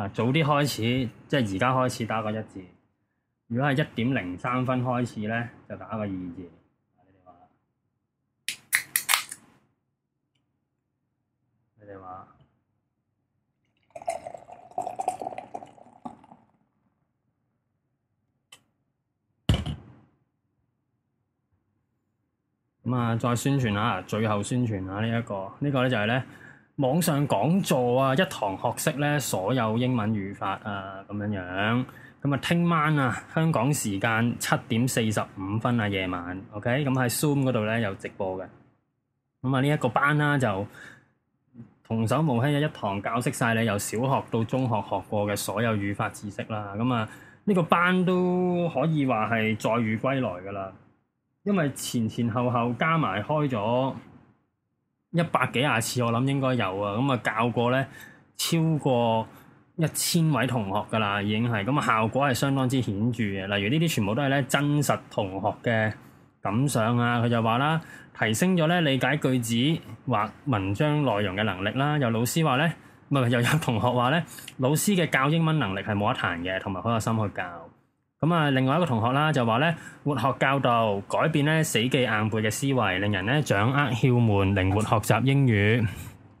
啊、早啲開始，即係而家開始打個一字。如果係一點零三分開始咧，就打個二字。你哋話喇，你哋話？咁啊，再宣傳下，最後宣傳下呢、呢、一個。呢個、呢個咧就係咧。網上講座啊，一堂學識咧所有英文語法啊，咁樣樣。咁啊，聽晚啊，香港時間七點四十五分啊，夜晚。OK，咁喺 Zoom 嗰度咧有直播嘅。咁啊，呢一個班啦就同手無輕嘅一堂教識晒你由小學到中學學過嘅所有語法知識啦。咁啊，呢個班都可以話係載譽歸來噶啦，因為前前後後加埋開咗。一百幾廿次，我諗應該有啊，咁啊教過咧超過一千位同學噶啦，已經係咁啊效果係相當之顯著嘅。例如呢啲全部都係咧真實同學嘅感想啊，佢就話啦，提升咗咧理解句子或文章內容嘅能力啦。又老師話咧，唔係又有同學話咧，老師嘅教英文能力係冇得彈嘅，同埋好有心去教。咁啊，另外一個同學啦，就話咧活學教導，改變咧死記硬背嘅思維，令人咧掌握竅門，靈活學習英語。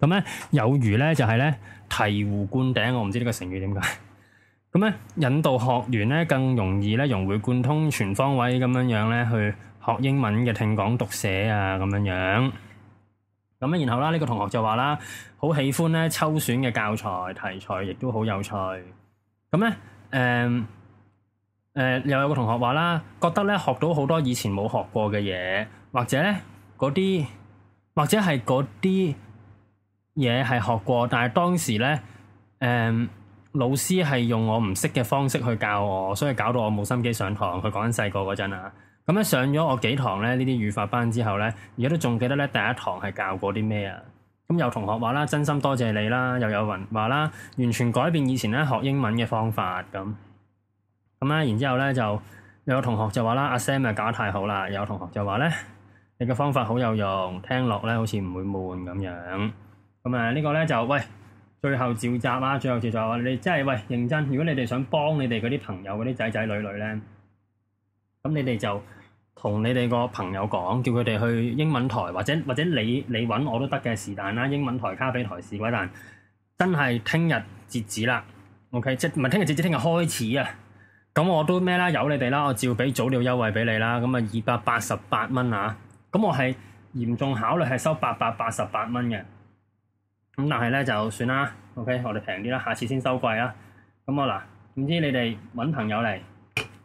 咁 咧、嗯、有如咧就係咧醍醐灌頂，我唔知呢個成語點解。咁咧、 嗯、引導學員咧更容易咧融會貫通，全方位咁樣樣咧去學英文嘅聽講讀寫啊，咁樣樣。咁、嗯、咧然後啦，呢個同學就話啦，好喜歡咧抽選嘅教材題材，亦都好有趣。咁咧誒。嗯誒、呃，又有個同學話啦，覺得咧學到好多以前冇學過嘅嘢，或者咧嗰啲，或者係嗰啲嘢係學過，但係當時咧，誒、呃，老師係用我唔識嘅方式去教我，所以搞到我冇心機上堂。佢講緊細個嗰陣啊，咁、嗯、咧上咗我幾堂咧呢啲語法班之後咧，而家都仲記得咧第一堂係教過啲咩啊？咁、嗯、有同學話啦，真心多謝，謝你啦。又有人話啦，完全改變以前咧學英文嘅方法咁。咁啊、嗯，然之後咧就有同學就話啦，阿、啊、Sam 又搞太好啦。有同學就話咧，你嘅方法好有用，聽落咧好似唔會悶咁樣。咁、嗯、啊，這個、呢個咧就喂，最後召集啦。最後召集啊，你真係喂認真。如果你哋想幫你哋嗰啲朋友嗰啲仔仔女女咧，咁你哋就同你哋個朋友講，叫佢哋去英文台或者或者你你揾我都得嘅是但啦。英文台咖啡台鬼是鬼但真係聽日截止啦。OK，即唔係聽日截止，聽日開始啊。咁我都咩啦？由你哋啦，我照俾早鳥優惠俾你啦。咁啊，二百八十八蚊啊，咁我係嚴重考慮係收八百八十八蚊嘅。咁但係咧，就算啦。OK，我哋平啲啦，下次先收貴啦。咁我嗱，點知你哋揾朋友嚟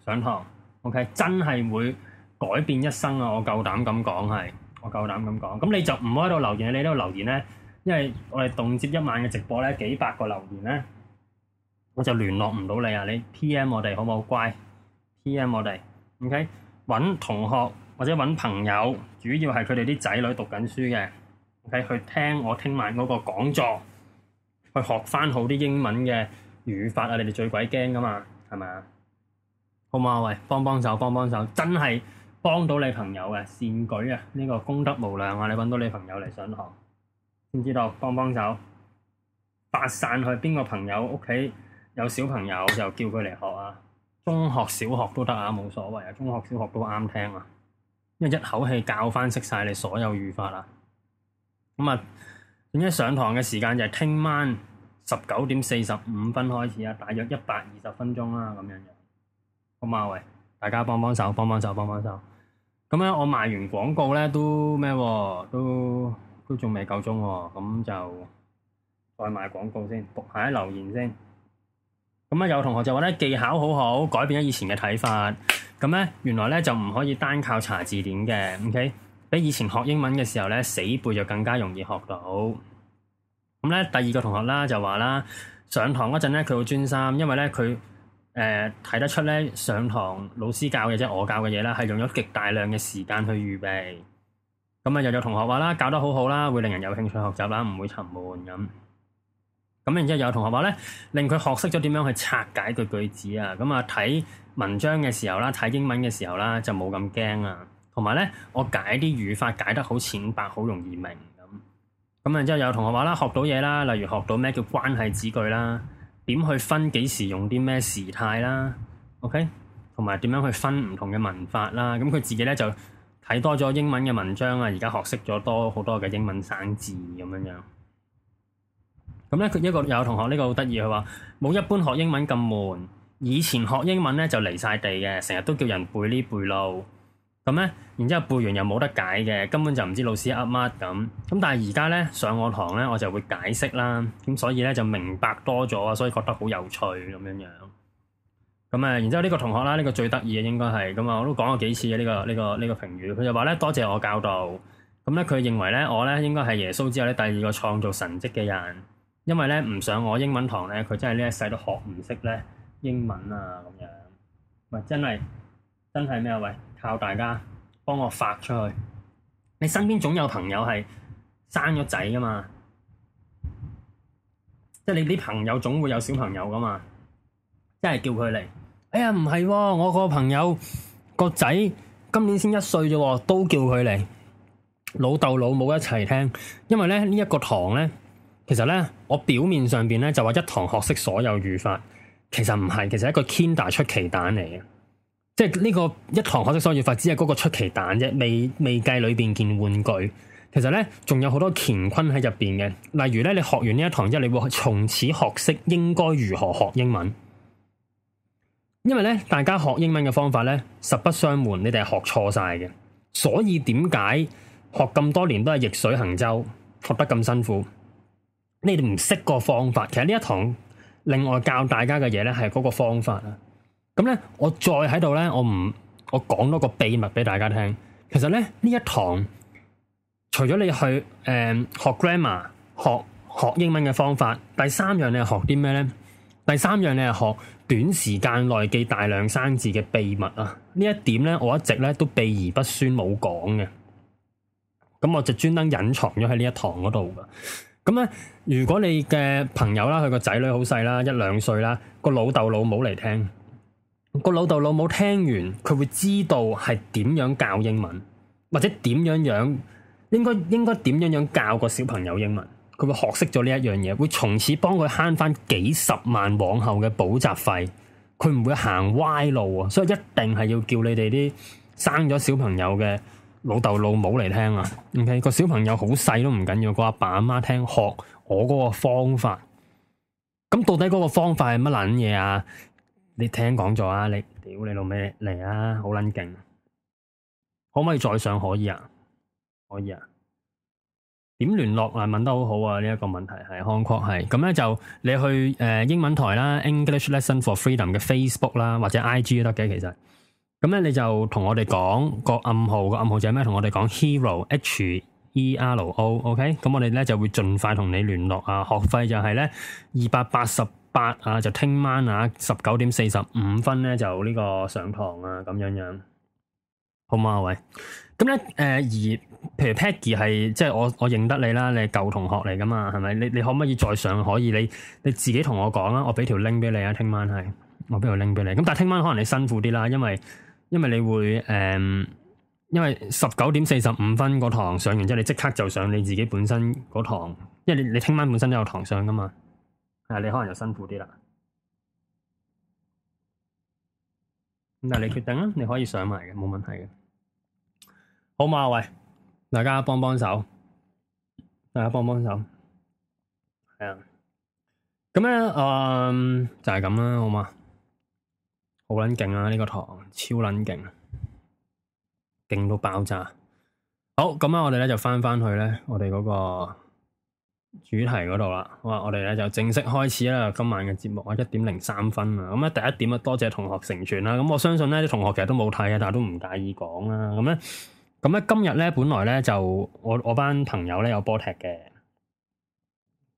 上堂？OK，真係會改變一生啊！我夠膽咁講係，我夠膽咁講。咁你就唔好喺度留言，你喺度留言咧，因為我哋動輒一晚嘅直播咧，幾百個留言咧。我就聯絡唔到你啊！你 P.M 我哋好唔好乖 P.M 我哋 OK 揾同學或者揾朋友，主要係佢哋啲仔女讀緊書嘅。OK 去聽我聽晚嗰個講座，去學翻好啲英文嘅語法啊！你哋最鬼驚噶嘛？係咪啊？好嘛，喂，幫幫手，幫幫手，真係幫到你朋友啊，善舉啊！呢個功德無量啊！你揾到你朋友嚟上堂，知唔知道，幫幫手發散去邊個朋友屋企。有小朋友就叫佢嚟學啊，中學、小學都得啊，冇所謂啊。中學、小學都啱聽啊，因為一口氣教返識曬你所有語法啦。咁啊，咁一、啊、上堂嘅時間就係聽晚十九點四十五分開始啊，大約一百二十分鐘啦、啊，咁樣嘅。好嘛？喂，大家幫幫手，幫幫手，幫幫手。咁咧、啊，我賣完廣告呢，都咩喎？都都仲未夠鐘喎，咁就再賣廣告先，讀下留言先。咁啊，有同學就話咧技巧好好，改變咗以前嘅睇法。咁咧，原來咧就唔可以單靠查字典嘅。OK，比以前學英文嘅時候咧死背就更加容易學到。咁咧，第二個同學啦就話啦，上堂嗰陣咧佢好專心，因為咧佢誒睇得出咧上堂老師教嘅即係我教嘅嘢啦，係用咗極大量嘅時間去預備。咁啊，又有同學話啦，教得好好啦，會令人有興趣學習啦，唔會沉悶咁。咁然之後有同學話咧，令佢學識咗點樣去拆解個句子啊，咁啊睇文章嘅時候啦，睇英文嘅時候啦，就冇咁驚啊。同埋咧，我解啲語法解得好淺白，好容易明咁。咁然之後有同學話啦，學到嘢啦，例如學到咩叫關係子句啦，點去分幾時用啲咩時態啦，OK？同埋點樣去分唔同嘅文法啦。咁佢自己咧就睇多咗英文嘅文章啊，而家學識咗多好多嘅英文生字咁樣樣。咁咧，佢、嗯、一個有一個同學呢個好得意，佢話冇一般學英文咁悶。以前學英文咧就離晒地嘅，成日都叫人背呢背路。咁、嗯、咧、嗯，然之後背完又冇得解嘅，根本就唔知老師噏乜咁。咁、嗯、但係而家咧上我堂咧，我就會解釋啦。咁、嗯、所以咧就明白多咗，所以覺得好有趣咁樣樣。咁、嗯、啊、嗯嗯，然之後呢個同學啦，呢、這個最得意嘅應該係咁啊，我都講過幾次啊。呢、這個呢、這個呢、這個評語，佢就話咧多謝我教導。咁咧佢認為咧我咧應該係耶穌之後咧第二個創造神跡嘅人。因為咧唔上我英文堂咧，佢真係呢一世都學唔識咧英文啊咁樣，咪真係真係咩，喂，靠大家幫我發出去，你身邊總有朋友係生咗仔噶嘛，即係你啲朋友總會有小朋友噶嘛，真係叫佢嚟。哎呀，唔係喎，我個朋友個仔今年先一歲啫喎，都叫佢嚟，老豆老母一齊聽，因為咧呢一個堂咧。其實咧，我表面上邊咧就話一堂學識所有語法，其實唔係，其實係一個 Kinder 出奇蛋嚟嘅，即係呢個一堂學識所有語法只係嗰個出奇蛋啫，未未計裏邊件玩具。其實咧，仲有好多乾坤喺入邊嘅。例如咧，你學完呢一堂，之後你會從此學識應該如何學英文。因為咧，大家學英文嘅方法咧，實不相瞞，你哋係學錯晒嘅，所以點解學咁多年都係逆水行舟，學得咁辛苦？你哋唔識個方法，其實呢一堂另外教大家嘅嘢呢係嗰個方法啊。咁呢，我再喺度呢，我唔我講多個秘密俾大家聽。其實呢，呢一堂除咗你去誒、呃、學 grammar 學、學學英文嘅方法，第三樣你係學啲咩呢？第三樣你係學短時間內記大量生字嘅秘密啊！呢一點呢，我一直呢都秘而不宣冇講嘅。咁我就專登隱藏咗喺呢一堂嗰度咁咧，如果你嘅朋友啦，佢個仔女好細啦，一兩歲啦，個老豆老母嚟聽，個老豆老母聽完，佢會知道係點樣教英文，或者點樣樣應該應該點樣樣教個小朋友英文，佢會學識咗呢一樣嘢，會從此幫佢慳翻幾十萬往後嘅補習費，佢唔會行歪路啊，所以一定係要叫你哋啲生咗小朋友嘅。老豆老母嚟聽啊，OK 個小朋友好細都唔緊要，個阿爸阿媽聽學我嗰個方法。咁到底嗰個方法係乜撚嘢啊？你聽講座啊？你屌你老味嚟啊！好撚勁，可唔可以再上？可以啊，可以啊。點聯絡啊？問得好好啊！呢一個問題係 Hong Kong 係咁咧，就你去誒英文台啦，English Lesson for Freedom 嘅 Facebook 啦，或者 IG 都得嘅，其實。咁咧你就同我哋講個暗號，個暗號就係咩？同我哋講 hero h e r o，OK？咁我哋咧就會盡快同你聯絡啊。學費就係咧二百八十八啊，就聽晚啊，十九點四十五分咧就呢個上堂啊，咁樣樣好嘛？喂，咁咧誒，而譬如 Peggy 係即係我我認得你啦，你係舊同學嚟噶嘛？係咪？你你可唔可以再上？可以，你你自己同我講啦，我俾條 link 俾你啊。聽晚係我俾條 link 俾你。咁但係聽晚可能你辛苦啲啦，因為。因為你會誒、嗯，因為十九點四十五分個堂上完之後，即你即刻就上你自己本身嗰堂，因為你你聽晚本身都有堂上㗎嘛，你可能就辛苦啲啦。咁但你決定啦，你可以上埋嘅，冇問題嘅。好嘛？喂，大家幫幫手，大家幫幫手，係啊 Yeah.。咁咧，嗯，就係咁啦，好嘛。好撚勁啊！呢個堂，超撚勁啊，勁到爆炸。好，咁啊，我哋咧就翻翻去咧，我哋嗰個主題嗰度啦。好啊，我哋咧就正式開始啦，今晚嘅節目啊，一點零三分啊。咁咧第一點啊，多謝同學成全啦。咁我相信咧，啲同學其實都冇睇啊，但係都唔介意講啦。咁咧，咁咧今日咧本來咧就我我班朋友咧有波踢嘅，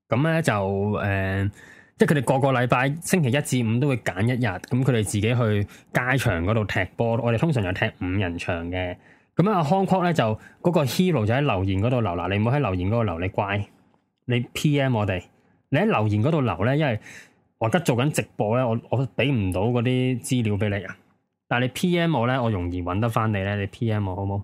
咁咧就誒。呃.即係佢哋個個禮拜星期一至五都會揀一日，咁佢哋自己去街場嗰度踢波。我哋通常就踢五人場嘅。咁啊，Hong Kong 咧就嗰、嗰個 hero 就喺留言嗰度留。嗱，你唔好喺留言嗰度留，你乖，你 P M 我哋。你喺留言嗰度留咧，因為我而家做緊直播咧，我我俾唔到嗰啲資料俾你啊。但係你 P M 我咧，我容易揾得翻你咧。你 P M 我好冇？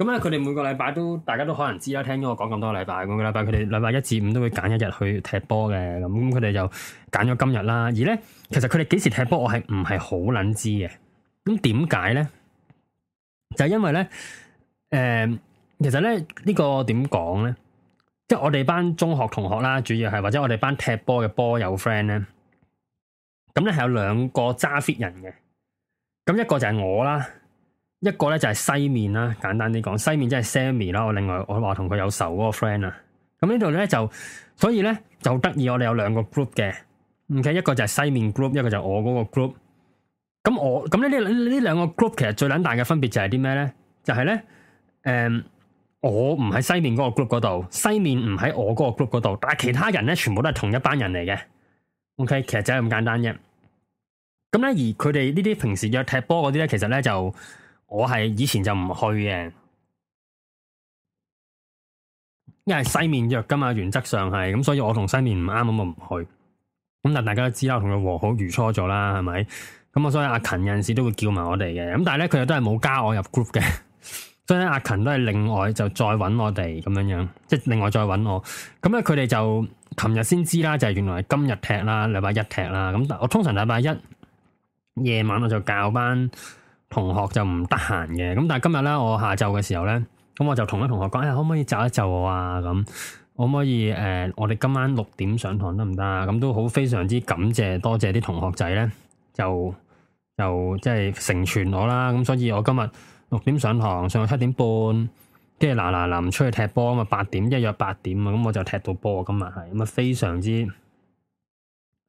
咁啊！佢哋每個禮拜都，大家都可能知啦，聽咗我講咁多禮拜，每個禮拜佢哋禮拜一至五都會揀一日去踢波嘅。咁，咁佢哋就揀咗今日啦。而咧，其實佢哋幾時踢波，我係唔係好捻知嘅。咁點解咧？就係因為咧，誒、呃，其實咧呢、這個點講咧，即係我哋班中學同學啦，主要係或者我哋班踢波嘅波友 friend 咧，咁咧係有兩個揸 fit 人嘅。咁一個就係我啦。一個咧就係西面啦，簡單啲講，西面即係 Sammy 啦。我另外我話同佢有仇嗰個 friend 啊。咁呢度咧就，所以咧就得意我哋有兩個 group 嘅唔計一個就係西面 group，一個就係我嗰個 group。咁我咁呢啲呢兩個 group 其實最撚大嘅分別就係啲咩咧？就係、是、咧，誒、嗯，我唔喺西面嗰個 group 嗰度，西面唔喺我嗰個 group 嗰度，但係其他人咧全部都係同一班人嚟嘅。OK，其實就係咁簡單啫。咁咧而佢哋呢啲平時約踢波嗰啲咧，其實咧就。我係以前就唔去嘅，因為西面約噶嘛，原則上係咁，所以我同西面唔啱，咁我唔去。咁但大家都知啦，同佢和好如初咗啦，係咪？咁啊，所以阿勤有陣時都會叫埋我哋嘅，咁但係咧，佢又都係冇加我入 group 嘅，所以阿勤都係另外就再搵我哋咁樣樣，即係另外再搵我。咁咧，佢哋就琴日先知啦，就係原來今日踢啦，禮拜一踢啦。咁但係我通常禮拜一夜晚我就教班。同學就唔得閒嘅，咁但係今日咧，我下晝嘅時候咧，咁我就同啲同學講、哎，可唔可以就一就我啊？咁可唔可以誒、呃？我哋今晚六點上堂得唔得？咁、嗯、都好非常之感謝，多謝啲同學仔咧，就就即係、就是、成全我啦。咁、嗯、所以我今日六點上堂，上到七點半，跟住嗱嗱臨出去踢波啊嘛。八點一約八點啊，咁、嗯、我就踢到波啊。今日係咁啊，非常之誒、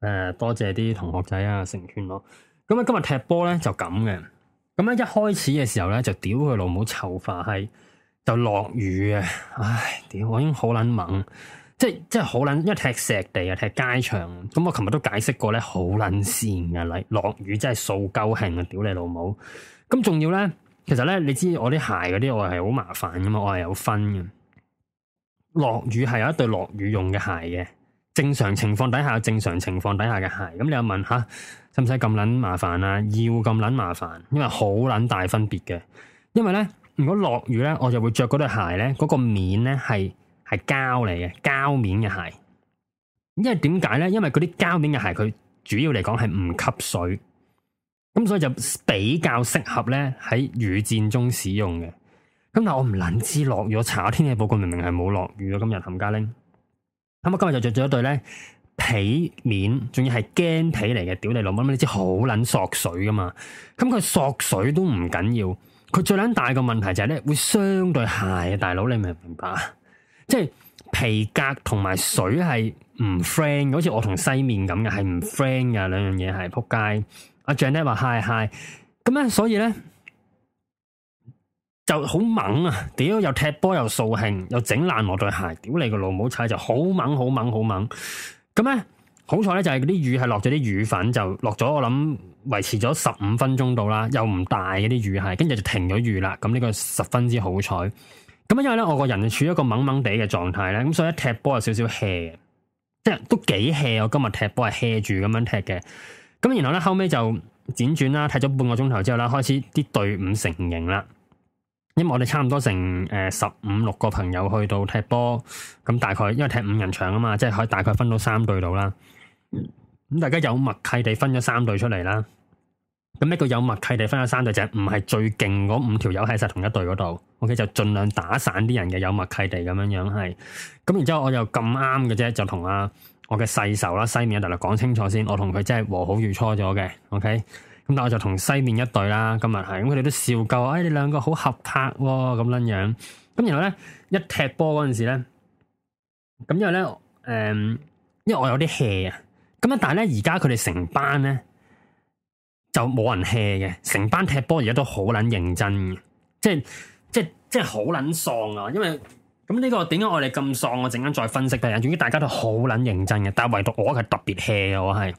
呃、多謝啲同學仔啊，成全我。咁、嗯、啊，今日踢波咧就咁嘅。咁樣一開始嘅時候咧，就屌佢老母臭化閪，就落雨啊！唉，屌我已經好撚猛，即係即係好撚，一踢石地啊，踢街場。咁我琴日都解釋過咧，好撚線噶，落雨真係掃鳩興啊！屌你老母！咁仲要咧，其實咧，你知我啲鞋嗰啲我係好麻煩噶嘛，我係有分嘅。落雨係有一對落雨用嘅鞋嘅。正常情況底下，正常情況底下嘅鞋，咁你又問下，使唔使咁捻麻煩啊？要咁捻麻煩，因為好捻大分別嘅。因為咧，如果落雨咧，我就會着嗰對鞋咧，嗰個面咧係係膠嚟嘅，膠面嘅鞋。因為點解咧？因為嗰啲膠面嘅鞋，佢主要嚟講係唔吸水，咁所以就比較適合咧喺雨戰中使用嘅。咁但我唔捻知落雨，我查天氣報告明明係冇落雨啊！今日冚家拎。咁啊，今日就着咗對咧皮面，仲要係驚皮嚟嘅，屌你老母，你知好撚索水噶嘛？咁佢索水都唔緊要，佢最撚大嘅問題就係咧會相對鞋啊，大佬你明唔明白啊？即係皮革同埋水係唔 friend，好似我同西面咁嘅係唔 friend 噶兩樣嘢係扑街。阿 Janet 咧話 hi hi 咁咧所以咧。就好猛啊！屌又踢波又掃興又整爛我對鞋，屌你個老母！踩就好猛好猛好猛！咁咧好彩咧就係啲雨係落咗啲雨粉，就落咗我諗維持咗十五分鐘到啦，又唔大嗰啲雨係，跟住就停咗雨啦。咁呢個十分之好彩。咁因為咧我個人處於一個猛猛地嘅狀態咧，咁所以一踢波有少少 hea 嘅，即係都幾 hea。我今日踢波係 hea 住咁樣踢嘅。咁然後咧後尾就輾轉啦，踢咗半個鐘頭之後啦，開始啲隊伍成形啦。因為我哋差唔多成誒、十五六個朋友去到踢波，咁大概因為踢五人場啊嘛，即係可以大概分到三隊度啦。咁大家有默契地分咗三隊出嚟啦。咁一個有默契地分咗三隊，就唔係最勁嗰五條友喺晒同一隊嗰度。OK，就盡量打散啲人嘅，有默契地咁樣樣，係。咁然之後我又咁啱嘅啫，就同阿我嘅世仇啦、西面啊，等等講清楚先。我同佢真係和好如初咗嘅。O K。咁但我就同西面一隊啦，今日係，咁佢哋都笑夠，誒、哎，你兩個好合拍喎、哦，咁樣樣，咁然後咧一踢波嗰陣時咧，咁因為咧，誒、嗯，因為我有啲 hea 啊，咁啊，但係咧而家佢哋成班咧就冇人 hea 嘅，成班踢波而家都好捻認真嘅，即係即係即係好捻喪啊，因為。咁呢個點解我哋咁喪？我陣間再分析一下，第一，總之大家都好捻認真嘅，但係唯獨我係特別 hea，我係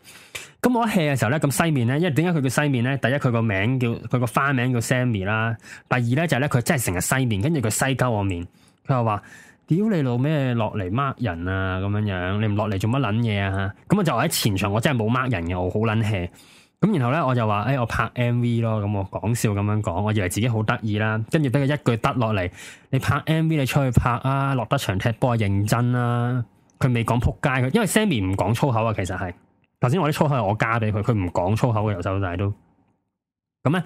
咁我 hea 嘅時候咧咁西面咧，因為點解佢叫西面咧？第一佢個名叫佢個花名叫 Sammy 啦，第二咧就係咧佢真係成日西面，跟住佢西溝我面，佢又話：屌你老咩落嚟 mark 人啊咁樣樣，你唔落嚟做乜捻嘢啊？咁我就喺前場，我真係冇 mark 人嘅，我好捻 hea 咁然後咧，我就話誒、哎，我拍 M V 咯，咁、嗯、我講笑咁樣講，我以為自己好得意啦。跟住俾佢一句得落嚟，你拍 M V 你出去拍啊，落得場踢波、啊、認真啦、啊。佢未講撲街，佢因為 Sammy 唔講粗口啊。其實係頭先我啲粗口我加俾佢，佢唔講粗口嘅。由細到大都。咁咧，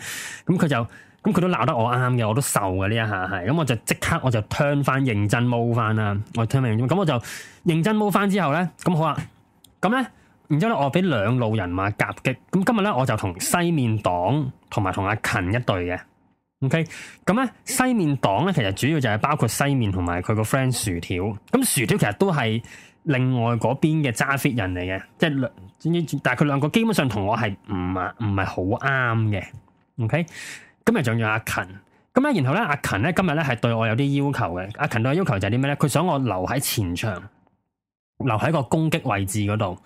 咁佢就咁佢都鬧得我啱嘅，我都受嘅呢一下係。咁我就即刻我就 turn 翻認真 move 翻啦，我聽明咗。咁我就認真 move 翻之後咧，咁好啦，咁咧。然之後咧，我俾兩路人馬夾擊。咁今日咧，我就同西面黨同埋同阿勤一隊嘅。OK，咁咧西面黨咧，其實主要就係包括西面同埋佢個 friend 薯條。咁、嗯、薯條其實都係另外嗰邊嘅揸 fit 人嚟嘅，即係兩，但係佢兩個基本上同我係唔啊唔係好啱嘅。OK，今日仲有阿勤。咁咧，然後咧阿勤咧今日咧係對我有啲要求嘅。阿勤對我要求就係啲咩咧？佢想我留喺前場，留喺個攻擊位置嗰度。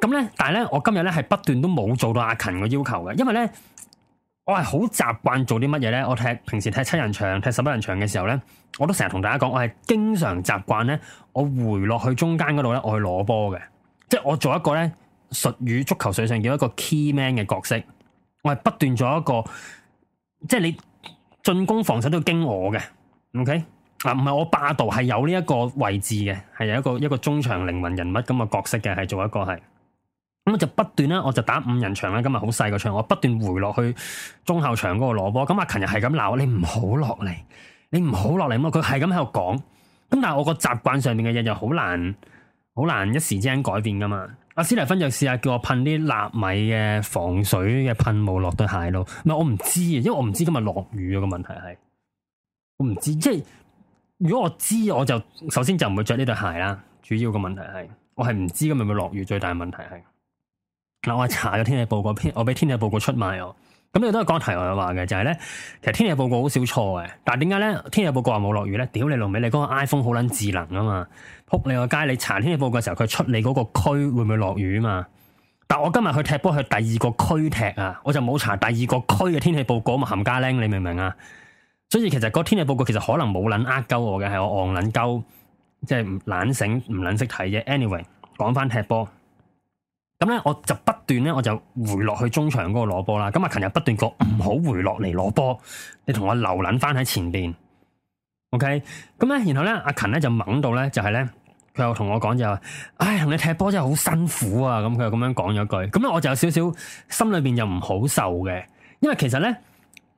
咁咧，但係咧，我今日咧係不斷都冇做到阿勤嘅要求嘅，因為咧，我係好習慣做啲乜嘢咧。我踢平時踢七人場、踢十一人場嘅時候咧，我都成日同大家講，我係經常習慣咧，我回落去中間嗰度咧，我去攞波嘅，即係我做一個咧，術語足球場上叫一個 key man 嘅角色，我係不斷做一個，即係你進攻防守都要經我嘅，OK 啊？唔係我霸道，係有呢一個位置嘅，係有一個一個中場靈魂人物咁嘅角色嘅，係做一個係。咁就不斷咧，我就打五人場啦。今日好細個場，我不斷回落去中後場嗰個攞波。咁阿琴日係咁鬧我，你唔好落嚟，你唔好落嚟咁咯。佢係咁喺度講。咁但係我個習慣上面嘅嘢，又好難，好難一時之間改變噶嘛。阿斯提芬就試下叫我噴啲納米嘅防水嘅噴霧落對鞋度。唔係我唔知啊，因為我唔知今日落雨啊。個問題係我唔知，即係如果我知，我就首先就唔會着呢對鞋啦。主要個問題係我係唔知今日會唔會落雨，最大問題係。嗱，我查咗天氣報告，我俾天氣報告出賣我。咁你都係講題外話嘅，就係、是、咧，其實天氣報告好少錯嘅。但係點解咧？天氣報告話冇落雨咧？屌你老味，你、那、嗰個 iPhone 好撚智能啊嘛！撲你個街，你查天氣報告嘅時候，佢出你嗰個區會唔會落雨啊嘛？但我今日去踢波去第二個區踢啊，我就冇查第二個區嘅天氣報告啊嘛，冚家靚，你明唔明啊？所以其實個天氣報告其實可能冇撚呃鳩我嘅，係我昂撚鳩，即係唔懶醒，唔撚識睇啫。Anyway，講翻踢波。咁咧我就不斷咧我就回落去中場嗰個攞波啦，咁、啊、阿勤又不斷講唔好回落嚟攞波，你同我留捻翻喺前邊，OK？咁咧然後咧阿、啊、勤咧就懵到咧就係、是、咧，佢又同我講就話，唉、哎，同你踢波真係好辛苦啊，咁、啊、佢又咁樣講咗句，咁、啊、咧我就有少少心裏邊又唔好受嘅，因為其實咧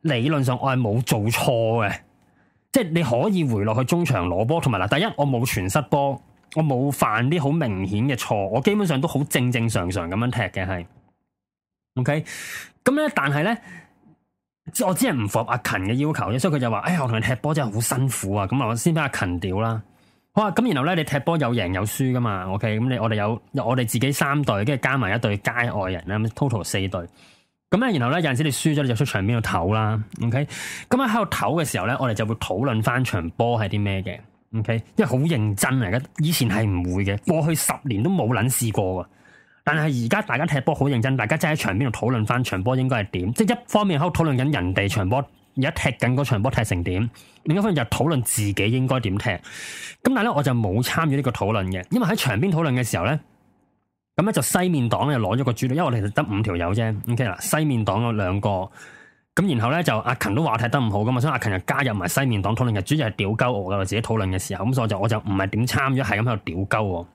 理論上我係冇做錯嘅，即、就、係、是、你可以回落去中場攞波，同埋嗱，第一我冇全失波。我冇犯啲好明顯嘅錯，我基本上都好正正常常咁樣踢嘅，係，OK，咁咧，但係咧，我只係唔符合阿勤嘅要求，所以佢就話，哎呀，我同你踢波真係好辛苦啊！咁啊，我先俾阿勤屌啦，好啊，咁然後咧，你踢波有贏有輸噶嘛？OK，咁你我哋有，有我哋自己三隊，跟住加埋一隊街外人啦，total 四隊。咁咧，然後咧有陣時你輸咗，你就出場邊度唞啦，OK。咁喺度唞嘅時候咧，我哋就會討論翻場波係啲咩嘅。OK，因為好認真嚟嘅，以前係唔會嘅，過去十年都冇捻試過嘅。但係而家大家踢波好認真，大家真係喺場邊度討論翻場波應該係點，即係一方面喺度討論緊人哋場波而家踢緊嗰場波踢成點，另一方面就討論自己應該點踢。咁但係咧，我就冇參與呢個討論嘅，因為喺場邊討論嘅時候咧，咁咧就西面黨咧就攞咗個主導，因為我哋得五條友啫。OK 啦，西面黨兩個。咁然後咧就阿勤都話我睇得唔好噶嘛，所以阿勤就加入埋西面黨討論嘅，主要係屌鳩我噶，我自己討論嘅時候，咁所以我就我就唔係點參與，係咁喺度屌鳩我。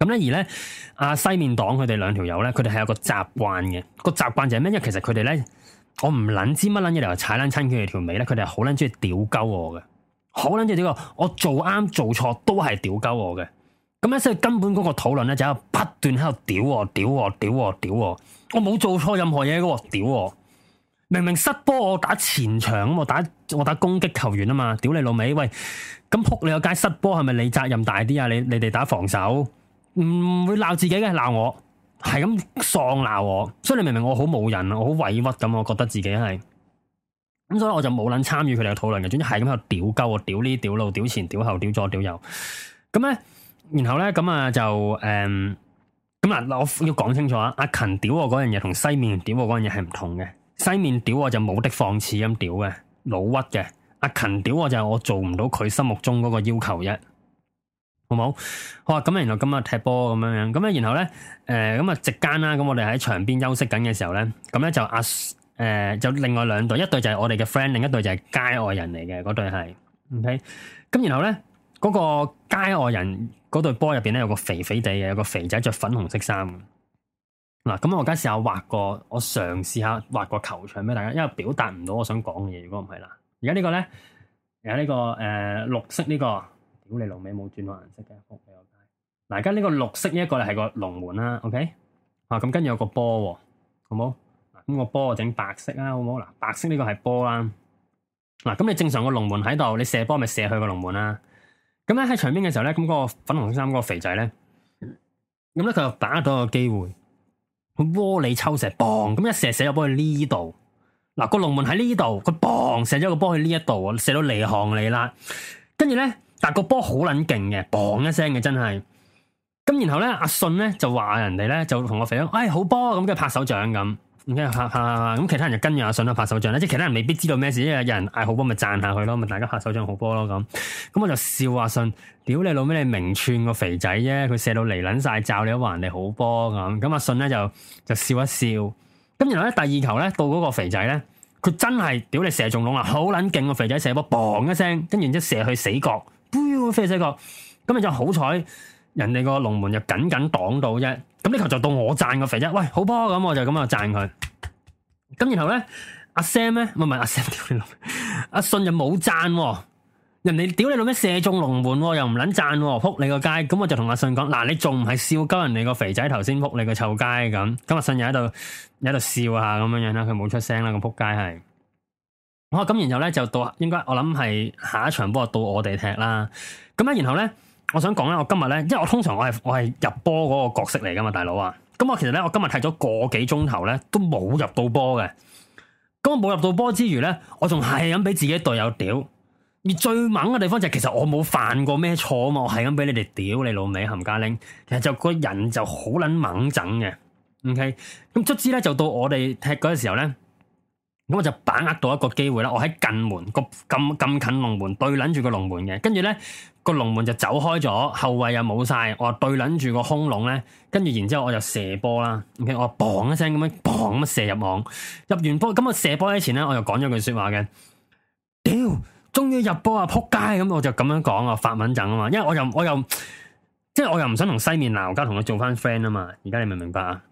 咁咧而咧阿西面黨佢哋兩條友咧，佢哋係有個習慣嘅，個習慣就係咩？因為其實佢哋咧，我唔捻知乜捻嘢嚟踩捻親佢條尾咧，佢哋係好捻中意屌鳩我嘅，好捻中意屌我，我做啱做錯都係屌鳩我嘅。咁所以根本嗰個討論咧就喺度不斷喺度屌我，屌我，屌我，屌我，我冇做錯任何嘢噶，屌我。明明失波，我打前場，我打我打攻擊球員啊嘛！屌你老味。喂，咁扑你個街失波，係咪你責任大啲啊？你你哋打防守，唔、嗯、會鬧自己嘅，鬧我係咁喪鬧我，所以你明明我好冇人，我好委屈咁，我覺得自己係咁，所以我就冇撚參與佢哋嘅討論嘅，總之係咁喺度屌鳩我，屌呢，屌路，屌前，屌後，屌左，屌右，咁咧，然後咧咁啊就誒，咁、嗯、啊，我要講清楚啊，阿勤屌，屌我嗰樣嘢同西面屌，屌我嗰樣嘢係唔同嘅。西面屌我就冇得放肆咁屌嘅，老屈嘅。阿勤屌我就我做唔到佢心目中嗰個要求啫，好冇？好啊，咁啊，然後今日踢波咁樣樣，咁咧然後咧，誒，咁啊，直間啦，咁我哋喺場邊休息緊嘅時候咧，咁咧就阿、啊、誒、呃，就另外兩隊，一隊就係我哋嘅 friend，另一隊就係街外人嚟嘅，嗰對係，ok，咁然後咧嗰、那個街外人嗰隊波入邊咧有個肥肥地嘅，有個肥仔着粉紅色衫。嗱，咁我而家試下畫個，我嘗試下畫個球場俾大家，因為表達唔到我想講嘅嘢，如果唔係啦。而家呢個呢，而家呢個誒、呃、綠色呢、這個，屌你龍尾冇轉換顏色嘅，嗱，而家呢個綠色呢一個咧係個龍門啦，OK，啊咁跟住有個波，好冇？咁、那個波我整白色啦，好冇？嗱白色呢個係波啦，嗱、啊、咁你正常個龍門喺度，你射波咪射去個龍門啦？咁喺場邊嘅時候呢，咁嗰個粉紅色衫嗰個肥仔呢，咁咧佢又把握到個機會。佢窩利抽射，砰！咁一射射咗波去呢度，嗱、呃、個龍門喺呢度，佢砰射咗個波去呢一度啊，射到離行離剌。跟住咧，但個波好撚勁嘅，砰一聲嘅真係。咁然後咧，阿信咧就話人哋咧就同我肥佬，唉、哎，好波咁、啊，跟住拍手掌咁。咁啊！咁 其他人就跟住阿信咧拍手掌咧，即係其他人未必知道咩事，因為有人嗌好波，咪贊下佢咯，咪大家拍手掌好波咯咁。咁我就笑阿信，屌你老味，你明串個肥仔啫，佢射到離撚晒，罩，你都話人哋好波咁。咁阿信咧就就笑一笑。咁然後咧第二球咧到嗰個肥仔咧，佢真係屌你射中窿啦！好撚勁個肥仔射波，砰一聲，跟住然後射去死角，飛死角。咁你就好彩。人哋個龍門又緊緊擋到啫，咁呢球就到我讚個肥啫。喂，好波咁，我就咁啊讚佢。咁然後咧，阿 Sam 咧，唔係唔係阿 Sam，屌你，阿信就冇讚。人哋屌你老咩射中龍門，又唔捻讚，扑你個街。咁我就同阿信講，嗱，你仲唔係笑鳩人哋個肥仔頭先扑你個臭街咁？咁阿信又喺度，又喺度笑下咁樣樣啦，佢冇出聲啦，個扑街係。好，咁然後咧就到，應該我諗係下一場波到我哋踢啦。咁啊，然後咧。我想講咧，我今日咧，因為我通常我係我係入波嗰個角色嚟噶嘛，大佬啊！咁我其實咧，我今日踢咗個幾鐘頭咧，都冇入到波嘅。咁我冇入到波之餘咧，我仲係咁俾自己隊友屌。而最猛嘅地方就係、是，其實我冇犯過咩錯啊嘛，我係咁俾你哋屌你老味。冚家拎。其實就個人就好捻猛整嘅。OK，咁卒之咧就到我哋踢嗰個時候咧，咁我就把握到一個機會啦。我喺近門，個咁咁近龍門對捻住個龍門嘅，跟住咧。個龍門就走開咗，後衛又冇晒，我對捻住個空籠咧，跟住然之後我就射波啦，我砰一聲咁樣，砰一，砰一，砰一射入網，入完波，咁我射波之前咧，我又講咗句說話嘅，屌，終於入波啊，撲街咁，我就咁樣講啊，發文震啊嘛，因為我又我又即係我又唔想同西面鬧交，同佢做翻 friend 啊嘛，而家你明唔明白啊？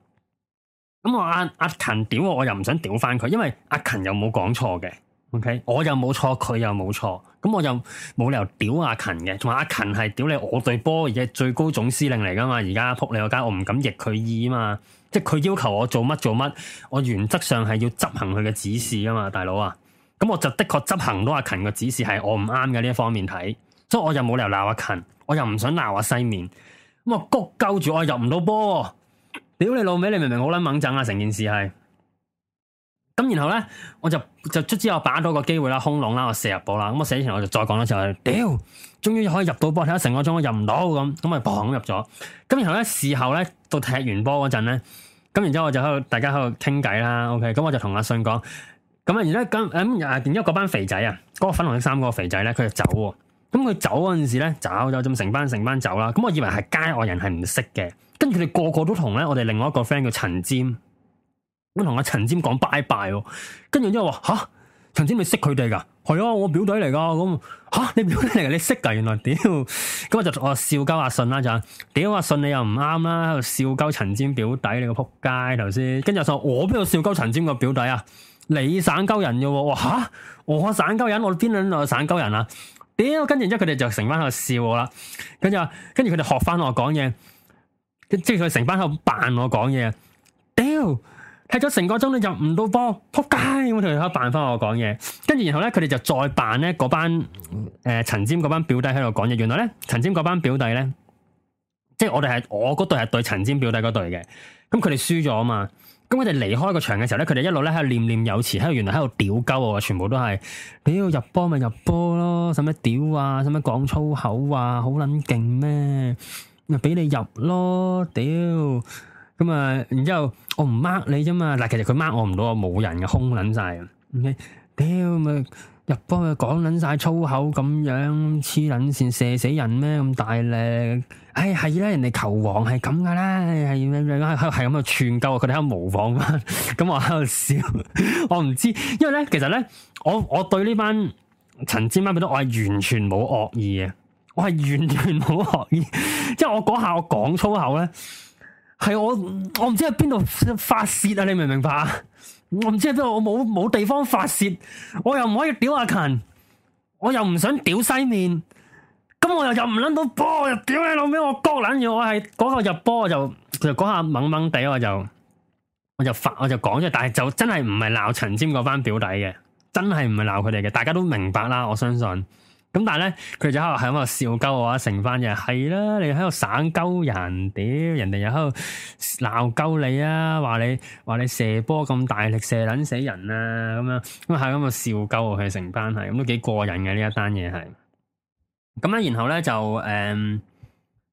咁我阿阿勤屌我，我又唔想屌翻佢，因為阿勤又冇講錯嘅，OK，我又冇錯，佢又冇錯。咁我又冇理由屌阿勤嘅，同埋阿勤係屌你我隊波而家嘅最高總司令嚟噶嘛？而家撲你個街，我唔敢逆佢意啊嘛！即係佢要求我做乜做乜，我原則上係要執行佢嘅指示噶嘛，大佬啊！咁我就的確執行到阿勤嘅指示係我唔啱嘅呢一方面睇，所以我又冇理由鬧阿勤，我又唔想鬧阿西面。咁我谷鳩住我入唔到波，屌你老味，你明明好撚猛憎啊，成件事係。咁然後咧，我就就卒之我把握到個機會啦，空籠啦，我射入波啦。咁我射之前我就再講一次話，屌、哎，終於可以入到波，睇下成個鐘我入唔到咁，咁咪砰入咗。咁然後咧事後咧到踢完波嗰陣咧，咁然之後我就喺度，大家喺度傾偈啦。OK，咁我就同阿信講，咁啊，而家咁咁，然之後嗰班、呃、肥仔啊，嗰、那個粉紅衫嗰個肥仔咧，佢就走喎。咁佢走嗰陣時咧，走咗咁成班成班走啦。咁我以為係街外人係唔識嘅，跟住佢哋個個都同咧，我哋另外一個 friend 叫陳尖。我同阿陳尖講拜拜，跟住之後話吓，陳尖咪識佢哋噶？係啊，我表弟嚟噶，咁吓，你表弟嚟噶，你識噶？原來屌，咁我就我笑鳩阿信啦，就屌阿信你又唔啱啦，喺度笑鳩陳尖表弟你個撲街頭先，跟住就我邊度笑鳩陳尖個表弟啊？你散鳩人嘅喎，哇吓，我散鳩人，我邊度散鳩人啊？屌，跟住之後佢哋就成班喺度笑我啦，跟住跟住佢哋學翻我講嘢，即係佢成班喺度扮我講嘢，屌。踢咗成個鐘你入唔到波，仆街！我同佢喺度扮翻我講嘢，跟住然後咧，佢哋就再扮咧嗰班誒陳尖嗰班表弟喺度講嘢。原來咧陳尖嗰班表弟咧，即係我哋係我嗰隊係對陳尖表弟嗰隊嘅，咁佢哋輸咗啊嘛。咁佢哋離開個場嘅時候咧，佢哋一路咧喺度念念有詞，喺度原來喺度屌鳩我，全部都係屌入波咪入波咯，使乜屌啊？使乜講粗口啊？好捻勁咩？咪俾你入咯屌！咁啊，然之後我唔 mark 你啫嘛，但係其實佢 mark 我唔到啊，我冇人嘅空捻晒啊！你屌咪入波啊，講捻晒粗口咁樣，黐捻線射死人咩？咁大力，唉係啦，人哋球王係咁噶啦，係咩咩咩，係咁啊，串鳩佢哋喺度模仿翻，咁我喺度笑，我唔知，因為咧，其實咧，我我對呢班陳千班嗰啲，我係完全冇惡意啊，我係完全冇惡意，即係我嗰下我講粗口咧。係我我唔知喺邊度發洩啊！你明唔明白啊？我唔知喺邊度，我冇冇地方發洩，我又唔可以屌阿勤，我又唔想屌西面，咁我又我又唔諗到波，又屌你老味我哥撚住我係嗰，嗰個入波，嗰個，我就其實下掹掹地，我就我就發，我就講咗，但係就真係唔係鬧陳尖嗰班表弟嘅，真係唔係鬧佢哋嘅，大家都明白啦，我相信。咁但係咧，佢哋就喺度係咁啊笑鳩我啊，成班人係啦，你喺度省鳩人，屌人哋又喺度鬧鳩你啊，話你話你射波咁大力射撚死人啊，咁樣咁啊係咁啊笑鳩佢成班係，咁都幾過癮嘅呢一單嘢係。咁咧，然後咧就誒，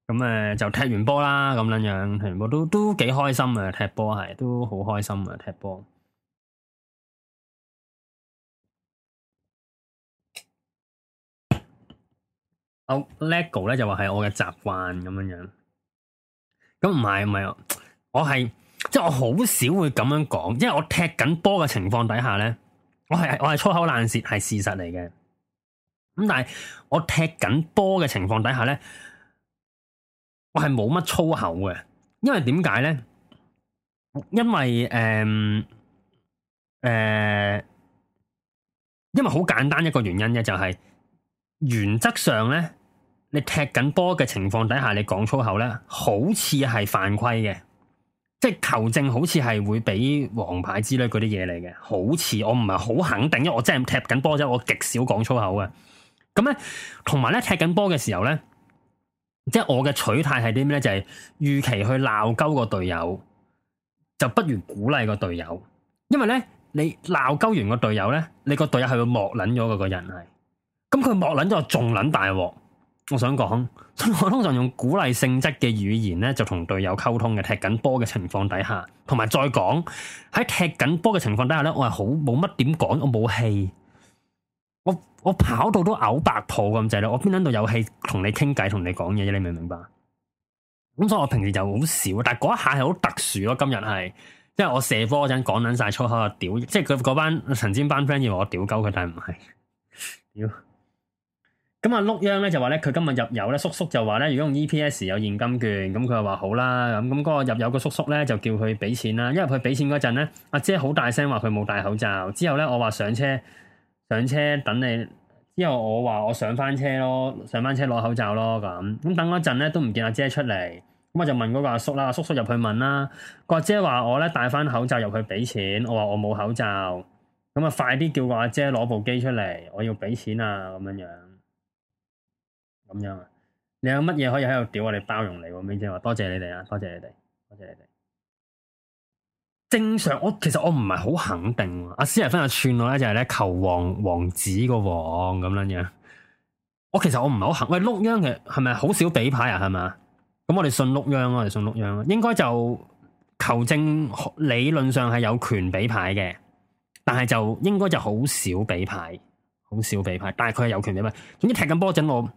咁誒就踢完波啦，咁樣樣踢完波都都幾開心啊，踢波係都好開心啊，踢波。LEGO 呢我 lego 咧就話係我嘅習慣咁樣樣，咁唔係唔係我係，即、就、係、是、我好少會咁樣講，因為我踢緊波嘅情況底下咧，我係我係粗口爛舌係事實嚟嘅。咁但係我踢緊波嘅情況底下咧，我係冇乜粗口嘅，因為點解咧？因為誒誒、呃呃，因為好簡單一個原因嘅就係、是，原則上咧。你踢緊波嘅情況底下，你講粗口咧，好似係犯規嘅，即係球證好似係會俾黃牌之類嗰啲嘢嚟嘅。好似我唔係好肯定，因為我真係踢緊波，所以我極少講粗口嘅。咁咧，同埋咧，踢緊波嘅時候咧，即係我嘅取態係啲咩咧？就係、是、預期去鬧鳩個隊友，就不如鼓勵個隊友，因為咧你鬧鳩完個隊友咧，你個隊友係會莫捻咗嗰個人係，咁佢莫捻咗仲捻大鑊。我想講，我通常用鼓勵性質嘅語言咧，就同隊友溝通嘅，踢緊波嘅情況底下，同埋再講喺踢緊波嘅情況底下咧，我係好冇乜點講，我冇氣，我我跑到都嘔白泡咁滯啦，我邊度有氣同你傾偈，同你講嘢啫，你明唔明白？咁所以我平時就好少，但係嗰一下係好特殊咯，啊。今日係，因為我射波嗰陣講緊晒粗口啊，屌！即係佢嗰班神仙班 friend 以為我屌鳩佢，但係唔係，屌！咁阿碌央咧就話咧，佢今日入油咧，叔叔就話咧，如果用 E P S 有現金券，咁佢就話好啦。咁咁嗰個入油個叔叔咧就叫佢俾錢啦。因為佢俾錢嗰陣咧，阿姐好大聲話佢冇戴口罩。之後咧，我話上車上車等你。之後我話我上翻車咯，上翻車攞口罩咯。咁咁等嗰陣咧都唔見阿姐出嚟，咁我就問嗰個阿叔啦。阿叔叔入去問啦，個阿姐話我咧戴翻口罩入去俾錢。我話我冇口罩，咁啊快啲叫個阿姐攞部機出嚟，我要俾錢啊，咁樣樣。咁樣啊？你有乜嘢可以喺度屌我哋包容你？美姐話多謝你哋啊，多謝你哋，多謝你哋。你正常，我其實我唔係好肯定。阿斯仁芬又串我咧，就係咧球王王子個王咁樣。我其實我唔係好肯喂碌央嘅，係咪好少俾牌啊？係嘛？咁我哋信碌央，啊，我哋信碌央，啊，應該就球證理論上係有權俾牌嘅，但係就應該就好少俾牌，好少俾牌。但係佢係有權俾牌？總之踢緊波嗰陣我。我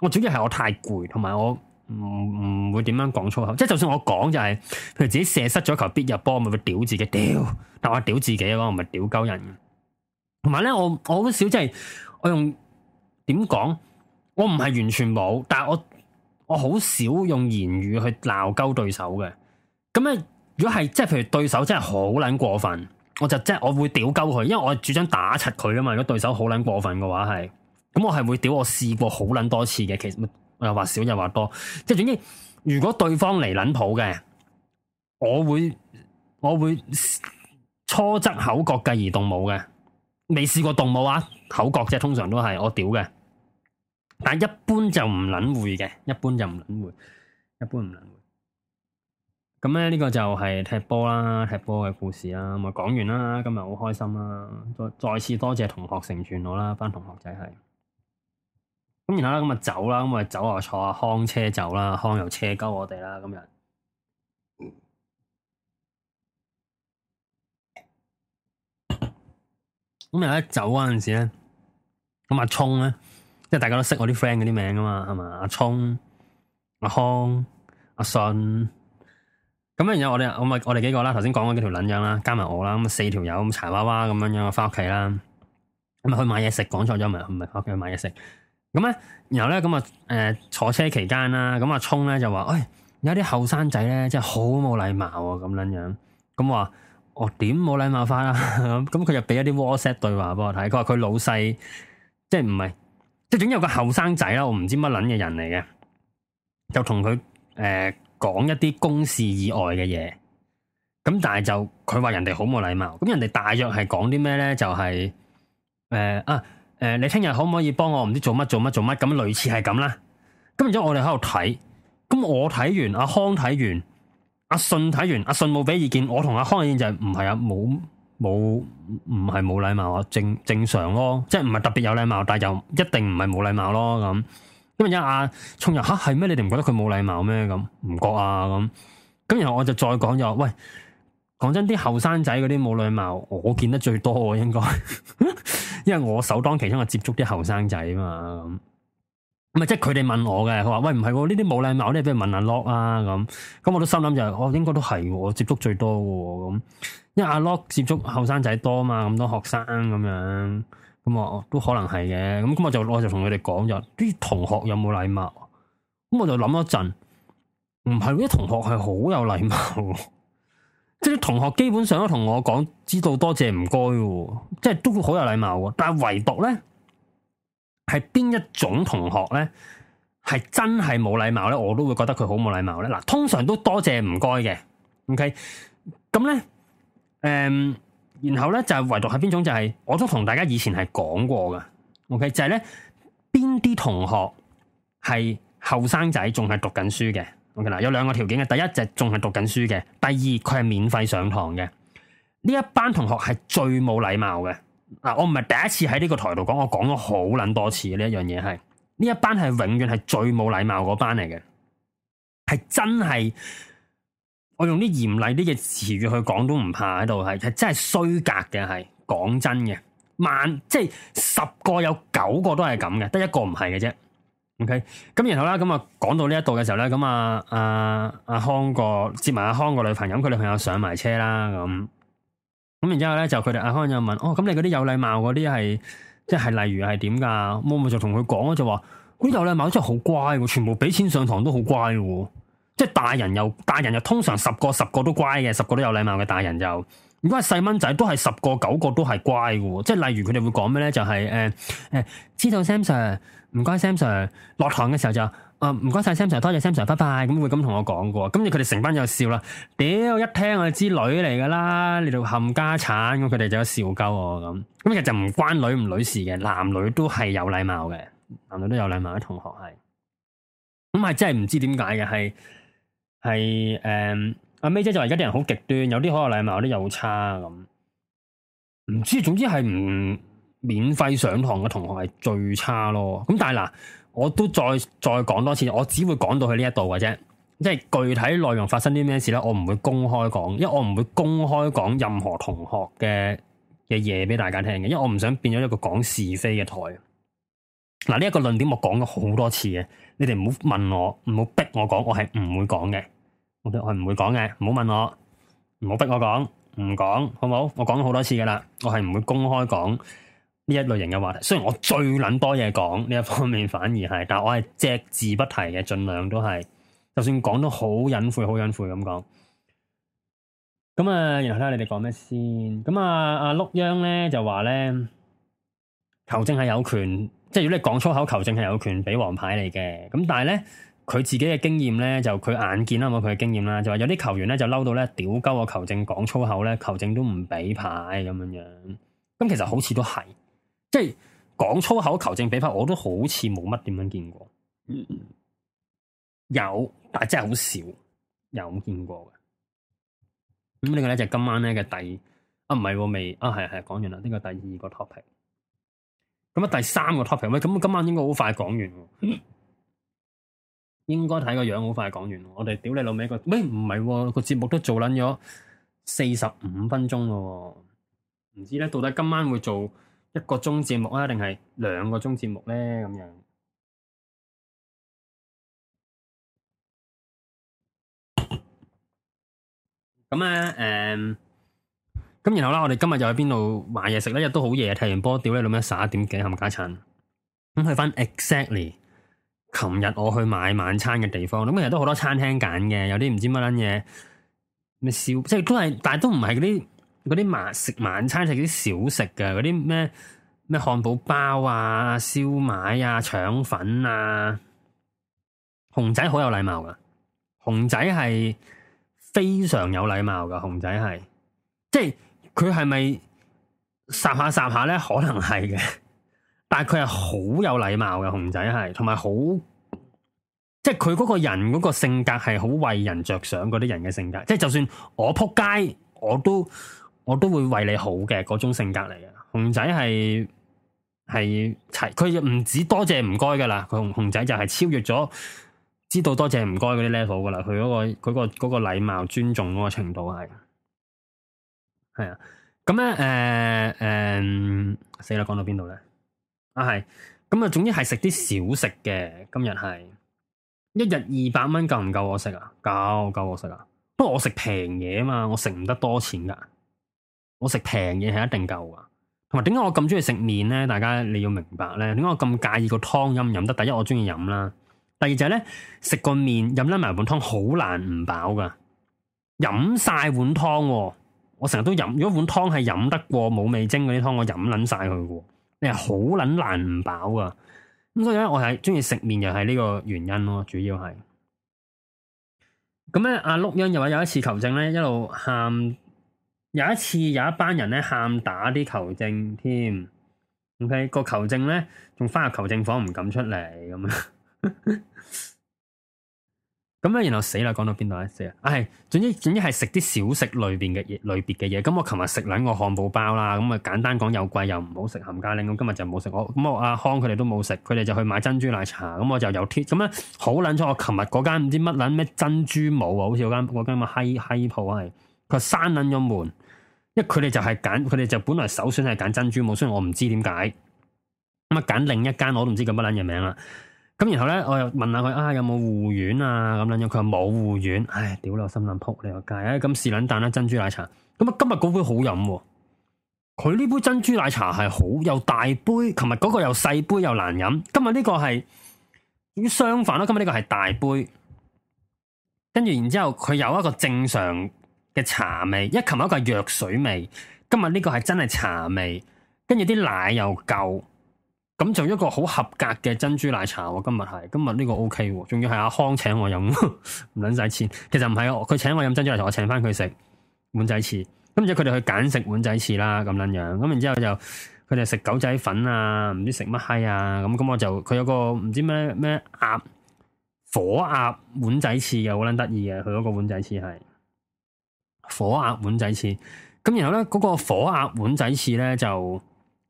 我主要係我太攰，同埋我唔唔會點樣講粗口，即係就算我講就係、是，譬如自己射失咗球，必入波咪會屌自己屌。但我屌自己咯，我唔係屌鳩人。同埋咧，我我好少即、就、係、是、我用點講，我唔係完全冇，但係我我好少用言語去鬧鳩對手嘅。咁咧，如果係即係譬如對手真係好撚過分，我就即係我會屌鳩佢，因為我係主張打柒佢啊嘛。如果對手好撚過分嘅話係。咁我係會屌，我試過好撚多次嘅，其實我又話少又話多，即係總之，如果對方嚟撚譜嘅，我會我會初則口角繼而動武嘅，未試過動武啊，口角啫，通常都係我屌嘅，但係一般就唔撚會嘅，一般就唔撚會，一般唔撚會。咁咧呢個就係踢波啦，踢波嘅故事啦，咁咪講完啦，今日好開心啦，再再次多謝同學成全我啦，班同學仔係。咁然後咧，咁啊走啦，咁啊走啊，坐阿康車走啦，康又車鳩我哋啦，咁樣。咁、嗯、 然後走嗰陣時咧，咁阿聰咧，即係大家都識我啲 friend 嗰啲名㗎嘛，係嘛？阿聰、阿康、阿信，咁咧，然後我哋我咪我哋幾個啦，頭先講嗰幾條撚樣啦，加埋我啦，咁四條友咁柴娃娃咁樣樣翻屋企啦，咁啊去買嘢食，講錯咗咪唔係翻屋企去買嘢食。咁咧、嗯，然後咧咁啊，誒、呃，坐車期間啦，咁啊，聰咧就話，誒、哎，有啲後生仔咧，即係好冇禮貌啊，咁樣樣，咁、嗯哦啊 嗯、話我他他，我點冇禮貌翻啦，咁，佢就俾一啲 WhatsApp 對話俾我睇，佢話佢老細，即係唔係，即係總之有個後生仔啦，我唔知乜撚嘅人嚟嘅，就同佢誒講一啲公事以外嘅嘢，咁但係就佢話人哋好冇禮貌，咁人哋大約係講啲咩咧？就係、是、誒、呃、啊。啊誒、呃，你聽日可唔可以幫我唔知做乜做乜做乜？咁類似係咁啦。咁然之後我哋喺度睇，咁我睇完，阿康睇完，阿信睇完，阿信冇俾意見。我同阿康嘅意見就係唔係啊，冇冇唔係冇禮貌啊，正正常咯，即係唔係特別有禮貌，但係又一定唔係冇禮貌咯咁。因為阿聰又吓係咩？你哋唔覺得佢冇禮貌咩？咁唔覺啊咁。咁然後我就再講又喂。講真，啲後生仔嗰啲冇禮貌，我見得最多應該，因為我首當其衝係接觸啲後生仔嘛咁。咪即係佢哋問我嘅，佢話喂，唔係，呢啲冇禮貌，呢啲譬如問阿 Lock、ok、啊咁，咁我心、哦、都心諗就，我應該都係，我接觸最多嘅咁。因為阿 Lock、ok、接觸後生仔多嘛，咁多學生咁樣，咁啊都可能係嘅。咁咁我就我就同佢哋講就，啲同學有冇禮貌？咁我就諗一陣，唔係，啲同學係好有禮貌。即係啲同學基本上都同我講，知道多謝唔該，即係都會好有禮貌。但係唯獨呢，係邊一種同學呢？係真係冇禮貌呢，我都會覺得佢好冇禮貌呢。嗱，通常都多謝唔該嘅，OK？咁呢，誒、嗯，然後呢，就係唯獨係邊種，就係、是、我都同大家以前係講過㗎，OK？就係呢，邊啲同學係後生仔仲係讀緊書嘅。有兩個條件嘅，第一就仲係讀緊書嘅，第二佢係免費上堂嘅。呢一班同學係最冇禮貌嘅。嗱，我唔係第一次喺呢個台度講，我講咗好撚多次呢一樣嘢係，呢一班係永遠係最冇禮貌嗰班嚟嘅。係真係我用啲嚴厲啲嘅詞語去講都唔怕喺度，係係真係衰格嘅，係講真嘅，萬即係十個有九個都係咁嘅，得一個唔係嘅啫。OK，咁然後啦，咁啊講到呢一度嘅時候咧，咁啊阿啊康個接埋阿、啊、康個女朋友，佢女朋友上埋車啦，咁咁然之後咧就佢哋阿康就問，哦，咁你嗰啲有禮貌嗰啲係，即係例如係點噶？妹妹就同佢講就話，啲有禮貌真係好乖，全部俾錢上堂都好乖。即係大人又大人又通常十個十個都乖嘅，十個都有禮貌嘅大人就。如果係細蚊仔都係十個九個都係乖嘅。即係例如佢哋會講咩咧？就係誒誒，知道 Sam sir，唔該 Sam sir。落堂嘅時候就啊，唔該晒 Sam sir，多謝 Sam sir，拜拜。咁會咁同我講嘅。跟住佢哋成班又笑啦。屌，一聽我就知女嚟噶啦，你度冚家產。咁佢哋就有笑鳩我咁。咁其實就唔關女唔女士嘅，男女都係有禮貌嘅，男女都有禮貌嘅同學係。咁係真係唔知點解嘅係。係誒，阿 May、嗯、姐就而家啲人好極端，有啲好有禮貌，有啲又差咁，唔知，總之係唔免費上堂嘅同學係最差咯。咁但係嗱，我都再再講多次，我只會講到去呢一度嘅啫，即係具體內容發生啲咩事咧，我唔會公開講，因為我唔會公開講任何同學嘅嘅嘢俾大家聽嘅，因為我唔想變咗一個講是非嘅台。嗱，呢一個論點我講咗好多次嘅。你哋唔好問我，唔好逼我講，我係唔會講嘅，我係唔會講嘅，唔好問我，唔好逼我講，唔講好唔好？我講咗好多次㗎喇，我係唔會公開講呢一類型嘅話題。雖然我最撚多嘢講呢一方面，反而係，但係我係隻字不提嘅，盡量都係，就算講都好隱晦，好隱晦咁講。咁啊、呃，然後睇下你哋講咩先。咁啊，阿碌央咧就話咧，求證係有權。即係如果你講粗口球證係有權畀黃牌你嘅，咁但係咧佢自己嘅經驗咧就佢眼見啦，冇佢嘅經驗啦，就話有啲球員咧就嬲到咧屌鳩個球證講粗口咧，球證都唔俾牌咁樣樣，咁其實好似都係，即係講粗口球證俾牌，我都好似冇乜點樣見過，嗯、有但係真係好少有見過嘅。咁呢個咧就係、今晚咧嘅第啊唔係、喎、未啊係係講完啦，呢、呢個第二個 topic。咁啊，第三個 topic 咩？咁今晚應該好快講完喎，嗯、應該睇個樣好快講完。我哋屌你老味，個，喂唔係喎，啊個節目都做撚咗四十五分鐘咯，唔知咧到底今晚會做一個鐘節目啊，定係兩個鐘節目咧咁樣？咁啊，嗯。咁然後啦，我哋今日就去邊度買嘢食呢？日都好夜，踢完波，屌你老味，十一點幾冚家鏟。咁去翻，exactly，琴日我去買晚餐嘅地方。咁其實都好多餐廳揀嘅，有啲唔知乜撚嘢。咩燒即係都係，但都唔係嗰啲嗰啲晚食晚餐食啲小食嘅，嗰啲咩咩漢堡包啊、燒賣啊、腸粉啊。熊仔好有禮貌噶，熊仔係非常有禮貌噶，熊仔係即係。佢係咪霎下霎下咧？可能係嘅，但係佢係好有禮貌嘅。熊仔係同埋好，即係佢嗰個人嗰個性格係好為人着想嗰啲人嘅性格。即係就算我扑街，我都我都會為你好嘅嗰種性格嚟嘅。熊仔係係齊，佢唔止多謝唔該噶啦。佢熊仔就係超越咗知道多謝唔該嗰啲 level 噶啦。佢嗰個嗰個嗰個禮貌尊重嗰個程度係。係啊，咁咧，誒、呃、誒、死、呃、啦，講到邊度咧？啊，係，咁啊，總之係食啲小食嘅。今日係一日二百蚊夠唔夠我食啊？夠夠我食啊！不過我食平嘢啊嘛，我食唔得多錢噶。我食平嘢係一定夠啊。同埋，點解我咁鍾意食麵咧？大家你要明白咧，點解我咁介意個湯飲唔飲得？第一，我鍾意飲啦。第二就係咧，食個麵飲得埋碗湯，好難唔飽噶。飲晒碗湯，啊。我成日都飲，如果碗湯係飲得過冇味精嗰啲湯，我飲撚晒佢嘅。你係好捻難唔飽啊！咁所以咧，我係中意食麵又係呢個原因咯，主要係。咁咧，阿碌因又話有一次球證咧，一路喊，有一次有一班人咧喊打啲球證添。O K，個球證咧，仲翻入球證房唔敢出嚟，咁啊！ 咁咧，然後死啦！講到邊度咧？死啊！唉，總之總之係食啲小食裏邊嘅嘢類別嘅嘢。咁、嗯、我琴日食卵個漢堡包啦，咁啊簡單講又貴又唔好食，冚家拎。咁今日就冇食我，咁我阿康佢哋都冇食，佢哋就去買珍珠奶茶。咁、嗯、我就有貼咁咧，好卵錯！我琴日嗰間唔知乜卵咩珍珠帽啊，好似有間嗰間咩嘅稀稀鋪啊，係佢閂撚咗門，因為佢哋就係揀，佢哋就本來首選係揀珍珠帽，雖然我唔知點解咁啊揀另一間，我都唔知叫乜卵嘅名啦。咁然後咧，我又問下佢啊，有冇護丸啊？咁樣樣佢話冇護丸，唉，屌你個心諗扑你個街啊！咁試兩啖啦珍珠奶茶，咁啊今日嗰杯好飲，哦，佢呢杯珍珠奶茶係好又大杯，琴日嗰個又細杯又難飲，今日呢個係相反啦，今日呢個係大杯，跟住然之後佢有一個正常嘅茶味，一琴日嗰個係藥水味，今日呢個係真係茶味，跟住啲奶又夠。咁做一個好合格嘅珍珠奶茶喎，今日係今日呢個 OK 喎，仲要係阿康請我飲，唔撚使錢，其實唔係啊，佢請我飲珍珠奶茶，我請翻佢食碗仔翅，咁之後佢哋去揀食碗仔翅啦，咁撚樣，咁然之後就佢哋食狗仔粉啊，唔知食乜閪啊，咁咁我就佢有個唔知咩咩鴨火鴨碗仔翅嘅好撚得意嘅，佢嗰個碗仔翅係火鴨碗仔翅，咁然後咧嗰個火鴨碗仔翅咧就。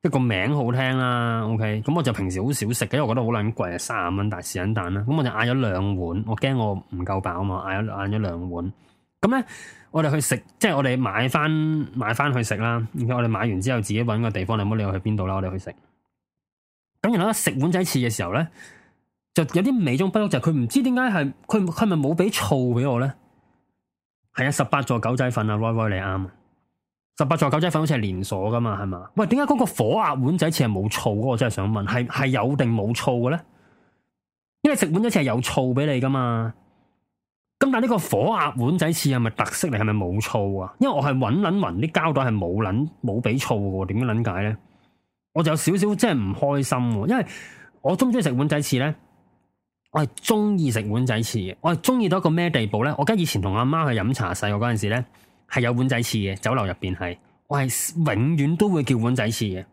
一個名好聽啦，OK，咁我就平時好少食嘅，因為我覺得好捻貴啊，三十蚊大屎卵蛋啦，咁我就嗌咗兩碗，我驚我唔夠飽嘛，嗌咗嗌咗兩碗，咁咧我哋去食，即係我哋買翻買翻去食啦，而且我哋買完之後自己揾個地方，你冇理由去邊度啦，我哋去食。咁然後咧食碗仔翅嘅時候咧，就有啲美中不足，就係佢唔知是是點解係佢佢咪冇俾醋俾我咧？係啊，十八座狗仔粉啊，Roy 你啱。十八座狗仔粉好似係連鎖噶嘛，係嘛？喂，點解嗰個火鴨碗仔翅係冇醋？我真係想問，係係有定冇醋嘅咧？因爲食碗仔翅係有醋俾你噶嘛。咁但係呢個火鴨碗仔翅係咪特色嚟？係咪冇醋啊？因爲我係搵搵勻啲膠袋係冇搵冇俾醋嘅喎，點樣諗解咧？我就有少少即係唔開心，因爲我中唔中意食碗仔翅咧？我係中意食碗仔翅嘅，我係中意到一個咩地步咧？我記得以前同阿媽去飲茶細個嗰陣時咧。係有碗仔翅嘅，酒樓入邊係，我係永遠都會叫碗仔翅嘅，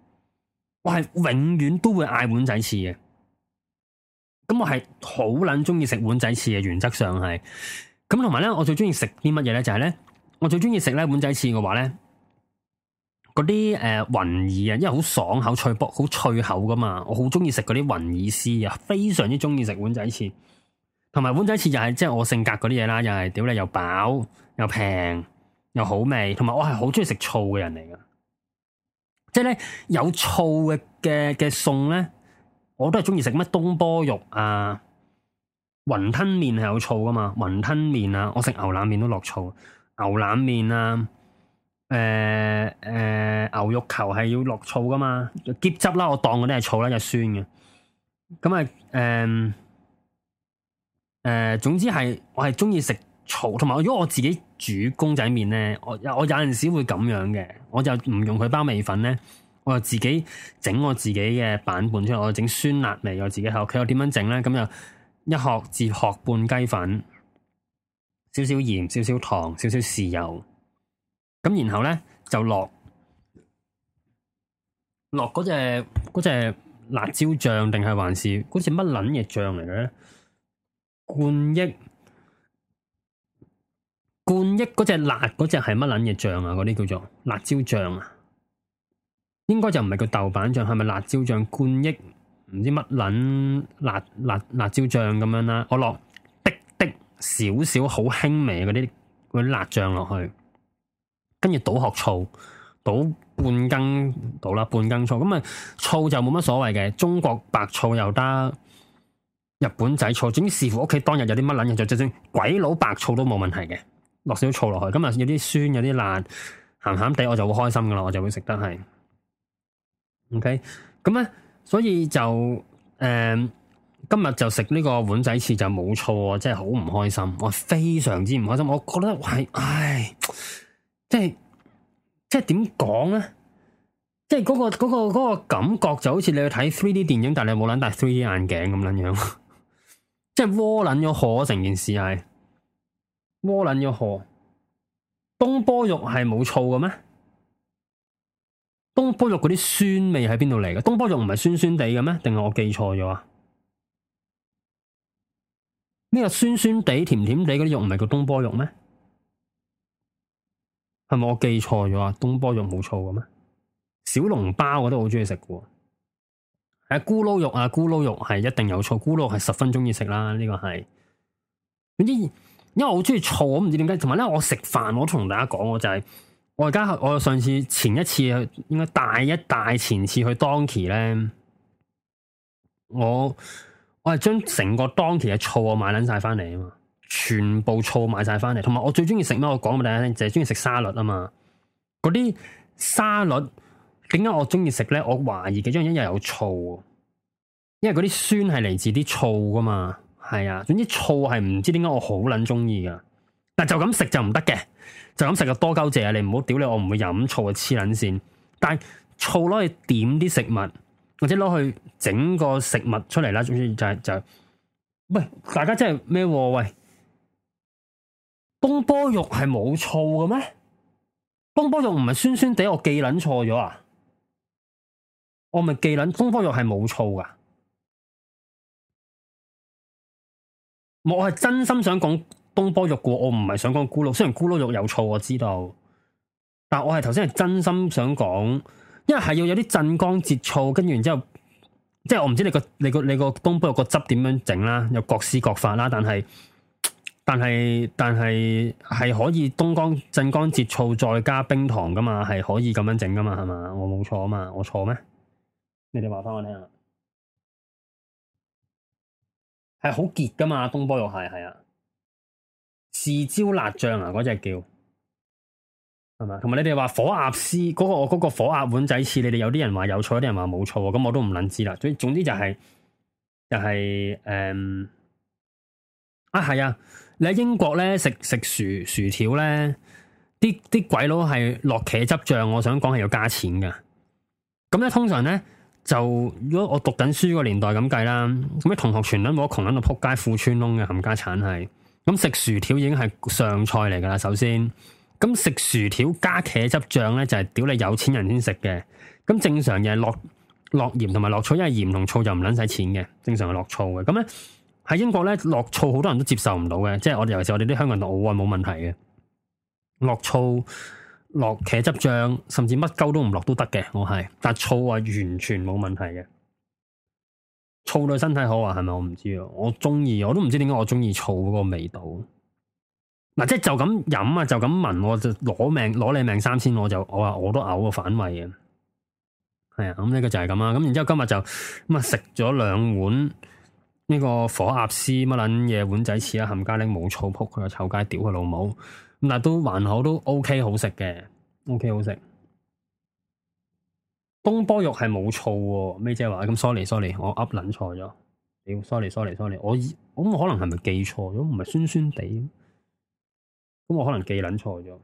我係永遠都會嗌碗仔翅嘅。咁我係好捻中意食碗仔翅嘅，原則上係。咁同埋咧，我最中意食啲乜嘢咧？就係咧，我最中意食咧碗仔翅嘅話咧，嗰啲誒雲耳啊，因為好爽口脆卜，好脆口噶嘛，我好中意食嗰啲雲耳絲啊，非常之中意食碗仔翅。同埋碗仔翅就係即係我性格嗰啲嘢啦，又係屌你又飽又平。又好味，同埋我係好中意食醋嘅人嚟噶，即係咧有醋嘅嘅嘅餸咧，我都係中意食乜東坡肉啊，雲吞麵係有醋噶嘛，雲吞麵啊，我食牛腩麵都落醋，牛腩麵啊，誒、呃、誒、呃、牛肉球係要落醋噶嘛，茄汁啦，我當嗰啲係醋啦，就酸嘅，咁啊誒誒，總之係我係中意食。嘈，同埋如果我自己煮公仔麵呢，我我有陣時會咁樣嘅，我就唔用佢包米粉呢，我就自己整我自己嘅版本出嚟，我就整酸辣味，我自己喺屋企又點樣整呢？咁就一殼至殼半雞粉，少少鹽、少少糖、少少豉油，咁然後呢，就落落嗰隻隻辣椒醬，定係還是嗰隻乜撚嘢醬嚟嘅咧？冠益。冠益嗰隻辣嗰隻係乜捻嘢醬啊？嗰啲叫做辣椒醬啊？應該就唔係叫豆瓣醬，係咪辣椒醬？冠益唔知乜捻辣辣辣椒醬咁樣啦、啊？我落滴滴少少好輕微嗰啲啲辣醬落去，跟住倒學醋，倒半羹倒啦半羹醋。咁啊醋就冇乜所謂嘅，中國白醋又得，日本仔醋。總之視乎屋企當日有啲乜捻嘢，就就算鬼佬白醋都冇問題嘅。落少啲醋落去，今日有啲酸，有啲辣，咸咸地，我就會開心噶啦，我就會食得係。OK，咁咧，所以就誒、嗯，今日就食呢個碗仔翅就冇醋啊，真係好唔開心，我非常之唔開心，我覺得係，唉、哎，即係即係點講咧？即係嗰個、那個、那個感覺就好似你去睇 three D 電影，但係你冇撚戴 three D 眼鏡咁樣樣，即係窩捻咗可成件事係。窩撚肉河東坡肉係冇醋嘅咩？東坡肉嗰啲酸味喺邊度嚟嘅？東坡肉唔係酸酸地嘅咩？定係我記錯咗啊？呢、這個酸酸地、甜甜地嗰啲肉唔係叫東坡肉咩？係咪我記錯咗啊？東坡肉冇醋嘅咩？小籠包我都好鍾意食嘅，係咕嚕肉啊！咕嚕肉係一定有醋，咕嚕肉係十分鍾意食啦。呢、這個係總之。嗯因為我好中意醋，我唔知點解。同埋咧，我食飯，我同大家講，就是、我就係我而家我上次前一次應該大一大前次去當期咧，我我係將成個當期嘅醋我買捻晒翻嚟啊嘛，全部醋買晒翻嚟。同埋我最中意食咩？我講俾大家聽，就係中意食沙律啊嘛。嗰啲沙律點解我中意食咧？我懷疑嘅原因又有醋，因為嗰啲酸係嚟自啲醋噶嘛。係啊，總之醋係唔知點解我好捻中意噶，但就咁食就唔得嘅，就咁食就多鳩謝啊！你唔好屌你，我唔會飲醋啊黐捻線，但醋攞去點啲食物，或者攞去整個食物出嚟啦，總之就係就係,就喂，大家真係咩？喂，東坡肉係冇醋嘅咩？東坡肉唔係酸酸地，我記捻錯咗啊！我咪記捻東坡肉係冇醋噶。我係真心想講東坡肉嘅，我唔係想講咕嚕。雖然咕嚕肉有醋，我知道，但我係頭先係真心想講，因為係要有啲鎮江節醋，跟住然之後，即係我唔知你個你個你個東坡肉個汁點樣整啦，又各施各法啦，但係但係但係係可以東江鎮江節醋再加冰糖噶嘛，係可以咁樣整噶嘛，係嘛？我冇錯啊嘛，我錯咩？你哋話翻我聽下。係好結噶嘛，東坡肉蟹係啊，豉椒辣醬啊，嗰隻叫係嘛，同埋你哋話火鴨絲嗰個、嗰個火鴨碗仔翅，你哋有啲人話有錯，有啲人話冇錯，咁我都唔捻知啦。最總之就係、係、就係、係、誒、嗯，啊係啊，你喺英國咧食食薯薯條咧，啲啲鬼佬係落茄汁醬，我想講係要加錢噶，咁咧通常咧。就如果我讀緊書個年代咁計啦，咁啲同學全撚攞窮撚到撲街，褲穿窿嘅冚家產係。咁食薯條已經係上菜嚟㗎啦，首先。咁食薯條加茄汁醬咧，就係、是、屌你有錢人先食嘅。咁正常嘅落落鹽同埋落醋，因為鹽同醋就唔撚使錢嘅，正常係落醋嘅。咁咧喺英國咧落醋好多人都接受唔到嘅，即係我哋尤其係我哋啲香港人，我話冇問題嘅落醋。落茄汁醬，甚至乜鳩都唔落都得嘅，我係，但醋啊完全冇問題嘅，醋對身體好啊係咪？我唔知啊，我中意，我都唔知點解我中意醋嗰個味道。嗱、啊，即係就咁飲啊，就咁聞我就攞命攞你命三千，我就我話我都嘔個反胃嘅，係、嗯這個、啊，咁呢個就係咁啦。咁然之後今日就咁啊食咗兩碗呢、這個火鴨絲乜撚嘢碗仔翅啊冚家拎冇醋仆佢臭街屌佢老母！嗱，但都還好，都 OK，好食嘅，OK，好食。東坡肉係冇醋的，咩姐話咁？Sorry，Sorry，我噏捻錯咗。Sorry，Sorry，Sorry，我我可能係咪記錯咗？唔係酸酸地，咁我可能記捻錯咗。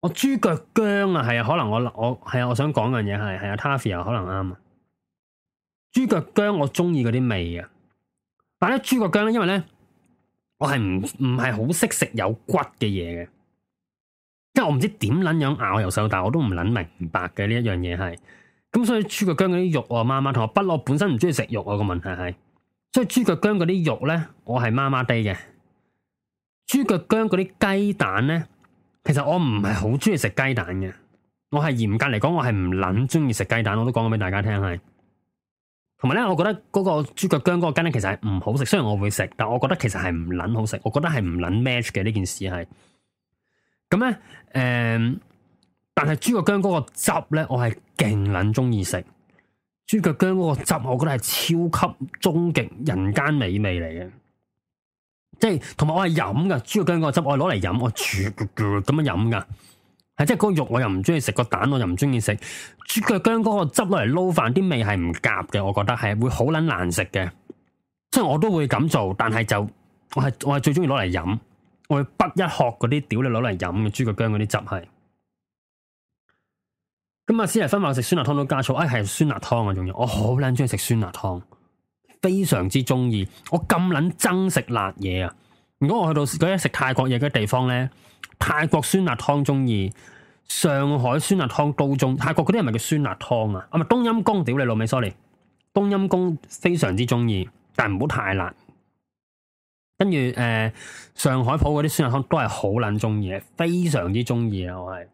我豬腳薑啊，係啊，可能我我係啊，我想講樣嘢，係係啊，Taffy 啊，avia, 可能啱啊。豬腳薑我中意嗰啲味啊，但係咧豬腳薑因為呢。我係唔唔係好識食有骨嘅嘢嘅，因為我唔知點撚樣咬又手大，我都唔撚明白嘅呢一樣嘢係。咁所以豬腳薑嗰啲肉、啊、媽媽我媽媽同我不落，本身唔中意食肉、啊那個問題係，所以豬腳薑嗰啲肉咧我係媽媽地嘅。豬腳薑嗰啲雞蛋咧，其實我唔係好中意食雞蛋嘅，我係嚴格嚟講我係唔撚中意食雞蛋，我都講過俾大家聽係。同埋咧，我覺得嗰個豬腳薑嗰個筋咧，其實係唔好食。雖然我會食，但我覺得其實係唔撚好食。我覺得係唔撚 match 嘅呢件事係。咁咧，誒，但係豬腳薑嗰個汁咧，我係勁撚鍾意食。豬腳薑嗰個汁，我覺得係超級終極人間美味嚟嘅。即係同埋我係飲噶豬腳薑嗰個汁，我係攞嚟飲，我啜啜咁樣飲噶。即係嗰個肉，我又唔中意食；個蛋，我又唔中意食。豬腳薑嗰個汁落嚟撈飯，啲味係唔夾嘅，我覺得係會好撚難食嘅。即係我都會咁做，但係就我係我係最中意攞嚟飲，我會不一殼嗰啲屌你攞嚟飲嘅豬腳薑嗰啲汁係。咁阿思黎分話食酸辣湯都加醋，誒、哎、係酸辣湯啊，仲要我好撚中意食酸辣湯，非常之中意。我咁撚憎食辣嘢啊！如果我去到嗰啲食泰國嘢嘅地方咧。泰國酸辣湯中意，上海酸辣湯都中意。泰國嗰啲係咪叫酸辣湯啊，啊咪係冬陰功，屌你老味，sorry，冬陰功非常之中意，但係唔好太辣。跟住誒，上海鋪嗰啲酸辣湯都係好捻中意，非常之中意啊！我係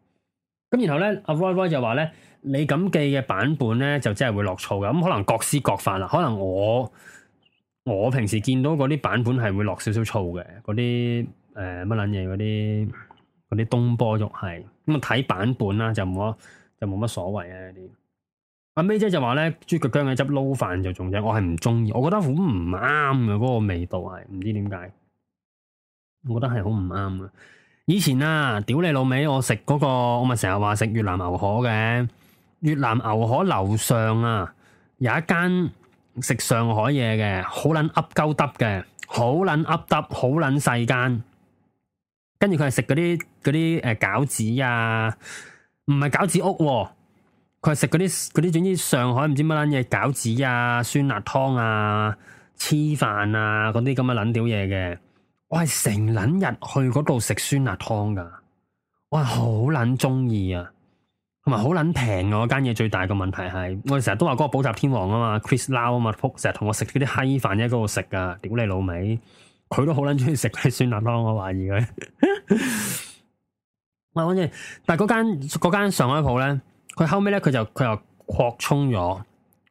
咁，然後咧阿 Roy 就話咧，你咁記嘅版本咧就真係會落醋嘅，咁、嗯、可能各師各法啦，可能我我平時見到嗰啲版本係會落少少醋嘅啲。，誒乜撚嘢嗰啲嗰啲東坡肉係咁啊，睇版本啦，就冇就冇乜所謂啊啲。阿 May 姐就話咧，豬腳薑嘅汁撈飯就仲有。我係唔中意，我覺得好唔啱嘅嗰個味道係，唔知點解，我覺得係好唔啱嘅。以前啊，屌你老味，我食嗰個，我咪成日話食越南牛河嘅，越南牛河樓上啊有一間食上海嘢嘅，好撚噏鳩耷嘅，好撚噏耷，好撚細間。跟住佢係食嗰啲嗰啲，誒餃子啊，唔係餃子屋，啊，佢係食嗰啲嗰啲，總之上海唔知乜撚嘢，餃子啊、酸辣湯啊、黐飯啊嗰啲咁嘅撚屌嘢嘅，我係成撚日去嗰度食酸辣湯噶，我係好撚中意啊，同埋好撚平啊！嗰間嘢，最大個問題係我哋成日都話嗰個補習天王啊嘛，Chris Lau 啊嘛，成日同我食嗰啲黐飯嘢嗰度食噶，屌你老味！佢都好撚鍾意食啲酸辣湯，我懷疑佢。 我講真，但係嗰間嗰間上海鋪咧，佢後尾咧佢就佢又擴充咗，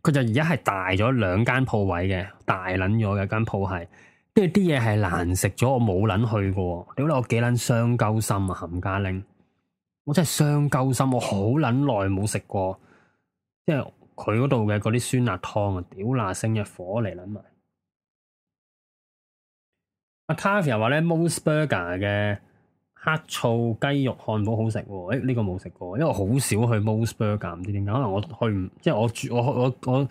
佢就而家係大咗兩間鋪位嘅，大撚咗嘅間鋪係跟住啲嘢係難食咗，我冇撚去過，屌你，我幾撚傷鳩心啊，冚家拎！我真係傷鳩心，我好撚耐冇食過，即係佢嗰度嘅嗰啲酸辣湯啊，屌辣星嘅火嚟撚埋。阿 Cafe 又話呢 Mooz Burger 嘅黑醋雞肉漢堡好食喎，誒、欸、呢、這個冇食過，因為我好少去 Mooz Burger，唔知點解，可能我去唔，即係我住我我我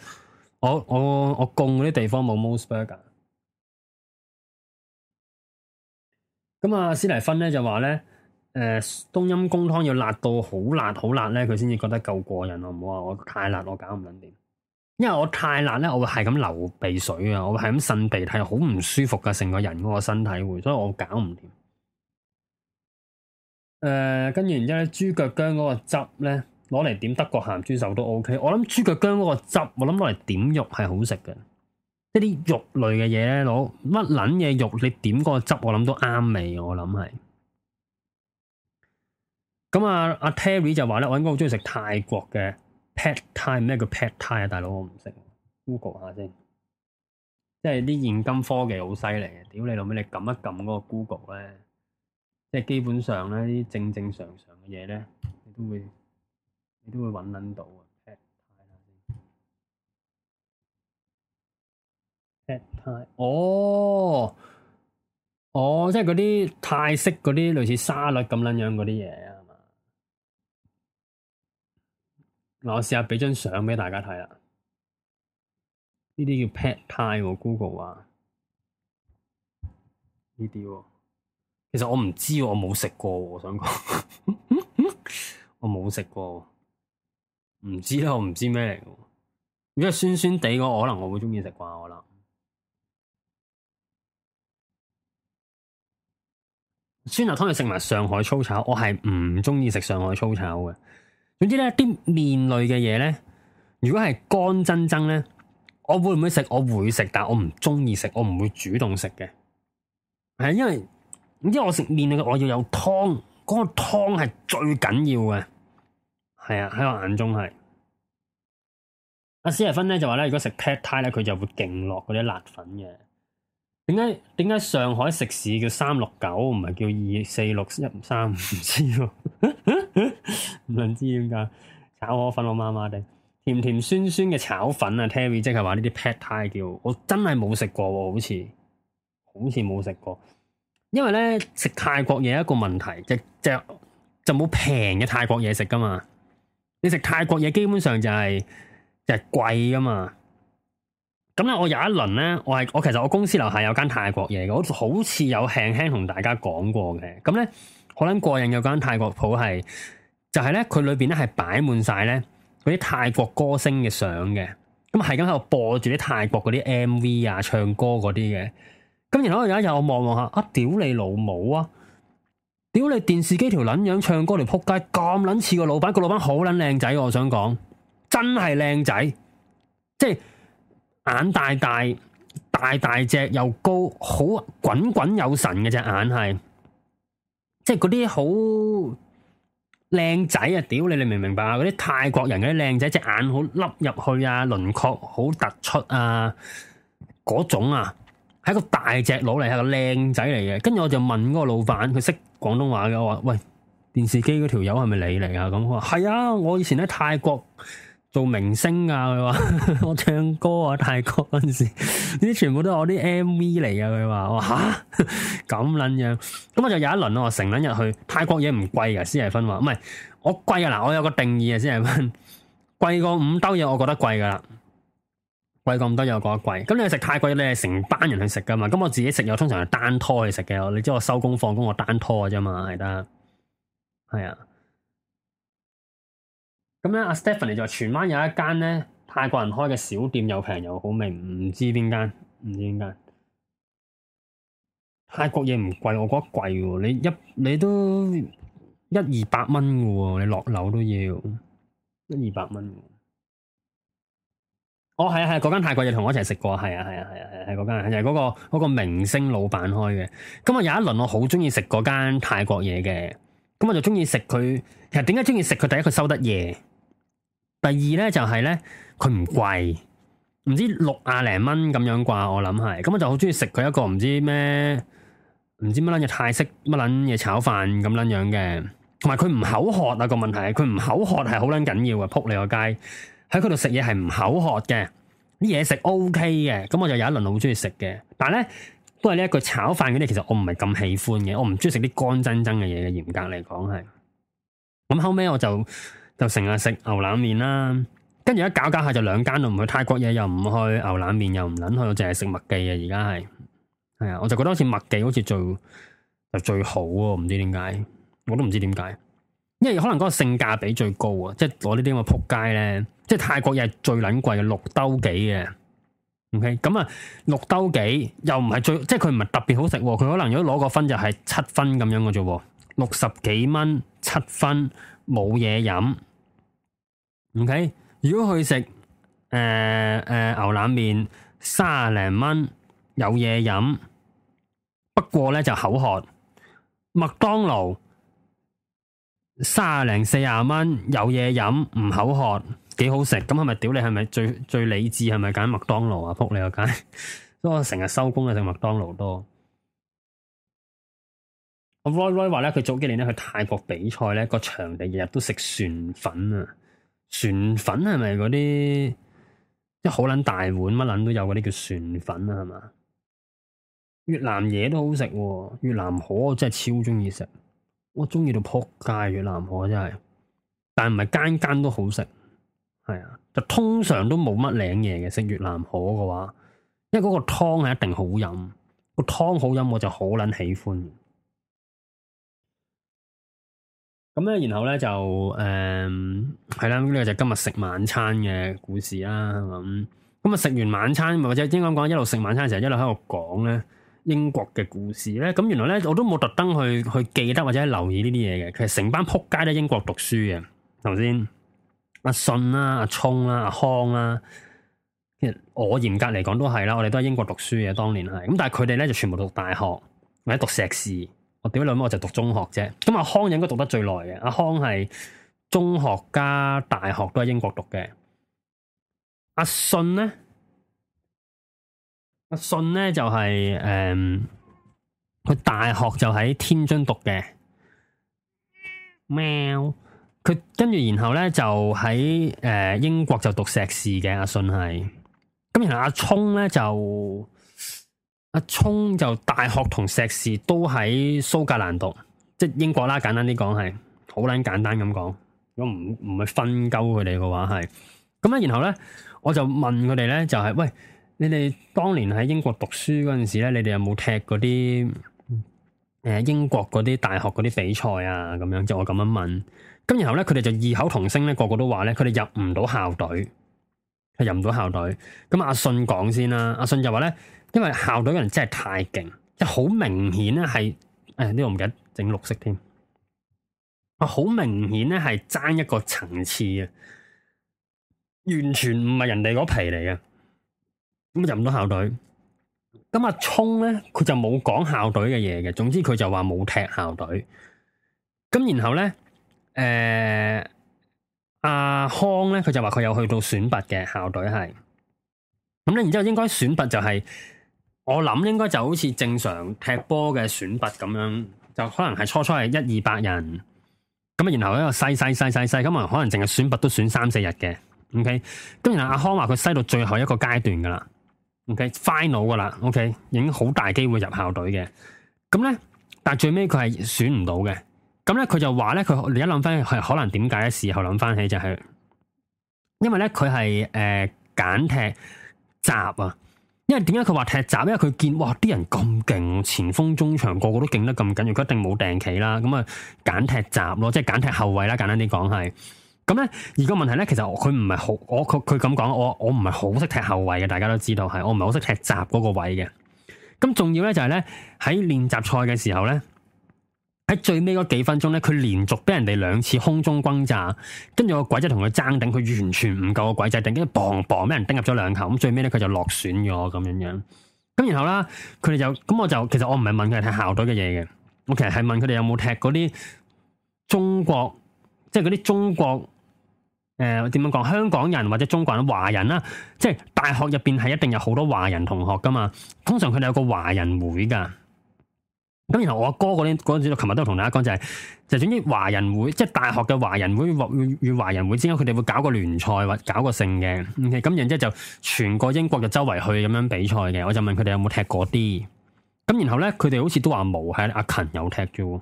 我我我供嗰啲地方冇 Mooz Burger。咁啊，施黎芬呢就話呢，誒、呃、冬陰公湯要辣到好辣好辣呢，佢先至覺得夠過癮，唔好話我太辣，我搞唔撚掂。因為我太辣咧，我會係咁流鼻水啊，我會係咁擤鼻涕，好唔舒服噶，成個人嗰個身體會，所以我搞唔掂。誒、呃，跟住然之後咧，豬腳姜嗰個汁咧，攞嚟點德國咸豬手都 OK。我諗豬腳姜嗰個汁，我諗攞嚟點肉係好食嘅，即啲肉類嘅嘢咧，攞乜撚嘢肉，你點嗰個汁，我諗都啱味，我諗係。咁啊，阿、啊、Terry 就話咧，我應該好中意食泰國嘅。Pad Thai 咩叫 Pad Thai 啊，大佬我唔識，Google 下先。即係啲現今科技好犀利屌你老味，你撳一撳嗰個 Google 咧，即係基本上咧啲正正常常嘅嘢咧，你都會你都會揾撚到啊 Pad Thai，p e、哦、Pad Thai 下先。哦哦，即係嗰啲泰式嗰啲類似沙律咁撚樣嗰啲嘢啊！我試下畀張相俾大家睇下。呢啲叫 Pad Thai 喎，Google 話呢啲喎。其實我唔知，我冇食過。我想講， 我冇食過，唔知咧，我唔知咩嚟嘅。如果係酸酸地嘅，可能我會中意食啩。我諗酸辣湯要食埋上海粗炒，我係唔中意食上海粗炒嘅。總之咧，啲麵類嘅嘢咧，如果係乾爭爭咧，我會唔會食？我會食，但係我唔中意食，我唔會主動食嘅。係因為，總之我食麵類嘅，我要有湯，嗰、嗰個湯係最緊要嘅。係啊，喺我眼中係阿史亞芬咧就話、是、咧，如果食 pad thai 咧，佢就會勁落嗰啲辣粉嘅。點解點解上海食肆叫三六九唔係叫二四六一三唔知？唔明 知點解炒河粉我麻麻哋甜甜酸酸嘅炒粉啊！Terry 即係話呢啲 Pad Thai 叫我真係冇食過喎，好似好似冇食過。因為咧食泰國嘢一個問題，就是、就就冇平嘅泰國嘢食噶嘛。你食泰國嘢基本上就係、是、就係貴噶嘛。咁咧我有一輪咧，我係我其實我公司樓下有間泰國嘢嘅，我好似有輕輕同大家講過嘅。咁咧。我好撚過癮，有間泰國鋪係，就係咧佢裏邊咧係擺滿晒咧嗰啲泰國歌星嘅相嘅，咁係咁喺度播住啲泰國嗰啲 MV 啊，唱歌嗰啲嘅。咁然後我而家又望望下，啊屌你老母啊！屌你電視機條卵樣唱歌嚟扑街咁卵似個老闆，個老闆好卵靚仔，我想講真係靚仔，即係眼大大大大隻又高，好滾滾有神嘅隻眼係。即係嗰啲好靚仔啊！屌你，你明唔明白啊？嗰啲泰國人嗰啲靚仔隻眼好凹入去啊，輪廓好突出啊，嗰種啊係一個大隻佬嚟，係個靚仔嚟嘅。跟住我就問嗰個老闆，佢識廣東話嘅，我話：喂，電視機嗰條友係咪你嚟啊？咁佢話：係啊，我以前喺泰國做明星啊！佢話 我唱歌啊，泰國嗰陣時，呢 啲全部都係我啲 M V 嚟噶。佢話我咁撚樣，咁我就有一輪、啊、我成撚入去泰國嘢唔貴噶，斯亞芬話唔係我貴啊嗱，我有個定義啊，斯亞芬貴過五兜嘢，我覺得貴噶啦，貴過五兜嘢，我覺得貴。咁你食泰國嘢，你係成班人去食噶嘛？咁我自己食又通常係單拖去食嘅，你知我收工放工我單拖啫嘛，係得係啊。咁咧，阿 Stephanie 就話荃灣有一間咧泰國人開嘅小店，又平又好味，唔知邊間？唔知邊間？泰國嘢唔貴，我覺得貴喎。你一你都一二百蚊嘅喎，你落樓都要一二百蚊。哦，係啊，係啊，嗰間泰國嘢同我一齊食過，係啊，係啊，係啊，係嗰間，就係嗰個明星老闆開嘅。咁我有一輪我好鍾意食嗰間泰國嘢嘅，咁我就鍾意食佢。其實點解鍾意食佢？第一佢收得夜。第二咧就係咧，佢唔貴，唔知六啊零蚊咁樣啩，我諗係，咁我就好中意食佢一個唔知咩，唔知乜撚嘢泰式乜撚嘢炒飯咁撚樣嘅，同埋佢唔口渴啊個問題，佢唔口渴係好撚緊要啊，扑你個街，喺佢度食嘢係唔口渴嘅，啲嘢食 O K 嘅，咁我就有一輪好中意食嘅，但係咧都係呢一個炒飯嗰啲，其實我唔係咁喜歡嘅，我唔中意食啲乾真真嘅嘢嘅，嚴格嚟講係，咁後尾我就。就成日食牛腩麵啦，跟住一搞搞下就兩間都唔去，泰國嘢又唔去，牛腩麵又唔捻去，我淨係食麥記嘅而家係，係啊，我就覺得好似麥記好似最又最好喎，唔知點解，我都唔知點解，因為可能嗰個性價比最高啊，即係攞呢啲咁嘅仆街咧，即係泰國嘢最捻貴嘅六兜幾嘅，ok，咁啊六兜幾又唔係最，即係佢唔係特別好食，佢可能如果攞個分就係七分咁樣嘅啫，六十幾蚊七分冇嘢飲。OK，如果去食誒誒牛腩麵三十零蚊，有嘢飲，不過咧就口渴。麥當勞三十零四十蚊，有嘢飲，唔口渴，幾好食。咁係咪屌你？係咪最最理智？係咪揀麥當勞啊？仆你個街，我成日收工啊，食 麥當勞多。阿 Roy 話咧，佢早幾年咧去泰國比賽咧，個場地日日都食船粉啊。船粉係咪嗰啲即好撚大碗乜捻都有嗰啲，叫船粉啊，係嘛？越南嘢都好食喎。啊，越南河真係超鍾意食，我鍾意到扑街越南河真係，但係唔係間間都好食，係啊，就通常都冇乜靚嘢嘅食越南河嘅話，因為嗰個湯係一定好飲，個湯好飲我就好撚喜歡。咁咧、嗯，然後咧就誒，係、嗯、啦，呢個就今日食晚餐嘅故事啦。咁咁啊，食完晚餐或者應該講，一路食晚餐嘅時候，一路喺度講咧英國嘅故事咧。咁、嗯、原來咧，我都冇特登去去記得或者留意呢啲嘢嘅。其實成班扑街都係，英國讀書嘅，頭先阿信啦、阿聰啦、阿、啊啊啊啊啊、康啦、啊，其實我嚴格嚟講都係啦，我哋都喺英國讀書嘅當年啦。咁但係佢哋咧就全部讀大學或者讀碩士。我屌兩蚊，我就讀中學啫。咁阿康應該讀得最耐嘅。阿康係中學加大學都喺英國讀嘅。阿信咧，阿信咧就係、是、誒，佢、嗯、大學就喺天津讀嘅。喵，佢跟住然後咧就喺誒、呃、英國就讀碩士嘅。阿信係，咁然後阿聰咧就。阿聰、啊、就大學同碩士都喺蘇格蘭讀，即係英國啦。簡單啲講係，好撚簡單咁講。如果唔唔係分鳩佢哋嘅話係，咁啊然後咧，我就問佢哋咧，就係、是、喂，你哋當年喺英國讀書嗰陣時咧，你哋有冇踢嗰啲誒英國嗰啲大學嗰啲比賽啊？咁樣即係、就是、我咁樣問，咁然後咧，佢哋就異口同聲咧，個個都話咧，佢哋入唔到校隊，係入唔到校隊。咁阿信講先啦，阿信就話咧。因為校隊嘅人真係太勁，即係好明顯咧係，誒呢個唔緊，整綠色添，啊好明顯咧係爭一個層次嘅，完全唔係人哋嗰皮嚟嘅。咁、啊、就唔到校隊，咁啊聰，咧佢就冇講校隊嘅嘢嘅，總之佢就話冇踢校隊，咁然後咧，誒、呃、阿、啊、康咧，佢就話佢有去到選拔嘅校隊係，咁咧然之後應該選拔就係、是。我諗應該就好似正常踢波嘅選拔咁樣，就可能係初初係一二百人，咁然後一個細細細細細，咁啊，可能淨係選拔都選三四日嘅，OK。咁然後阿康話佢篩到最後一個階段噶啦，OK，final、okay？噶啦，OK，已經好大機會入校隊嘅。咁咧，但係最尾佢係選唔到嘅。咁咧，佢就話咧，佢而家諗翻係可能點解呢？事後諗翻起就係、是，因為咧佢係誒簡踢集啊。因為點解佢話踢閘？因為佢見哇啲人咁勁，前鋒、中場個個都勁得咁緊要，佢一定冇定企啦。咁啊，揀踢閘咯，即係揀踢後衛啦。簡單啲講係，咁咧而個問題咧，其實佢唔係好，我佢佢咁講，我我唔係好識踢後衛嘅，大家都知道係，我唔係好識踢閘嗰個位嘅。咁重要咧就係咧喺練習賽嘅時候咧。喺最尾嗰幾分鐘咧，佢連續俾人哋兩次空中轟炸，跟住個鬼仔同佢爭頂，佢完全唔夠個鬼仔頂，跟住砰砰俾人釘入咗兩球，咁最尾咧佢就落選咗咁樣樣。咁然後啦，佢哋就咁，我就其實我唔係問佢踢校隊嘅嘢嘅，我其實係問佢哋有冇踢嗰啲中國，即係嗰啲中國誒點樣講？香港人或者中國人、華人啦，即係大學入邊係一定有好多華人同學噶嘛，通常佢哋有個華人會噶。咁然後我阿哥嗰啲嗰陣時，琴日都同大家講就係、是、就是、總之華人華人會即係大學嘅華人會或與華人會之間，佢哋會、會搞個聯賽或搞個勝嘅。咁、嗯、然之後就全個英國嘅周圍去咁樣比賽嘅。我就問佢哋有冇踢過啲。咁然後咧，佢哋好似都話冇。喺阿勤有踢啫。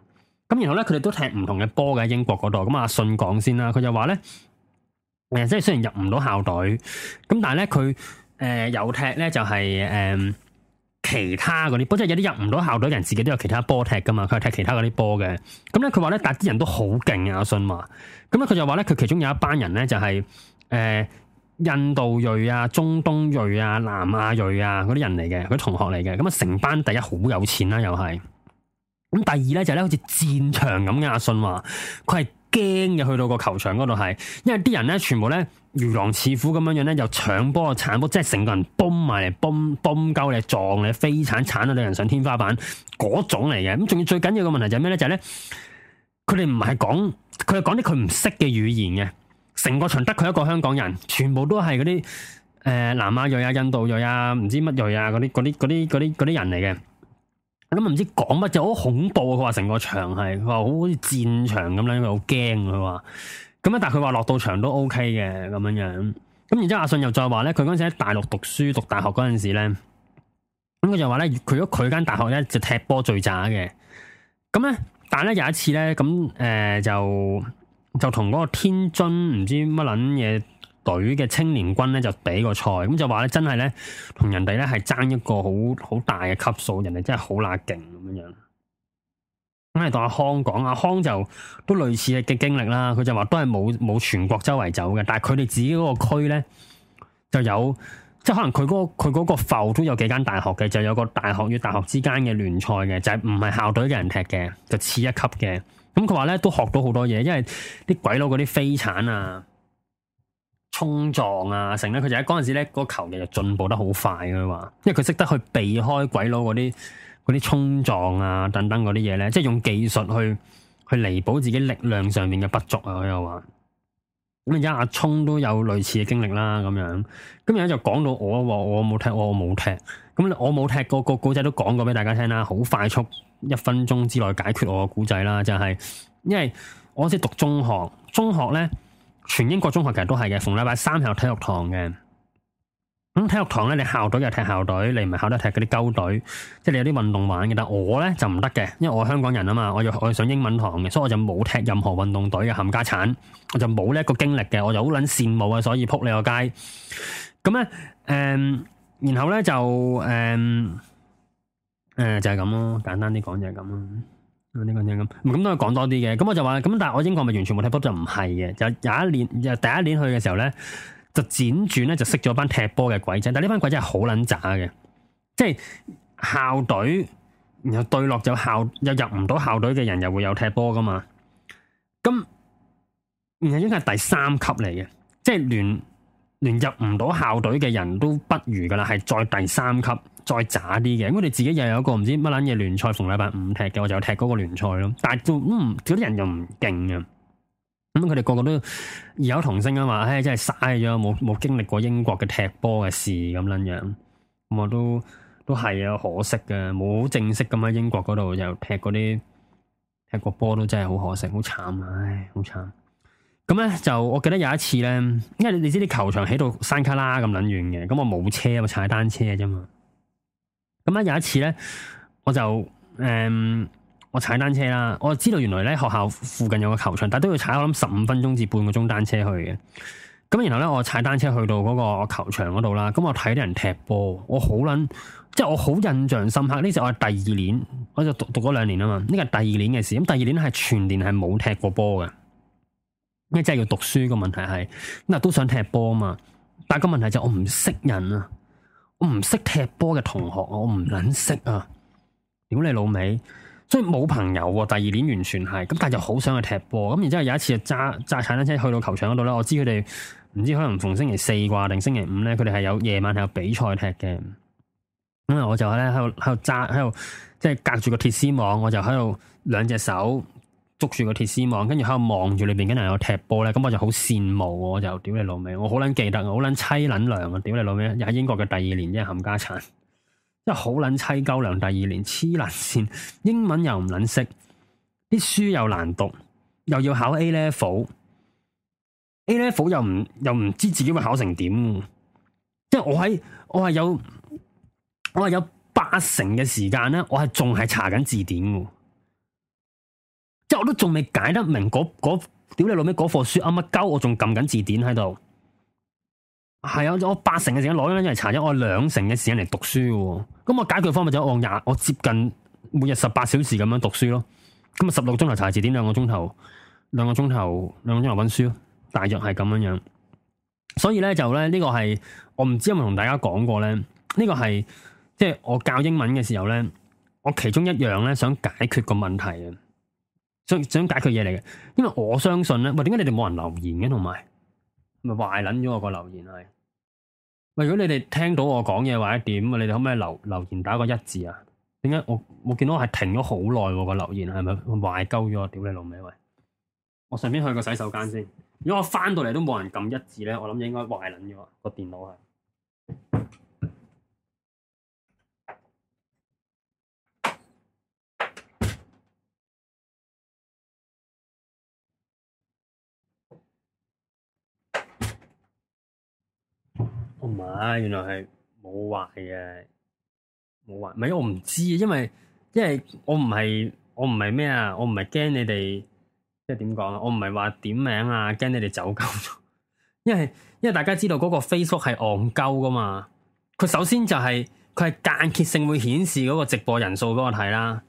咁然後咧，佢哋都踢唔同嘅波嘅喺英國嗰度。咁、嗯、啊，信講先啦。佢就話咧、呃、即係雖然入唔到校隊，咁但係咧佢誒有踢咧就係、是、誒。呃其他嗰啲波，即係有啲入唔到校隊嘅人，自己都有其他波踢噶嘛。佢係踢其他嗰啲波嘅。咁、嗯、咧，佢話咧，但係啲人都好勁啊。阿信話，咁、嗯、咧，佢就話咧，佢其中有一班人咧就係、是、誒、呃、印度裔啊、中東裔啊、南亞裔啊嗰啲人嚟嘅，嗰啲同學嚟嘅。咁、嗯、啊，成班第一好有錢啦、啊，又係。咁、嗯、第二咧就咧、是、好似戰場咁嘅，阿信話佢係。驚嘅去到個球場嗰度係，因為啲人咧，全部咧如狼似虎咁樣樣咧，又搶波啊，鏟波，即係成個人崩埋嚟，崩崩鳩你、撞你、飛鏟鏟到你人上天花板嗰種嚟嘅。咁仲要最緊要嘅問題就係咩咧？就係、是、咧，佢哋唔係講，佢係講啲佢唔識嘅語言嘅。成個場得佢一個香港人，全部都係嗰啲誒南亞裔啊、印度裔啊、唔知乜裔啊啲、啲、啲、啲、嗰啲人嚟嘅。我都唔知講乜，就好恐怖。佢話成個場係，佢話好似戰場咁樣，佢好驚佢話。咁啊，但係佢話落到場都 OK 嘅，咁樣樣。咁然之後阿信又再話咧，佢嗰陣時喺大陸讀書讀大學嗰陣時咧，咁佢就話咧，除咗佢間大學咧就踢波最渣嘅。咁咧，但係咧有一次咧，咁誒、呃、就就同嗰個天津唔知乜捻嘢，隊嘅青年軍咧就比個賽，咁就話咧，真係咧同人哋咧係爭一個好好大嘅級數，人哋真係好乸勁咁樣樣。咁嚟到阿康講，阿康就都類似嘅經歷啦。佢就話都係冇冇全國周圍走嘅，但係佢哋自己嗰個區咧就有，即係可能佢嗰佢個埠都有幾間大學嘅，就有個大學與大學之間嘅聯賽嘅，就係唔係校隊嘅人踢嘅，就次一級嘅。咁佢話咧都學到好多嘢，因為啲鬼佬嗰啲飛鏟啊。衝撞啊，成咧，佢就喺嗰陣時咧，個球其實進步得好快，佢話，因為佢識得去避開鬼佬嗰啲嗰啲衝撞啊等等嗰啲嘢咧，即係用技術去去彌補自己力量上面嘅不足啊。佢又話，咁而家阿聰都有類似嘅經歷啦，咁樣，咁而家就講到我我冇踢，我冇踢，咁我冇踢，那個個古仔都講過俾大家聽啦，好快速，一分鐘之內解決我個古仔啦，就係、是、因為我即係讀中學，中學咧。全英國中學其實都係嘅，逢禮拜三係有體育堂嘅。咁體育堂咧，你校隊就踢校隊，你唔係考得踢嗰啲鳩隊，即係你有啲運動玩嘅。但我咧就唔得嘅，因為我係香港人啊嘛，我要我要上英文堂嘅，所以我就冇踢任何運動隊嘅冚家鏟，我就冇呢一個經歷嘅，我就好捻羨慕啊！所以撲你個街。咁咧，誒，然後咧就，誒，誒就係咁咯，簡單啲講就係咁咯。呢個咁，咁都、嗯、可以講多啲嘅。咁、嗯、我就話，咁但係我英國咪完全冇踢波就唔係嘅。就有一年，第一年去嘅時候咧，就輾轉咧就識咗班踢波嘅鬼仔。但呢班鬼仔係好撚渣嘅，即係校隊，然後對落就校又入唔到校隊嘅人又會有踢波噶嘛。咁然後應該係第三級嚟嘅，即係聯。聯入唔到校隊嘅人都不如噶啦，係再第三級，再渣啲嘅。我哋自己又有一個唔知乜捻嘢聯賽，逢禮拜五踢嘅，我就踢嗰個聯賽咯。但係都唔，嗰、嗯、啲人又唔勁嘅。咁佢哋個個都異口同聲啊，嘛，唉，真係嘥咗，冇冇經歷過英國嘅踢波嘅事咁捻樣。咁我都都係啊，可惜嘅，冇正式咁喺英國嗰度又踢嗰啲踢過波都真係好可惜，好慘啊，唉，好慘。咁咧就，我記得有一次咧，因為你你知啲球場喺度山卡拉咁捻遠嘅，咁我冇車，我踩單車嘅啫嘛。咁咧有一次咧，我就誒、嗯、我踩單車啦，我知道原來咧學校附近有個球場，但都要踩我諗十五分鐘至半個鐘單車去嘅。咁然後咧我踩單車去到嗰個球場嗰度啦，咁我睇啲人踢波，我好捻即係我好印象深刻。呢時我係第二年，我就讀讀咗兩年啊嘛，呢個係第二年嘅事。咁第二年咧係全年係冇踢過波嘅。咩真係要讀書？個問題係，咁啊都想踢波啊嘛。但係個問題就我唔識人啊，我唔識踢波嘅同學，我唔捻識啊。屌你老味，所以冇朋友啊。第二年完全係咁，但係就好想去踢波。咁然之後有一次就揸揸踩單車去到球場嗰度咧，我知佢哋唔知可能逢星期四啩定星期五咧，佢哋係有夜晚係有比賽踢嘅。咁啊，我就喺咧喺度喺度揸喺度，即係隔住個鐵絲網，我就喺度兩隻手。捉住個鐵絲網，跟住喺度望住裏邊，跟住又踢波咧。咁我就好羨慕，我就屌你老味。我好撚記得，我好撚淒撚涼啊！屌你老味，又喺英國嘅第二年即係，冚家鏟，即係好撚淒鳩涼。第二年黐爛線，英文又唔撚識，啲書又難讀，又要考 A level，A level 又唔又唔知自己會考成點。即係我喺我係有我係有八成嘅時間咧，我係仲係查緊字典。即我都仲未解得明嗰屌、嗰嗰、你老味嗰課書啱乜鳩，我仲撳緊字典喺度。係啊，我八成嘅時間攞咗，因嚟，查咗我兩成嘅時間嚟讀書嘅。咁、嗯、我解決方法就我廿，我接近每日十八小時咁樣讀書咯。咁啊十六鐘頭查字典，兩個鐘頭，兩個鐘頭，兩個鐘頭溫書咯。大約係咁樣樣。所以咧就咧呢、呢個係我唔知有冇同大家講過咧，呢、呢個係即係我教英文嘅時候咧，我其中一樣咧想解決個問題嘅。想想解決嘢嚟嘅，因為我相信咧，喂，點解你哋冇人留言嘅，同埋咪壞撚咗我個留言係？喂，如果你哋聽到我講嘢或者點，你哋可唔可以留留言打個一字啊？點解我我見到係停咗好耐個留言係咪壞鳩咗？是是我屌你老味喂！我順便去個洗手間先。如果我翻到嚟都冇人撳一字咧，我諗應該壞撚咗個電腦係。唔係，原來係冇壞嘅，冇壞。唔係我唔知，因為因為我唔係我唔係咩啊，我唔係驚你哋即係點講啦，我唔係話點名啊，驚你哋走鳩。因為因為大家知道嗰個 Facebook 係戇鳩噶嘛，佢首先就係佢係間歇性會顯示嗰個直播人數畀我睇啦，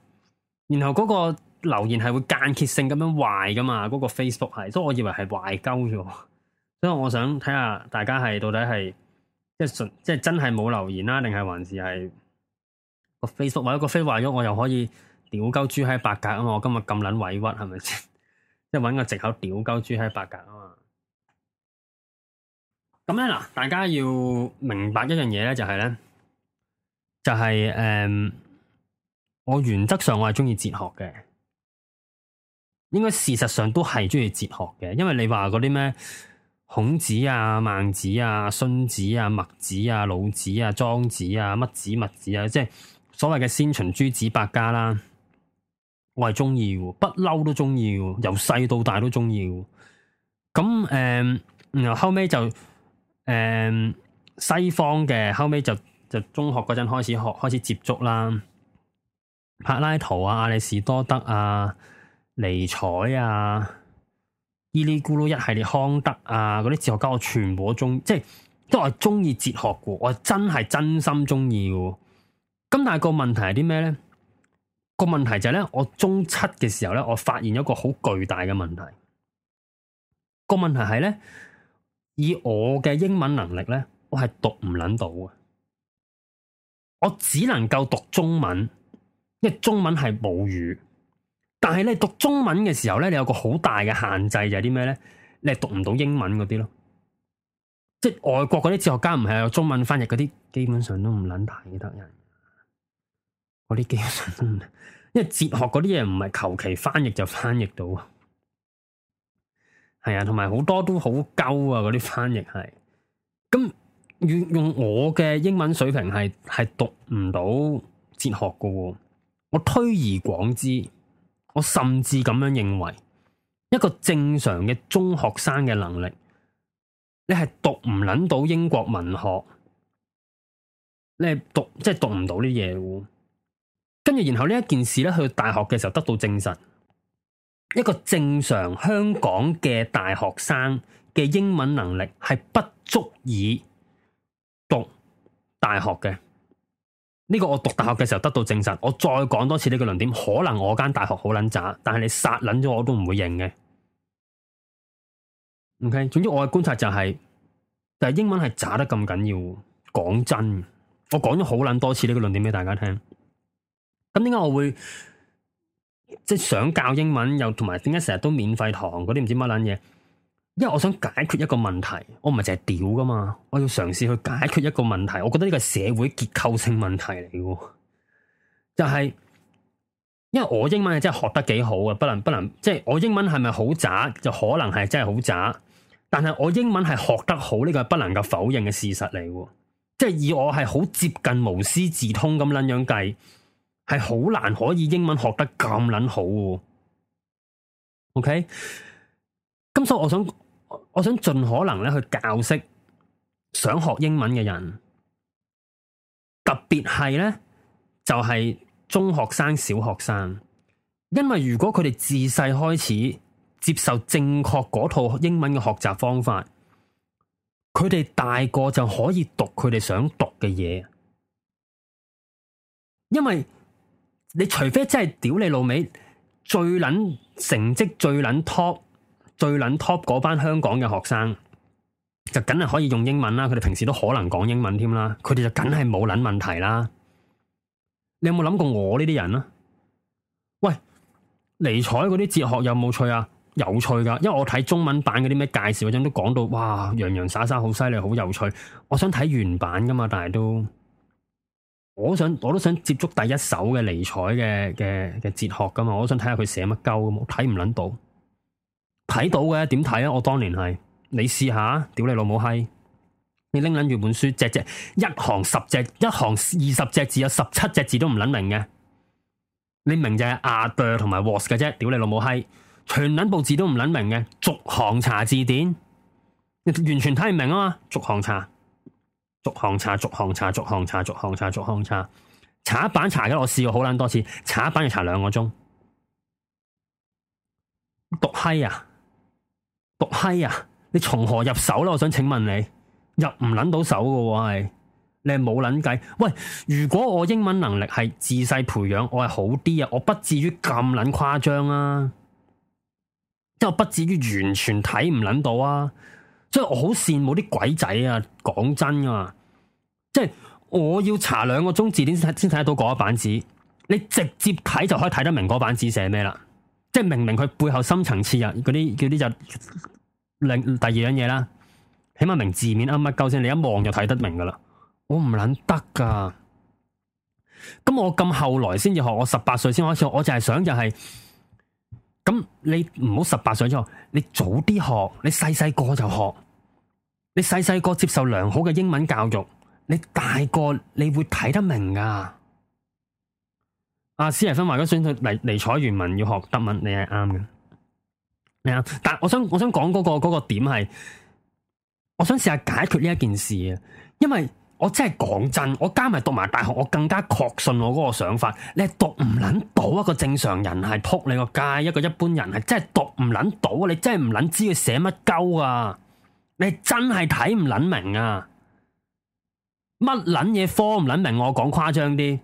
然後嗰個留言係會間歇性咁樣壞噶嘛，嗰、嗰個 Facebook 係，所以我以為係壞鳩咋。所以我想睇下大家係到底係。即係純，即係真係冇留言啦，定係還是係個 Facebook 壞咗，個 Facebook 壞咗，我又可以屌鳩豬喺八格啊嘛！我今日咁撚委屈，係咪先？ 即係揾個藉口屌鳩豬喺八格啊嘛！咁咧嗱，大家要明白一樣嘢咧，就係、是、咧，就係誒，我原則上我係中意哲學嘅，應該事實上都係中意哲學嘅，因為你話嗰啲咩？孔子啊、孟子啊、荀子啊、墨子啊、老子啊、莊子啊、乜子乜子啊，即係所謂嘅先秦諸子百家啦，我係中意嘅，不嬲都中意嘅，由細到大都中意嘅。咁誒，然、嗯、後後尾就誒、嗯、西方嘅後尾就就中學嗰陣開始學，開始接觸啦，柏拉圖啊、亞里士多德啊、尼采啊。依哩咕嚕一系列康德啊，嗰啲哲學家我全部都中，即係都係中意哲學嘅，我真係真心中意嘅。咁但係個問題係啲咩咧？個問題就係、是、咧，我中七嘅時候咧，我發現咗個好巨大嘅問題。個問題係咧，以我嘅英文能力咧，我係讀唔捻到嘅，我只能夠讀中文，因為中文係母語。但係咧，讀中文嘅時候咧，你有個好大嘅限制就係啲咩咧？你讀唔到英文嗰啲咯，即係外國嗰啲哲學家唔係有中文翻譯嗰啲，基本上都唔捻睇得人。嗰啲基本上，因為哲學嗰啲嘢唔係求其翻譯就翻譯到。係啊，同埋好多都好鳩啊，嗰啲翻譯係。咁用用我嘅英文水平係係讀唔到哲學噶。我推而廣之。我甚至咁樣認為，一個正常嘅中學生嘅能力，你係讀唔撚到英國文學，你係讀即係、就是、讀唔到啲嘢。跟住然後呢一件事咧，去大學嘅時候得到證實，一個正常香港嘅大學生嘅英文能力係不足以讀大學嘅。呢個我讀大學嘅時候得到證實，我再講多次呢個論點，可能我間大學好撚渣，但係你殺撚咗我都唔會認嘅。OK，總之我嘅觀察就係、是，但、就、係、是、英文係渣得咁緊要，講真，我講咗好撚多次呢個論點畀大家聽，咁點解我會即係、就是、想教英文又同埋點解成日都免費堂嗰啲唔知乜撚嘢？因為我想解決一個問題，我唔係淨係屌噶嘛，我要嘗試去解決一個問題。我覺得呢個係社會結構性問題嚟嘅，就係、是、因為我英文係真係學得幾好啊，不能不能即係、就是、我英文係咪好渣就可能係真係好渣，但係我英文係學得好呢、這個係不能夠否認嘅事實嚟嘅，即、就、係、是、以我係好接近無師自通咁捻樣計，係好難可以英文學得咁捻好。OK，咁所以我想。我想盡可能咧去教識想學英文嘅人，特別係咧就係、是、中學生、小學生，因為如果佢哋自細開始接受正確嗰套英文嘅學習方法，佢哋大個就可以讀佢哋想讀嘅嘢。因為你除非真係屌你老味，最卵成績最撚 top。最撚 top 嗰班香港嘅學生，就梗係可以用英文啦。佢哋平時都可能講英文添啦，佢哋就梗係冇撚問題啦。你有冇諗過我呢啲人啊？喂，尼采嗰啲哲學有冇趣啊？有趣㗎，因為我睇中文版嗰啲咩介紹嗰陣都講到哇，洋洋灑灑好犀利，好有趣。我想睇原版㗎嘛，但係都，我想我都想接觸第一手嘅尼采嘅嘅嘅哲學㗎嘛，我想睇下佢寫乜鳩，睇唔撚到。睇到嘅點睇啊！我當年係你試下，屌你老母閪！你拎撚住本書，只只一行十隻，一行二十隻字，有十，十七隻字都唔撚明嘅。你明就係亞朵同埋 wash 嘅啫，屌你老母閪！全撚部字都唔撚明嘅，逐行查字典，你完全睇唔明啊嘛！逐行查，逐行查，逐行查，逐行查，逐行查，逐行查，查一版查嘅，我試過好撚多次，查一版要查兩個鐘，讀閪啊！哎呀！你從何入手咧？我想請問你入唔捻到手嘅喎，係你係冇捻計。喂，如果我英文能力係自細培養，我係好啲啊！我不至於咁捻誇張啊，即係我不至於完全睇唔捻到啊！所以我好羨慕啲鬼仔啊！講真啊，即係我要查兩個鐘字典先先睇得到嗰個版紙，你直接睇就可以睇得明嗰版紙寫咩啦。即係明明佢背後深層次啊，嗰啲嗰啲就是。另第二樣嘢啦，起碼明字面啊嘛，夠先你一望就睇得明噶啦，我唔捻得噶。咁我咁後來先至學，我十八歲先開始學，我就係想就係、是，咁你唔好十八歲之後，你早啲學，你細細個就學，你細細個接受良好嘅英文教育，你大個你會睇得明噶。阿史提芬話嗰時佢嚟尼采原文要學德文，你係啱嘅。但我想，我想講嗰個嗰個點係，我想試下解決呢一件事啊！因為我真係講真，我加埋讀埋大學，我更加確信我嗰個想法，你係讀唔捻到一個正常人係撲你個街，一個一般人係真係讀唔捻到，你真係唔捻知佢寫乜鳩啊！你真係睇唔捻明啊！乜捻嘢科唔捻明？我講誇張啲，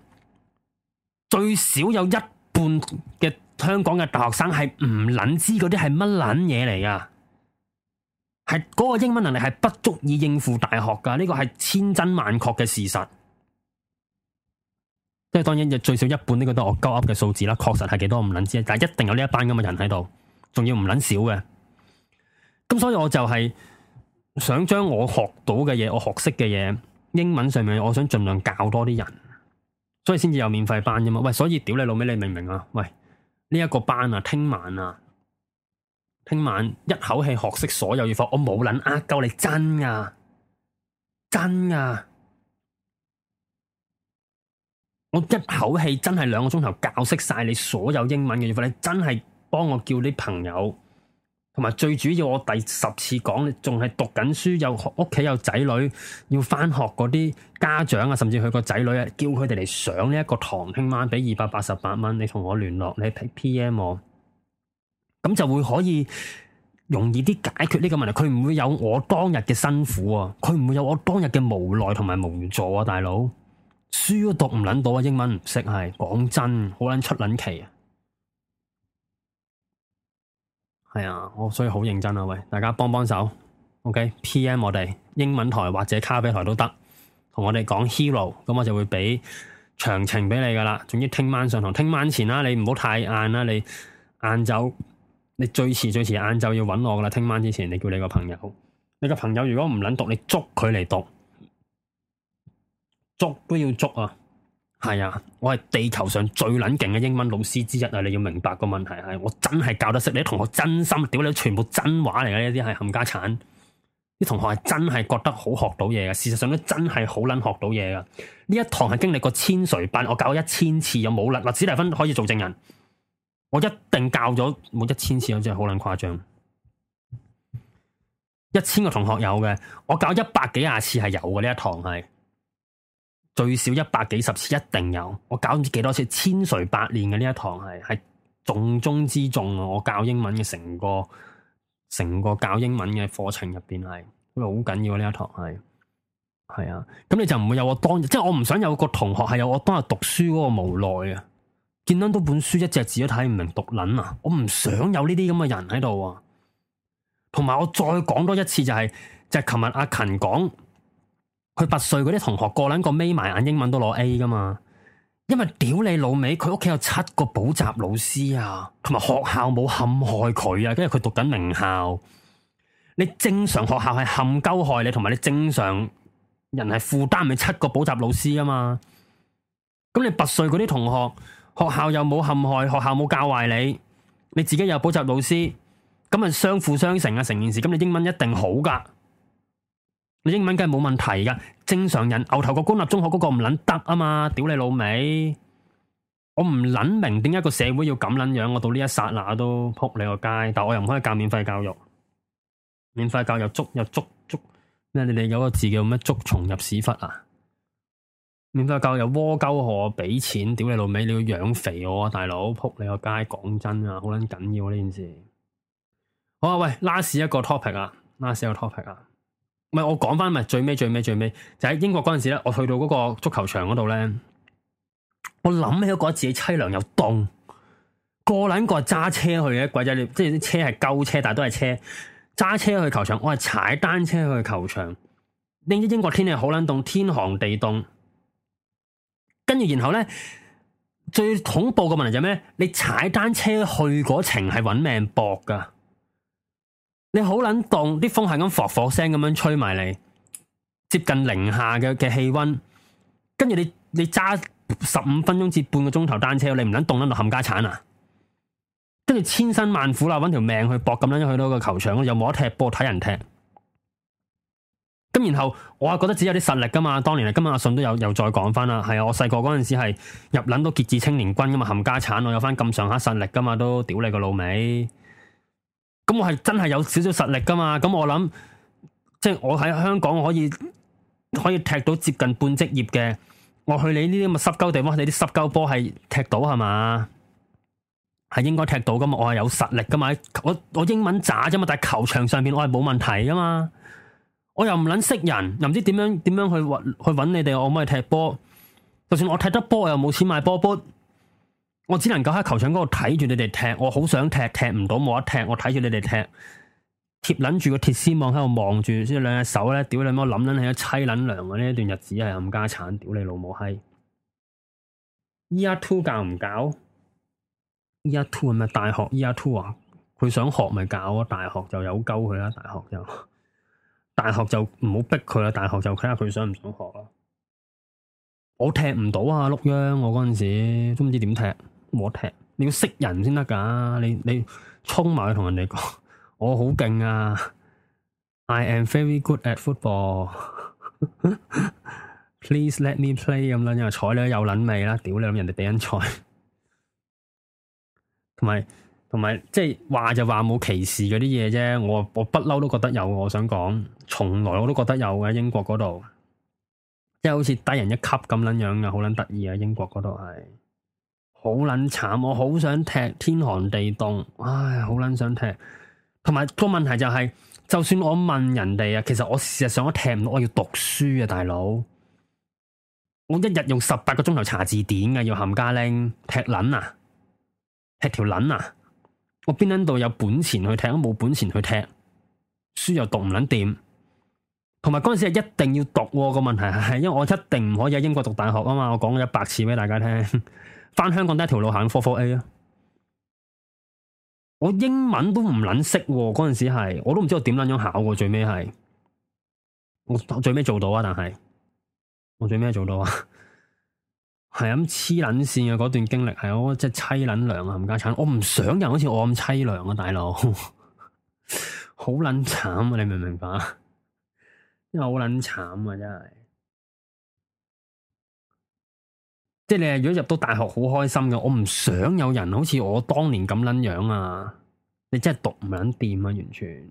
最少有一半嘅。香港嘅大學生係唔捻知嗰啲係乜捻嘢嚟噶？係嗰個英文能力係不足以應付大學噶，呢個係千真萬確嘅事實。即係當然，就最少一半呢個都係我鳩噏嘅數字啦。確實係幾多唔捻知，但係一定有呢一班咁嘅人喺度，仲要唔捻少嘅。咁所以我就係想將我學到嘅嘢，我學識嘅嘢，英文上面，我想盡量教多啲人，所以先至有免費班啫嘛。喂，所以屌你老味，你明唔明啊？喂！呢一個班啊，聽晚啊，聽晚一口氣學識所有語法，我冇捻啊，呃你真㗎，真㗎，我一口氣真係兩個鐘頭教識晒你所有英文嘅語法，你真係幫我叫啲朋友。同埋最主要，我第十次講，仲係讀緊書，有屋企有仔女要返學嗰啲家長啊，甚至佢個仔女啊，叫佢哋嚟上呢一個堂，聽晚畀二百八十八蚊，你同我聯絡，你 P P M 我，咁就會可以容易啲解決呢個問題。佢唔會有我當日嘅辛苦啊，佢唔會有我當日嘅無奈同埋無助啊，大佬，書都讀唔撚到啊，英文唔識係講真，好撚出撚奇啊！係啊，我、哎、所以好認真啊，喂，大家幫幫手，OK，PM、OK? 我哋英文台或者咖啡台都得，同我哋講 hero，咁我就會俾詳情俾你噶啦。總之聽晚上堂，聽晚前啦，啊，你唔好太晏啦，啊，你晏晝，你最遲最遲晏晝要搵我噶啦，聽晚之前你叫你個朋友，你個朋友如果唔捻讀，你捉佢嚟讀，捉都要捉啊！係啊，我係地球上最撚勁嘅英文老師之一啊！你要明白個問題係，我真係教得識你同學真心，屌你，全部真話嚟嘅呢啲係冚家鏟。啲同學係真係覺得好學到嘢嘅，事實上都真係好撚學到嘢噶。呢一堂係經歷過千錘班，我教一千次又冇啦。嗱，史蒂芬可以做證人，我一定教咗冇一千次，真係好撚誇張。一千個同學有嘅，我教一百幾廿次係有嘅呢一堂係。最少一百幾十次一定有，我搞唔知幾多次，千錘百煉嘅呢一堂係係重中之重啊！我教英文嘅成個成個教英文嘅課程入邊係，好緊要呢一堂係係啊，咁你就唔會有我當日，即係我唔想有個同學係有我當日讀書嗰個無奈啊！見到多本書，一隻字都睇唔明，讀撚啊！我唔想有呢啲咁嘅人喺度啊！同埋我再講多一次就係、是，就係琴日阿勤講。佢拔稅嗰啲同學個卵個眯埋眼，英文都攞 A 噶嘛？因為屌你老味。佢屋企有七個補習老師啊，同埋學校冇陷害佢啊，跟住佢讀緊名校。你正常學校係陷鳩害你，同埋你正常人係負擔你七個補習老師啊嘛？咁你拔稅嗰啲同學，學校又冇陷害，學校冇教壞你，你自己又有補習老師，咁咪相輔相成啊成件事。咁你英文一定好噶。你英文梗係冇問題噶，正常人牛頭角公立中學嗰個唔捻得啊嘛！屌你老味！我唔捻明點解個社會要咁捻樣，我到呢一剎那都扑你個街。但我又唔可以教免費教育，免費教育捉又捉捉咩？你哋有個字叫咩？捉蟲入屎忽啊！免費教育有蝸鳩我俾錢，屌你老味！你要養肥我啊，大佬扑你個街！講真啊，好撚緊要呢件事。好啊，喂，last 一個 topic 啊，last 一個 topic 啊。唔係我講翻，咪最尾最尾最尾，就喺英國嗰陣時咧，我去到嗰個足球場嗰度咧，我諗起都覺得自己凄涼又凍，個卵個揸車去嘅鬼仔，你即係啲車係舊車，但係都係車，揸車去球場，我係踩單車去球場，呢啲英國天氣好冷凍，天寒地凍，跟住然後咧，最恐怖嘅問題就咩？你踩單車去嗰程係揾命搏噶。你好捻凍，啲風係咁火火聲咁樣吹埋嚟，接近零下嘅嘅氣溫，跟住你你揸十五分鐘至半個鐘頭單車，你唔捻凍到冚家鏟啊？跟住千辛萬苦啦，揾條命去搏咁樣去到個球場，又冇得踢波睇人踢。咁然後我啊覺得只有啲實力噶嘛，當年今日阿信都有又再講翻啦，係啊，我細個嗰陣時係入捻到傑志青年軍噶嘛，冚家鏟我有翻咁上下實力噶嘛，都屌你個老味！咁我係真係有少少實力噶嘛，咁我諗，即係我喺香港可以可以踢到接近半職業嘅，我去你呢啲咁嘅濕鳩地方，你啲濕鳩波係踢到係嘛？係應該踢到噶嘛，我係有實力噶嘛，我我英文渣啫嘛，但係球場上面我係冇問題噶嘛，我又唔撚識人，又唔知點樣點樣去搵去搵你哋，我可唔可以踢波，就算我踢得波，我又冇錢買波波。我只能夠喺球場嗰度睇住你哋踢，我好想踢，踢唔到冇得踢，我睇住你哋踢，貼捻住個鐵絲網喺度望住，即係兩隻手咧，屌你老母，諗捻起一妻捻娘啊！呢一段日子係咁家慘，屌你老母閪！year two 教唔教？year two 係咪大學？year two 啊，佢想學咪教咯，大學就有溝佢啦，大學就，大學就唔好逼佢啦，大學就睇下佢想唔想學啦。我踢唔到啊，碌秧，我嗰陣時都唔知點踢。我踢你要識人先得噶，你你衝埋去同人哋講，我好勁啊！I am very good at football. Please let me play 咁啦，因為睬你都有撚味啦，屌你諗人哋畀人睬，同埋同埋即係話就話、是、冇歧視嗰啲嘢啫，我我不嬲都覺得有，我想講，從來我都覺得有嘅，英國嗰度，即、就、係、是、好似低人一級咁撚樣噶，好撚得意啊！英國嗰度係。好捻慘，我好想踢天寒地凍，唉，好捻想踢。同埋個問題就係、是，就算我問人哋啊，其實我事實上我踢唔到，我要讀書啊，大佬。我一日用十八個鐘頭查字典啊，要冚家拎踢捻啊，踢條捻啊，我邊捻度有本錢去踢？冇本錢去踢，書又讀唔捻掂。同埋嗰陣時一定要讀、那個問題係，因為我一定唔可以喺英國讀大學啊嘛，我講咗一百次俾大家聽。翻香港得一條路行，four four A 啊！我英文都唔捻識喎，嗰陣時係我都唔知道我點捻樣考，最尾係我，我最尾做到啊！但係我最尾做到啊，係咁黐捻線嘅嗰段經歷係我真係凄捻涼啊！冚家鏟，我唔想人好似我咁凄涼啊！大佬， 好捻慘啊！你明唔明白好啊？真係好捻慘啊！真係。即係你，如果入到大學好開心嘅，我唔想有人好似我當年咁撚樣啊！你真係讀唔撚掂啊，完全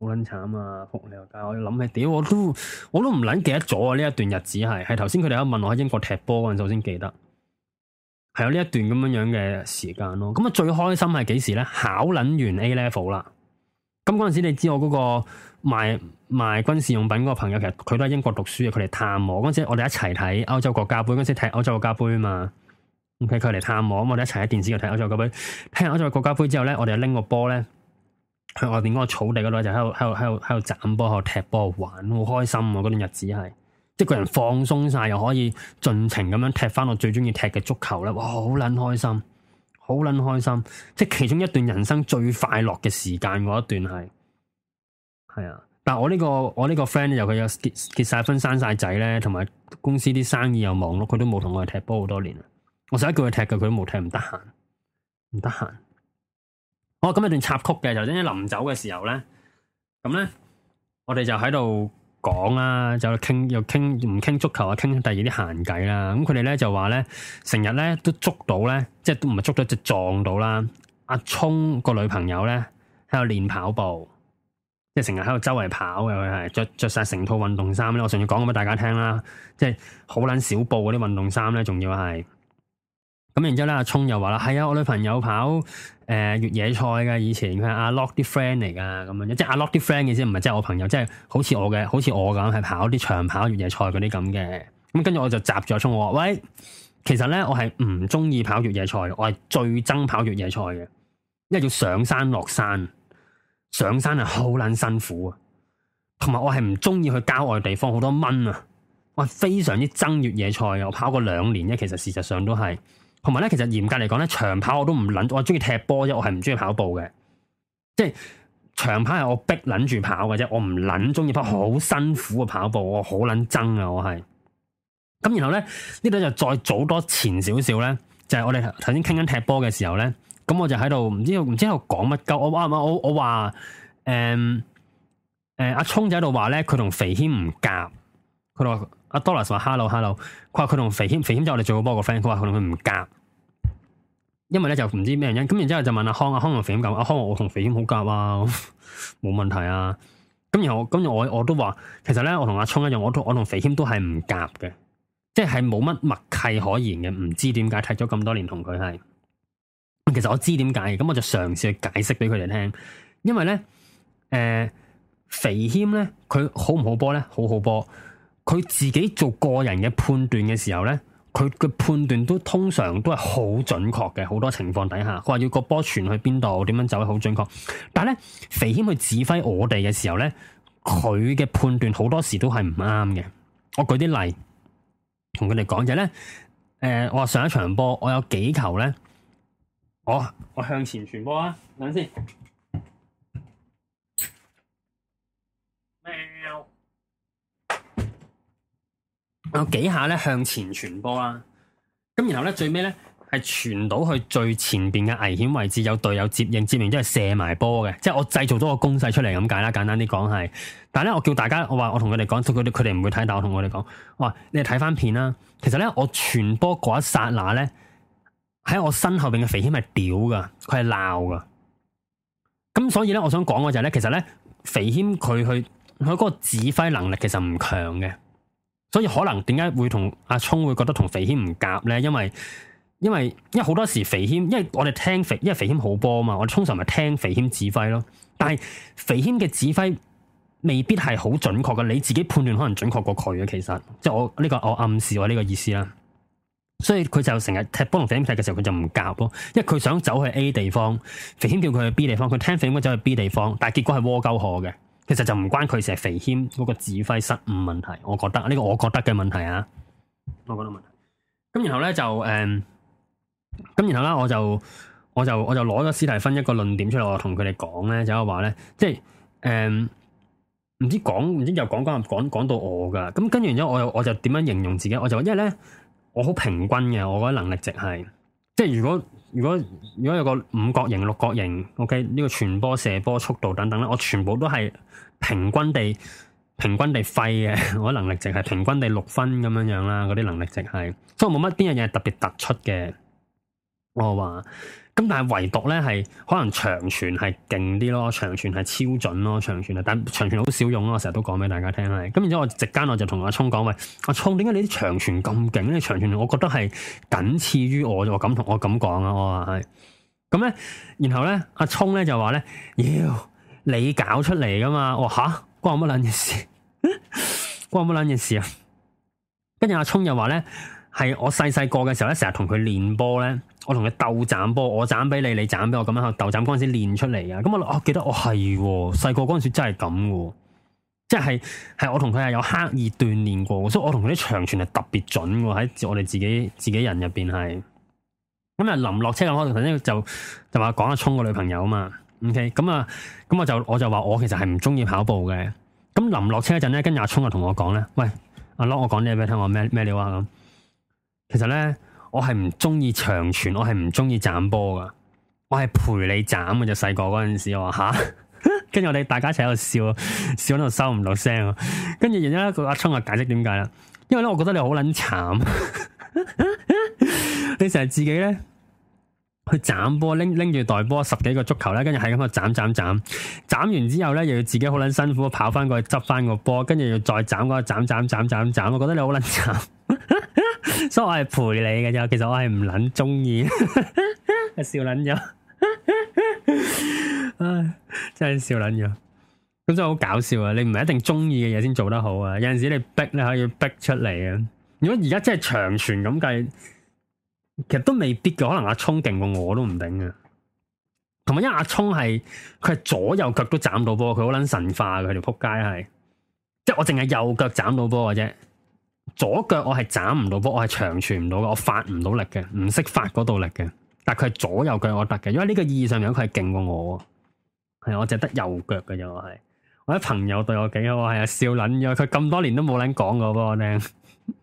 好撚慘啊！仆你個街，但係我諗起屌，我都我都唔撚記得咗啊！呢一段日子係，係頭先佢哋喺度問我喺英國踢波嗰陣先記得，係有呢一段咁樣樣嘅時間咯。咁啊，最開心係幾時咧？考撚完 A level 啦。咁嗰陣時你知我嗰個賣，My 賣軍事用品嗰個朋友，其實佢都喺英國讀書啊！佢嚟探我嗰陣時，我哋一齊睇歐洲國家杯嗰陣時睇歐洲國家杯啊嘛。OK，佢嚟探我，咁我哋一齊喺電視度睇歐洲國家杯。睇歐洲國家杯之後咧，我哋就拎個波咧，去外邊嗰個草地嗰度就喺度喺度喺度喺度斬波、喺度踢波玩，好開心啊！嗰段日子係，即係個人放鬆晒，又可以盡情咁樣踢翻我最中意踢嘅足球啦！哇，好捻開心，好捻開心！即係其中一段人生最快樂嘅時間嗰一段係，係啊。但我呢個我呢個 friend 由佢有結結晒婚，生晒仔咧，同埋公司啲生意又忙碌，佢都冇同我哋踢波好多年啦。我成日叫佢踢嘅，佢都冇踢，唔得閒，唔得閒。哦，咁有一段插曲嘅，就真係臨走嘅時候咧，咁咧我哋就喺度講啦，就傾又傾唔傾足球啊，傾第二啲閒偈啦。咁佢哋咧就話咧，成日咧都捉到咧，即係都唔係捉到，即撞到啦。阿聰個女朋友咧喺度練跑步。即係成日喺度周圍跑嘅，佢係着着晒成套運動衫咧。我上次講咁俾大家聽啦，即係好撚小布嗰啲運動衫咧，仲要係咁。然之後咧，阿聰又話啦：，係、哎、啊，我女朋友跑誒、呃、越野賽噶，以前佢係阿 lock 啲 friend 嚟噶，咁樣即係阿 lock 啲 friend 嘅啫，唔係即係我朋友，即、就、係、是、好似我嘅，好似我咁係跑啲長跑越野賽嗰啲咁嘅。咁跟住我就集咗聰，我話：，喂，其實咧我係唔中意跑越野賽，我係最憎跑越野賽嘅，因為要上山落山。上山係，好撚辛苦啊！同埋我係唔中意去郊外地方，好多蚊啊！我非常之憎越野賽嘅，我跑過兩年，啫其實事實上都係。同埋咧，其實嚴格嚟講咧，長跑我都唔撚，我中意踢波啫，我係唔中意跑步嘅。即係長跑係我逼撚住跑嘅啫，我唔撚中意跑，好辛苦嘅跑步我好撚憎啊，我係。咁然後咧，呢度就再早多前少少咧，就係我哋頭先傾緊踢波嘅時候咧。咁我就喺度唔知唔知喺度講乜鳩，我啱啱，我我話誒誒阿聰就喺度話咧，佢同肥謙唔夾。佢話阿、啊、Doris 話 hello hello，佢話佢同肥謙肥謙就我哋最好幫個 friend，佢話佢同佢唔夾。因為咧就唔知咩原因，咁然之後就問阿康阿、啊、康同肥謙講，阿、啊、康我同肥謙好夾啊，冇 問題啊。咁然後咁我我都話，其實咧我同阿聰一樣，我都我同肥謙都係唔夾嘅，即係冇乜默契可言嘅，唔知點解踢咗咁多年同佢係。其實我知點解嘅，咁我就嘗試去解釋俾佢哋聽，因為咧，誒、呃，肥謙咧，佢好唔好波咧？好好波，佢自己做個人嘅判斷嘅時候咧，佢嘅判斷都通常都係好準確嘅。好多情況底下，佢話要個波傳去邊度，點樣走，好準確。但係咧，肥謙去指揮我哋嘅時候咧，佢嘅判斷好多時都係唔啱嘅。我舉啲例，同佢哋講就係咧，誒、呃，我話上一場波，我有幾球咧。我、oh, 我向前傳波啊！等陣先，喵！ 有幾下咧向前傳波啦，啊，咁然後咧最尾咧係傳到去最前邊嘅危險位置，有隊友接應，接應完之後射埋波嘅，即係我製造咗個攻勢出嚟咁解啦。簡單啲講係，但係咧我叫大家，我話我同佢哋講，佢佢哋唔會睇，但我同佢哋講，哇！你睇翻片啦，其實咧我傳波嗰一剎那咧。喺我身後邊嘅肥謙係屌噶，佢係鬧噶。咁所以咧，我想講嘅就係咧，其實咧，肥謙佢去佢個指揮能力其實唔強嘅，所以可能點解會同阿聰會覺得同肥謙唔夾咧？因為因為因為好多時肥謙，因為我哋聽肥，因為肥謙好波啊嘛，我哋通常咪聽肥謙指揮咯。但係肥謙嘅指揮未必係好準確嘅，你自己判斷可能準確過佢嘅。其實即係我呢個我暗示我呢個意思啦。所以佢就成日踢波同肥謙踢嘅時候，佢就唔夾咯，因為佢想走去 A 地方，肥謙叫佢去 B 地方，佢聽肥謙走去 B 地方，但係結果係窩溝河窩鳩河嘅。其實就唔關佢成日肥謙嗰個指揮失誤問題，我覺得呢個我覺得嘅問題啊。我覺得問題。咁然後咧就誒，咁、嗯、然後咧我就我就我就攞咗史提芬一個論點出嚟，我同佢哋講咧，就係話咧，即係誒，唔知講唔知又講講講講到我噶。咁跟住完之後，我又我就點樣形容自己？我就因為咧。我好平均嘅，我嗰啲能力值係，即係如果如果如果有個五角形、六角形，OK 呢個傳波射波速度等等咧，我全部都係平均地、平均地廢嘅，我能力值係平均地六分咁樣樣啦，嗰啲能力值係，所以我冇乜邊樣嘢特別突出嘅，我話。咁但係唯獨咧係可能長傳係勁啲咯，長傳係超準咯，長傳啊，但長傳好少用咯，我成日都講俾大家聽係。咁然之後我直間我就同阿聰講，喂，阿聰點解你啲長傳咁勁？你長傳我覺得係僅次於我，就咁同我咁講啊，我話係。咁咧，然後咧，阿聰咧就話咧，妖、yeah，你搞出嚟噶嘛？我吓關我乜捻件事？關我乜捻件事啊？跟住阿聰又話咧。係我細細個嘅時候咧，成日同佢練波咧，我同佢鬥斬波，我斬俾你，你斬俾我，咁樣嗬，鬥斬嗰陣時練出嚟啊。咁我哦記得我係細個嗰陣時真係咁嘅，即係係我同佢係有刻意鍛煉過，所以我同佢啲長傳係特別準嘅喺我哋自己自己人入邊係。咁啊臨落車嘅開頭，頭先就就話講阿聰個女朋友啊嘛，OK，咁啊咁我就我就話我其實係唔中意跑步嘅。咁、嗯、林落車嗰陣咧，跟阿聰啊同我講咧，喂阿、啊、lock、ok, 我講啲咩俾你聽我咩咩料啊咁。其實咧，我係唔中意長傳，我係唔中意斬波噶。我係陪你斬嘅，就細個嗰陣時，時，我話吓，跟住 我哋大家一齊喺度笑，笑到收唔到聲。跟住然之後呢，阿聰啊，解釋點解啊？因為咧，我覺得你好撚慘， 你成日自己咧去斬波，拎拎住袋波十幾個足球咧，跟住係咁去斬斬斬，斬完之後咧又要自己好撚辛苦跑翻過去執翻個波，跟住要再斬嗰個斬斬斬斬斬，我覺得你好撚慘。 所以我係陪你嘅啫，其實我係唔捻中意，笑捻 咗了， 真係笑捻咗。咁真係好搞笑啊！你唔係一定中意嘅嘢先做得好啊。有陣時你逼，你可以逼出嚟啊。如果而家真係長傳咁計，其實都未必嘅。可能阿聰勁過我都唔頂啊。同埋因為阿聰係佢係左右腳都斬到波，佢好捻神化嘅，佢條撲街係，即係我淨係右腳斬到波嘅啫。左腳我係斬唔到波，我係長傳唔到嘅，我發唔到力嘅，唔識發嗰度力嘅。但係佢係左右腳我得嘅，因為呢個意義上嚟講，佢係勁過我。係我淨係得右腳嘅啫，我係我啲朋友對我幾好，係啊，笑捻咗，佢咁多年都冇捻講過波我聽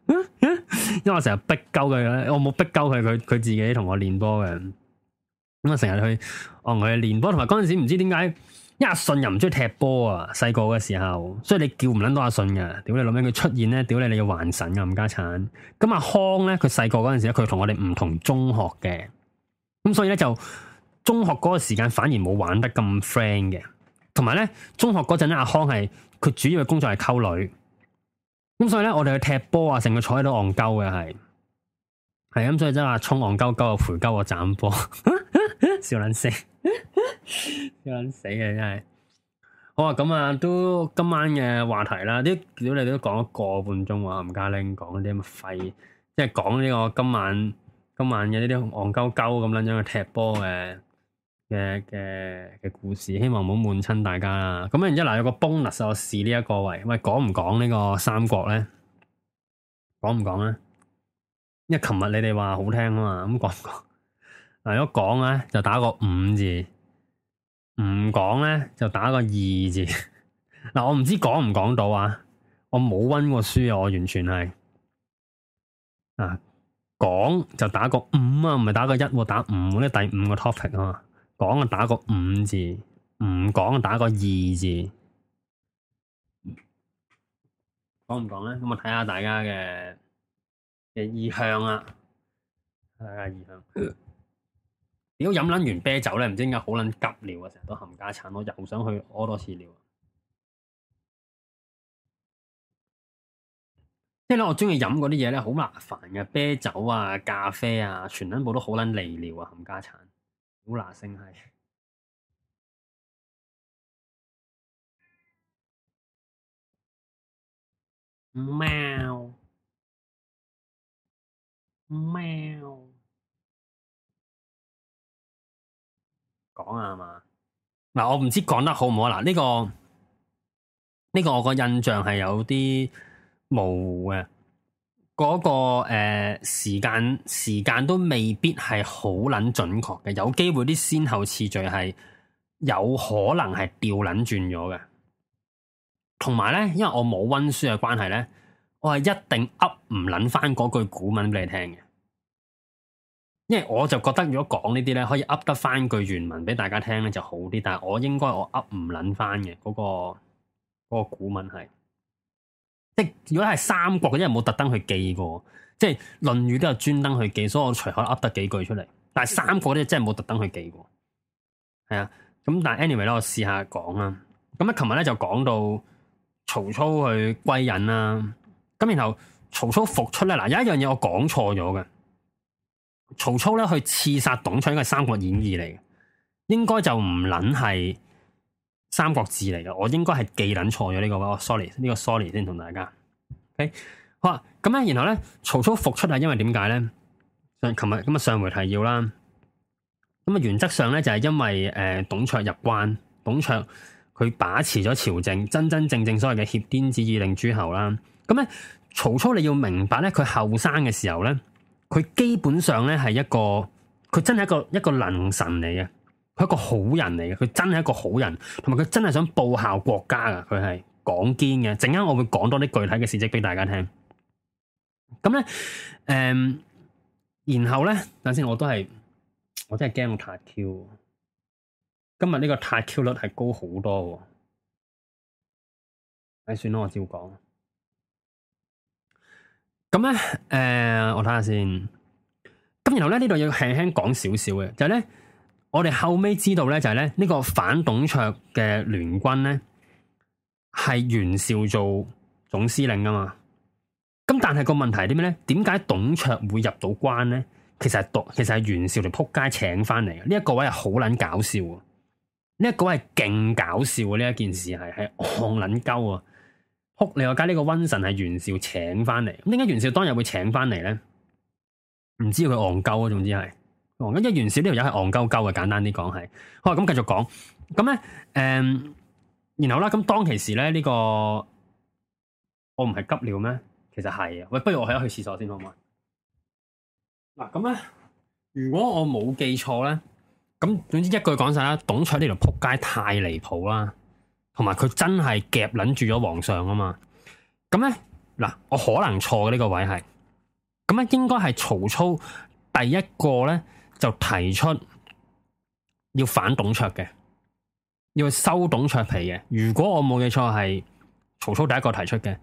因我我我。因為我成日逼鳩佢，我冇逼鳩佢，佢佢自己同我練波嘅。咁啊成日去，我同佢練波，同埋嗰陣時唔知點解。因為阿信又唔中意踢波啊，細個嘅時候，所以你叫唔捻到阿信嘅，屌你諗緊佢出現咧，屌你你要還神啊。冚家鏟。咁、啊、阿康咧，佢細個嗰陣時咧，佢同我哋唔同中學嘅，咁所以咧就中學嗰個時間反而冇玩得咁 friend 嘅。同埋咧，中學嗰陣咧，阿、啊、康係佢主要嘅工作係溝女，咁所以咧我哋去踢波啊，成個坐喺度戇鳩嘅係，係咁所以真係阿聰戇鳩鳩啊，鈣鈣鈣陪鳩啊，斬波，笑撚聲。啲死嘅真係，好啊，咁啊，都今晚嘅話題啦，啲小麗都講個半鐘，阿、啊、吳家拎講啲咁嘅廢，即係講呢個今晚今晚嘅呢啲戇鳩鳩咁樣樣嘅踢波嘅嘅嘅嘅故事，希望唔好悶親大家啦。咁啊，然之後嗱有個崩 o n 我試呢一個位，喂講唔講呢個三國咧？講唔講咧？因為琴日你哋話好聽啊嘛，咁講唔講？如果講咧就打個五字。唔講咧就打個二字嗱， 我唔知講唔講到啊，我冇溫過書啊，我完全係啊講就打個五啊，唔係打個一、啊，打五咧、啊、第五個 topic 啊，講就打個五字，唔講就打個二字，講唔講咧？咁我睇下大家嘅嘅意向啊，睇下意向。如果飲撚完啤酒咧，唔知點解好撚急尿啊！成日都冚家鏟，我又想去屙多次尿啊。即係咧，我鍾意飲嗰啲嘢咧，好麻煩嘅啊，啤酒啊、咖啡啊，全撚部都好撚利尿啊，冚家鏟，好難勝氣。喵，喵。講啊嘛，嗱，我唔知講得好唔好啦。呢個呢個我個印象係有啲模糊嘅，嗰個誒時間時間都未必係好捻準確嘅，有機會啲先後次序係有可能係調捻轉咗嘅。同埋咧，因為我冇溫書嘅關係咧，我係一定噏唔捻翻嗰句古文俾你聽嘅。因為我就覺得如果講呢啲咧，可以噏得翻句原文俾大家聽咧就好啲。但係我應該我噏唔捻翻嘅，嗰個、嗰個古文係，即係如果係三國因為，冇特登去記過。即係《論語》都有專登去記，所以我隨口噏得幾句出嚟。但係三國咧真係冇特登去記過。係啊，咁但係 anyway 咧，我試下講啦。咁啊，琴日咧就講到曹操去歸隱啦。咁然後曹操復出咧。嗱，有一樣嘢我講錯咗嘅。曹操咧去刺殺董卓，應該係《三國演義》嚟嘅，應該就唔撚係《三國志》嚟嘅。我應該係記撚錯咗呢個、oh, sorry，呢個 sorry 先同大家。Okay? 好啊，咁咧，然後咧，曹操復出係因為點解咧？上琴日咁啊，上回提要啦。咁啊，原則上咧就係、是、因為誒、呃，董卓入關，董卓佢把持咗朝政，真真正正所謂嘅挾天子以令諸侯啦。咁咧，曹操你要明白咧，佢後生嘅時候咧。佢基本上咧係一個，佢真係一個一個能臣嚟嘅，佢係一個好人嚟嘅，佢真係一個好人，同埋佢真係想報效國家噶，佢係講堅嘅。陣間我會講多啲具體嘅事蹟俾大家聽。咁咧、嗯，然後呢，等先，我都係，我真係驚個塔 Q，今日呢個塔 Q 率係高好多喎。唉、哎，算啦，我照講。咁咧，誒、呃，我睇下先。咁然後咧，呢度要輕輕講少少嘅，就係、是、咧，我哋後尾知道咧，就係、是、咧，呢、這個反董卓嘅聯軍咧，係袁紹做總司令噶嘛。咁但係個問題係啲咩咧？點解董卓會入到關咧？其實係董，其實係袁紹嚟扑街請翻嚟嘅。呢、這、一個位係好捻搞笑啊！呢、這、一個位係勁搞笑嘅，呢一件事係係戇捻鳩啊！仆你個街，呢個瘟神係袁紹請翻嚟，咁點解袁紹當日會請翻嚟咧？唔知佢戇鳩啊，總之係，哦，因為袁紹呢條友係戇鳩鳩嘅，簡單啲講係。好，咁、嗯、繼續講，咁咧，誒，然後啦，咁、嗯、當其時咧呢、這個我唔係急尿咩？其實係，喂，不如我而家去廁所先好唔好？嗱、啊、咁、嗯、咧，如果我冇記錯咧，咁總之一句講晒啦，董卓呢條撲街太離譜啦。同埋佢真係夾捻住咗皇上啊嘛，咁咧嗱，我可能錯嘅呢個位係，咁咧應該係曹操第一個咧就提出要反董卓嘅，要收董卓皮嘅。如果我冇記錯係曹操第一個提出嘅，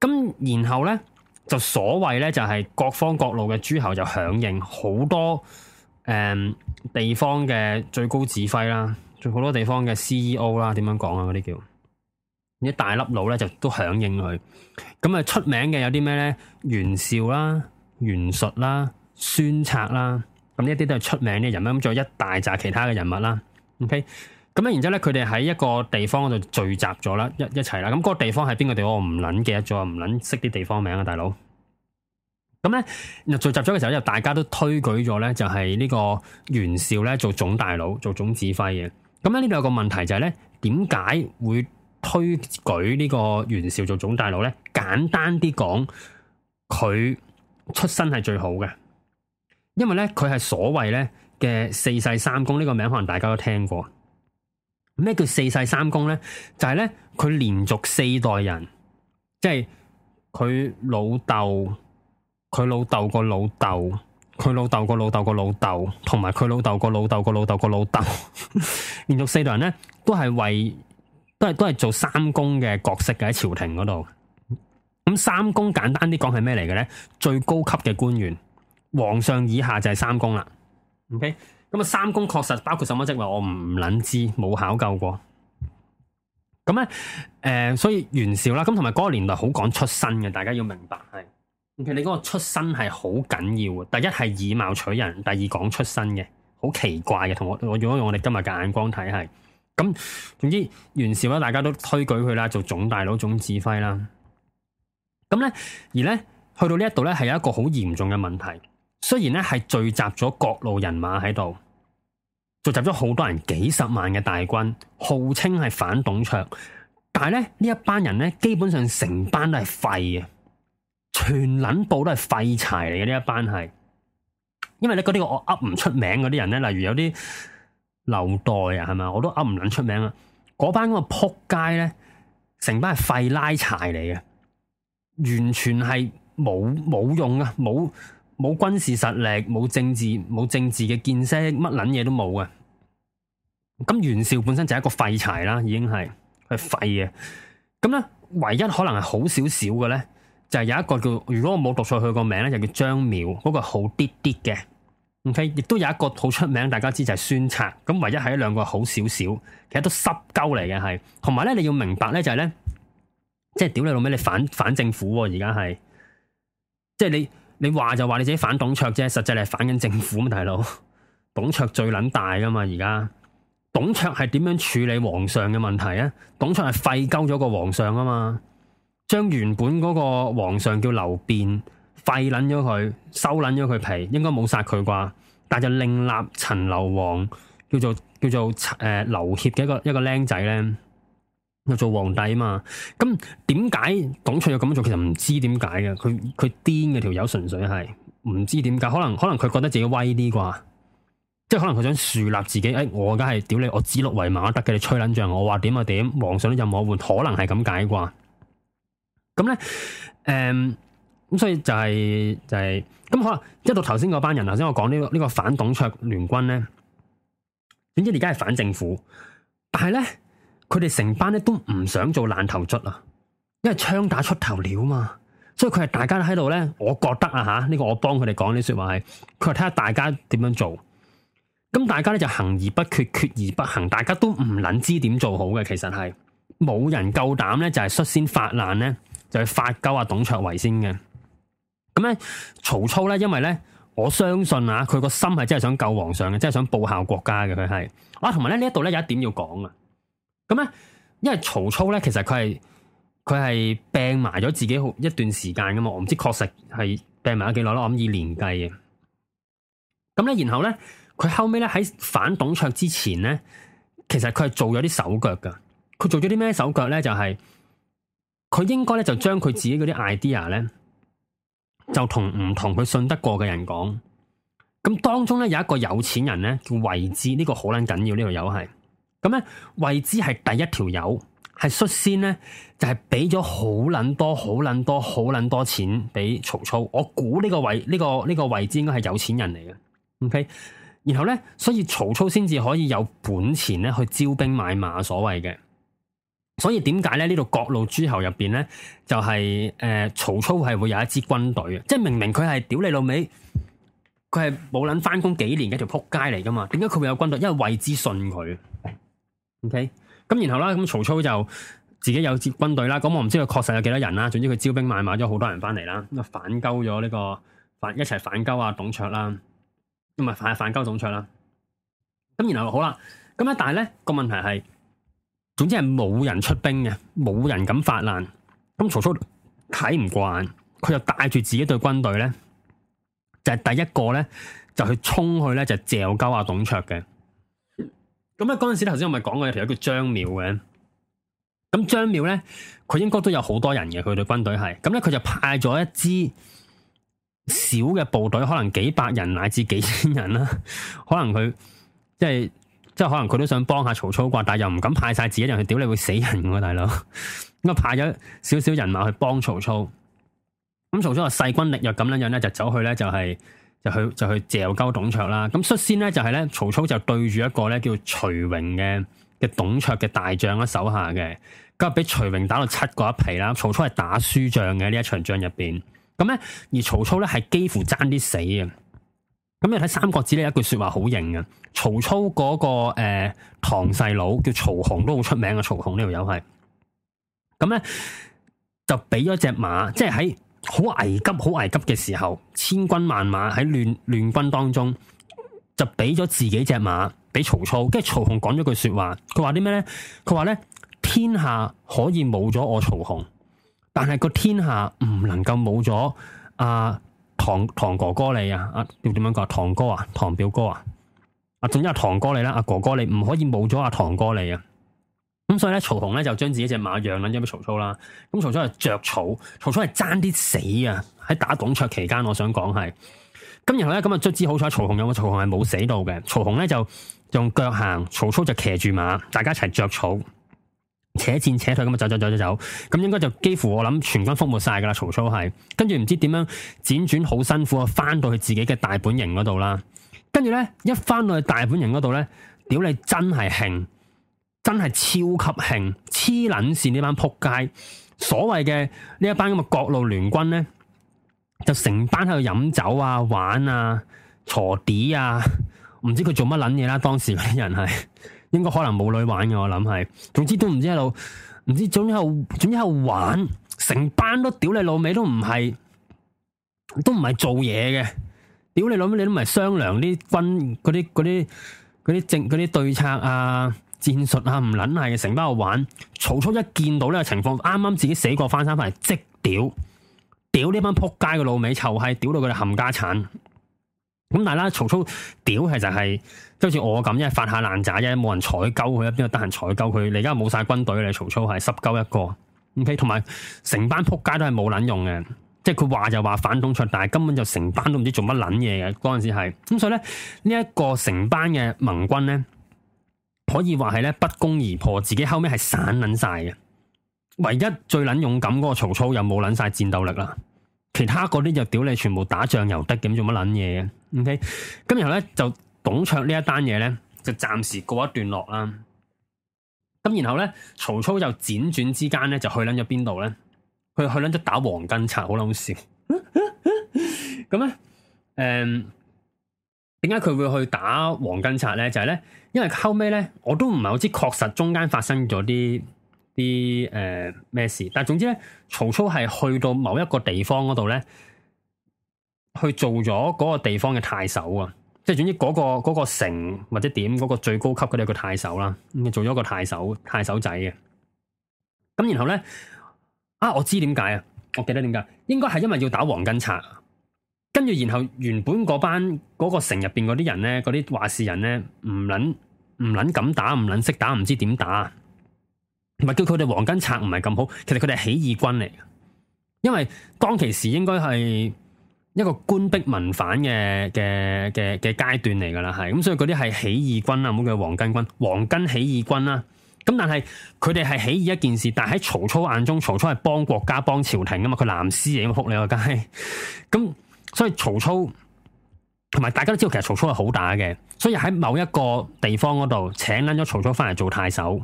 咁然後咧就所謂咧就係、是、各方各路嘅諸侯就響應，好多誒地方嘅最高指揮啦。仲好多地方嘅 CEO 啦，點樣講啊？嗰啲叫一大粒佬咧，就都響應佢。咁啊，出名嘅有啲咩咧？袁紹啦、袁術啦、孫策啦，咁呢一啲都係出名嘅人啦。咁仲有一大紮其他嘅人物啦。OK，咁咧然之後咧，佢哋喺一個地方嗰度聚集咗啦，一一齊啦。咁、那、嗰個地方係邊個地方？我唔捻記得咗，唔捻識啲地方名啊，大佬。咁咧，聚集咗嘅時候咧，大家都推舉咗咧，就係呢個袁紹咧做總大佬，做總指揮嘅。咁咧呢度有個問題就係咧，點解會推舉呢個袁紹做總大佬咧？簡單啲講，佢出身係最好嘅，因為咧佢係所謂咧嘅四世三公呢個名，可能大家都聽過。咩叫四世三公咧？就係咧佢連續四代人，即係佢老豆、佢老豆個老豆。佢老豆個老豆個老豆，同埋佢老豆個老豆個老豆個老豆，連續四代人咧，都係為都係都係做三公嘅角色嘅喺朝廷嗰度。咁三公簡單啲講係咩嚟嘅咧？最高級嘅官員，皇上以下就係三公啦。OK，咁啊三公確實包括什麼職位？我唔捻知，冇考究過。咁咧，誒、呃，所以袁紹啦，咁同埋嗰個年代好講出身嘅，大家要明白係。其實你嗰個出身係好緊要嘅，第一係以貌取人，第二講出身嘅，好奇怪嘅。同我我如果用我哋今日嘅眼光睇，係咁，總之袁紹咧，大家都推舉佢啦，做總大佬、總指揮啦。咁咧，而咧去到呢一度咧，係有一個好嚴重嘅問題。雖然咧係聚集咗各路人馬喺度，聚集咗好多人，幾十萬嘅大軍，號稱係反董卓，但係咧呢一班人咧，基本上成班都係廢嘅。全捻部都係廢柴嚟嘅呢一班係，因為咧嗰啲我噏唔出名嗰啲人咧，例如有啲劉岱啊，係咪我都噏唔捻出名啦。嗰班嗰個扑街咧，成班係廢拉柴嚟嘅，完全係冇冇用啊，冇冇軍事實力，冇政治冇政治嘅見識，乜捻嘢都冇啊。咁袁紹本身就係一個廢柴啦，已經係係廢嘅。咁咧，唯一可能係好少少嘅咧。就係有一個叫，如果我冇讀錯佢個名咧，就叫張邈，嗰、那個好啲啲嘅。OK，亦都有一個好出名，大家知就係孫策。咁唯一係一兩個好少少，其實都濕鳩嚟嘅，係同埋咧，你要明白咧，就係、是、咧，即係屌你老味，你反反政府喎、啊，而家係，即係你你話就話你自己反董卓啫，實際你係反緊政府、啊、 嘛，大佬。董卓最撚大㗎嘛，而家董卓係點樣處理皇上嘅問題啊？董卓係廢鳩咗個皇上啊嘛。將原本嗰個皇上叫劉辯廢捻咗佢，收捻咗佢皮，應該冇殺佢啩。但係就另立陳留王，叫做叫做誒劉協嘅一個一個僆仔咧，又做皇帝啊嘛。咁點解董卓又咁做？其實唔知點解嘅。佢佢癲嘅條友，純粹係唔知點解。可能可能佢覺得自己威啲啩，即係可能佢想樹立自己。誒、哎，我梗係屌你，我指鹿為馬得嘅，你吹捻仗我話點就點。皇上都任我換，可能係咁解啩。咁咧，誒，咁、嗯、所以就係、是、就係、是，咁可能一到頭先嗰班人，頭先我講呢、這個呢、這個反董卓聯軍咧，點知而家係反政府，但係咧，佢哋成班咧都唔想做爛頭卒啊，因為槍打出頭鳥啊嘛，所以佢係大家喺度咧，我覺得啊嚇，呢、這個我幫佢哋講啲説話係，佢睇下大家點樣做，咁大家咧就行而不決，決而不行，大家都唔撚知點做好嘅，其實係冇人夠膽咧，就係、是、率先發難咧。就係發鳩啊！董卓為先嘅，咁咧曹操咧，因為咧，我相信啊，佢個心係真係想救皇上嘅，真係想報效國家嘅。佢係啊，同埋咧呢一度咧有一點要講啊。咁咧，因為曹操咧，其實佢係佢係病埋咗自己好一段時間㗎嘛。我唔知確實係病埋咗幾耐啦。我諗以年計嘅。咁咧，然後咧，佢後尾咧喺反董卓之前咧，其實佢係做咗啲手腳㗎。佢做咗啲咩手腳咧？就係。佢應該咧就將佢自己嗰啲 idea 咧，就同唔同佢信得過嘅人講。咁當中咧有一個有錢人咧叫衛茲，這個、緊個呢個好捻緊要呢個友係。咁咧衛茲係第一條友，係率先咧就係俾咗好捻多、好捻多、好捻多錢俾曹操。我估呢個魏呢、這個呢、這個衛茲應該係有錢人嚟嘅。OK，然後咧，所以曹操先至可以有本錢咧去招兵買馬，所謂嘅。所以點解咧？呢度各路諸侯入邊咧，就係、是、誒、呃，曹操係會有一支軍隊嘅。即係明明佢係屌你老味，佢係冇捻翻工幾年嘅一條撲街嚟噶嘛？點解佢會有軍隊？因為為之信佢。OK，咁然後啦，咁曹操就自己有支軍隊啦。咁我唔知佢確實有幾多人啦。總之佢招兵買馬咗好多人翻嚟啦，咁啊反鳩咗呢個一反一齊反鳩啊董卓啦，咁係反反鳩、啊、董卓啦。咁然後好啦，咁啊但係咧個問題係。總之係冇人出兵嘅，冇人敢發難。咁曹操睇唔慣，佢就帶住自己隊軍隊咧，就係、第一個咧就去衝去咧就嚼交阿董卓嘅。咁咧嗰陣時頭先我咪講過有條友叫張邈嘅。咁張邈咧佢應該都有好多人嘅佢隊軍隊係。咁咧佢就派咗一支小嘅部隊，可能幾百人乃至幾千人啦、啊。可能佢即係。即係可能佢都想幫下曹操啩，但係又唔敢派晒自己人去，屌你會死人喎大佬！咁 啊派咗少少人馬去幫曹操。咁曹操就勢均力弱咁樣樣咧，就走去咧就係、是、就去就去嚼鳩董卓啦。咁率先咧就係咧，曹操就對住一個咧叫徐榮嘅嘅董卓嘅大將喺手下嘅，今日俾徐榮打到七個一皮啦。曹操係打輸仗嘅呢一場仗入邊，咁咧而曹操咧係幾乎爭啲死啊。咁你睇《三國志》咧，一句說話好型嘅，曹操嗰、那個誒、呃、堂細佬叫曹洪都好出名嘅，曹洪個呢條友係，咁咧就俾咗隻馬，即係喺好危急、好危急嘅時候，千軍萬馬喺亂亂軍當中，就俾咗自己隻馬俾曹操，跟住曹洪講咗句說話，佢話啲咩咧？佢話咧天下可以冇咗我曹洪，但係個天下唔能夠冇咗阿。呃堂堂哥哥你啊！啊要點樣講？堂哥啊，堂表哥啊，啊仲有堂哥你啦！啊哥哥你唔可以冇咗阿堂哥你啊！咁、啊啊啊啊、所以咧，曹洪咧就將自己隻馬讓啦，讓俾曹操啦。咁、啊、曹操係着草，曹操係爭啲死啊！喺打董卓期間，我想講係，咁然後咧咁啊卒之好彩，曹洪有，曹洪係冇死到嘅。曹洪咧就用腳行，曹操就騎住馬，大家一齊着草。扯戰扯退咁啊，走走走走走，咁應該就幾乎我諗全軍覆沒晒噶啦。曹操係跟住唔知點樣輾轉好辛苦翻到去自己嘅大本營嗰度啦，跟住咧一翻到去大本營嗰度咧，屌你真係勁，真係超級勁，黐捻線呢班扑街，所謂嘅呢一班咁嘅各路聯軍咧，就成班喺度飲酒啊，玩啊，鋤地啊，唔知佢做乜捻嘢啦，當時嗰啲人係。應該可能冇女玩嘅，我諗係，總之都唔知喺度，唔知總之後，總之喺度玩，成班都屌你老味，都唔係，都唔係做嘢嘅，屌你老味，你都唔係商量啲軍啲啲啲政啲對策啊戰術啊，唔撚係嘅，成班度玩，曹操一見到呢個情況，啱啱自己死過翻生翻嚟，即屌，屌呢班扑街嘅老味，臭係屌到佢哋冚家鏟。咁但係啦，曹操屌係，就係，其實係即好似我咁，一係發下爛渣啫，冇人踩鳩佢，一邊度得閒踩鳩佢？你而家冇晒軍隊，你曹操係濕鳩一個。O K，同埋成班仆街都係冇撚用嘅，即係佢話就話反董卓，但係根本就成班都唔知做乜撚嘢嘅。嗰陣時係，咁所以咧呢一，呢個成班嘅盟軍咧，可以話係咧不攻而破，自己後尾係散撚晒嘅。唯一最撚勇敢嗰個曹操又冇撚晒戰鬥力啦，其他嗰啲就屌你，全部打仗又得，咁做乜撚嘢？O.K. 咁然後咧就董卓呢一單嘢咧就暫時告一段落啦。咁然後咧曹操就輾轉之間咧就去撚咗邊度咧？去了去撚咗打黃巾賊，好撚好笑。咁咧誒點解佢會去打黃巾賊咧？就係咧，因為後尾咧我都唔係好知確實中間發生咗啲啲誒咩事。但係總之咧，曹操係去到某一個地方嗰度咧。去做咗嗰個地方嘅太守啊，即係總之嗰個嗰個城或者點嗰個最高級嗰啲叫太守啦，咁做咗個太守，太守仔啊。咁然後咧啊，我知點解啊，我記得點解，應該係因為要打黃巾賊，跟住然後原本嗰班嗰個城入邊嗰啲人咧，嗰啲話事人咧，唔捻唔捻敢打，唔捻識打，唔知點打，咪叫佢哋黃巾賊唔係咁好，其實佢哋係起義軍嚟嘅，因為當其時應該係。一個官逼民反嘅嘅嘅嘅階段嚟噶啦，係咁所以嗰啲係起義軍啊，唔叫黃巾軍，黃巾起義軍啦。咁但係佢哋係起義一件事，但喺曹操眼中，曹操係幫國家幫朝廷噶嘛，佢藍絲已經仆你個街。咁所以曹操同埋大家都知道，其實曹操係好打嘅，所以喺某一個地方嗰度請捻咗曹操翻嚟做太守，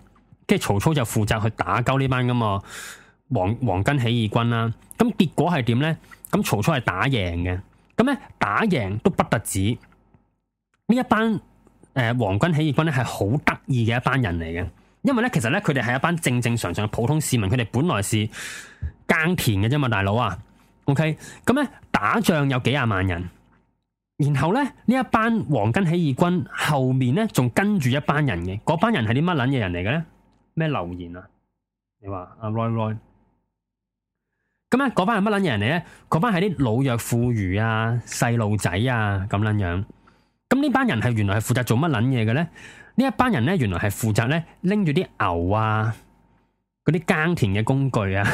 跟住曹操就負責去打交呢班咁個黃黃巾起義軍啦。咁結果係點咧？咁曹操係打贏嘅，咁咧打贏都不特止，呢一班誒黃、呃、巾起義軍咧係好得意嘅一班人嚟嘅，因為咧其實咧佢哋係一班正正常常嘅普通市民，佢哋本來是耕田嘅啫嘛，大佬啊，OK，咁、嗯、咧打仗有幾廿萬人，然後咧呢一班黃巾起義軍後面咧仲跟住一班人嘅，嗰班人係啲乜撚嘅人嚟嘅咧？咩留言啊？你話阿 Roy？啊 Roy Roy 咁啊，嗰班係乜捻嘢人嚟咧？嗰班係啲老弱婦孺啊、細路仔啊咁捻樣。咁呢班人係原來係負責做乜捻嘢嘅咧？呢一班人咧，原來係負責咧拎住啲牛啊、嗰啲耕田嘅工具啊，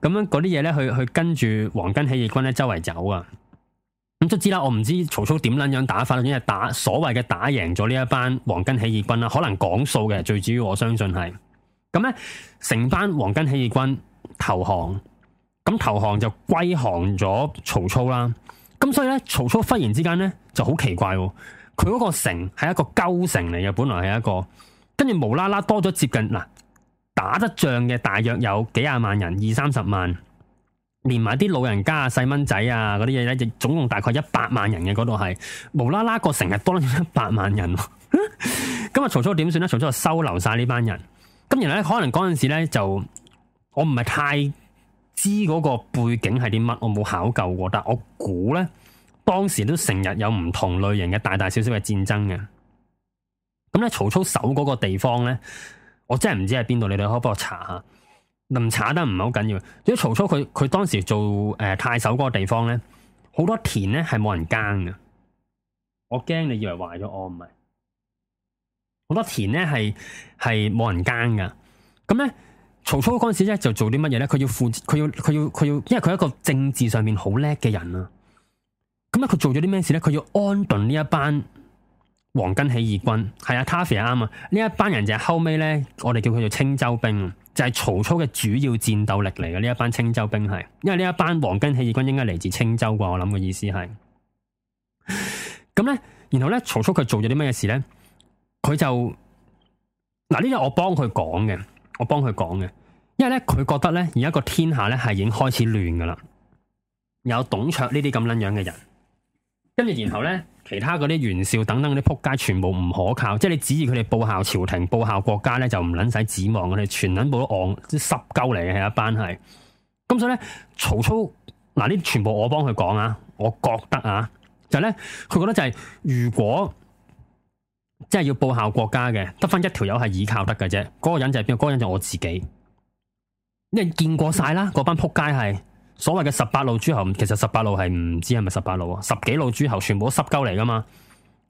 咁樣嗰啲嘢咧去去跟住黃巾起義軍咧周圍走啊。咁都知啦，我唔知曹操點捻樣打法，因為打所謂嘅打贏咗呢一班黃巾起義軍啦，可能講數嘅，最主要我相信係咁咧，成班黃巾起義軍。投降，咁投降就歸降咗曹操啦。咁所以咧，曹操忽然之間咧就好奇怪哦。佢嗰個城係一個鳩城嚟嘅，本來係一個，跟住無啦啦多咗接近嗱，打得仗嘅大約有幾廿萬人，二三十萬，連埋啲老人家細啊、細蚊仔啊嗰啲嘢咧，就總共大概一百萬人嘅嗰度係無啦啦個城係多咗一百萬人。咁啊，曹操點算咧？曹操就收留晒呢班人。咁然後咧，可能嗰陣時咧就。就就就我唔係太知嗰個背景係啲乜，我冇考究過。但我估咧，當時都成日有唔同類型嘅大大小小嘅戰爭嘅。咁、嗯、咧，曹操守嗰個地方咧，我真係唔知喺邊度。你哋可以幫我查下，能、嗯、查得唔係好緊要。因為曹操佢佢當時做誒太、呃、守嗰個地方咧，好多田咧係冇人耕嘅。我驚你以為壞咗，我唔係。好多田咧係係冇人耕噶咁、嗯、咧。嗯曹操嗰陣時咧就做啲乜嘢咧？佢要負，佢要佢要佢要，因為佢係一個政治上面好叻嘅人啊。咁咧佢做咗啲咩事咧？佢要安頓呢一班黃巾起義軍。係啊，Taffy 啱啊。呢一班人就係後尾咧，我哋叫佢做青州兵，就係、是、曹操嘅主要戰鬥力嚟嘅。呢一班青州兵係，因為呢一班黃巾起義軍應該嚟自青州啩。我諗嘅意思係咁咧。然後咧，曹操佢做咗啲咩事咧？佢就嗱呢個，我幫佢講嘅。我幫佢講嘅，因為咧佢覺得咧而家個天下咧係已經開始亂噶啦，有董卓呢啲咁捻樣嘅人，跟住然後咧其他嗰啲袁紹等等嗰啲仆街全部唔可靠，即係你指意佢哋報效朝廷、報效國家咧就唔捻使指望佢哋，全捻得都即十鳩嚟嘅係一班係，咁所以咧曹操嗱呢全部我幫佢講啊，我覺得啊就係咧佢覺得就係如果。真係要報效國家嘅，得翻一條友係倚靠得嘅啫。嗰個人就係邊個？嗰個人就我自己。因為見過晒啦，嗰班撲街係所謂嘅十八路諸侯，其實十八路係唔知係咪十八路啊？十幾路諸侯全部都濕鳩嚟噶嘛，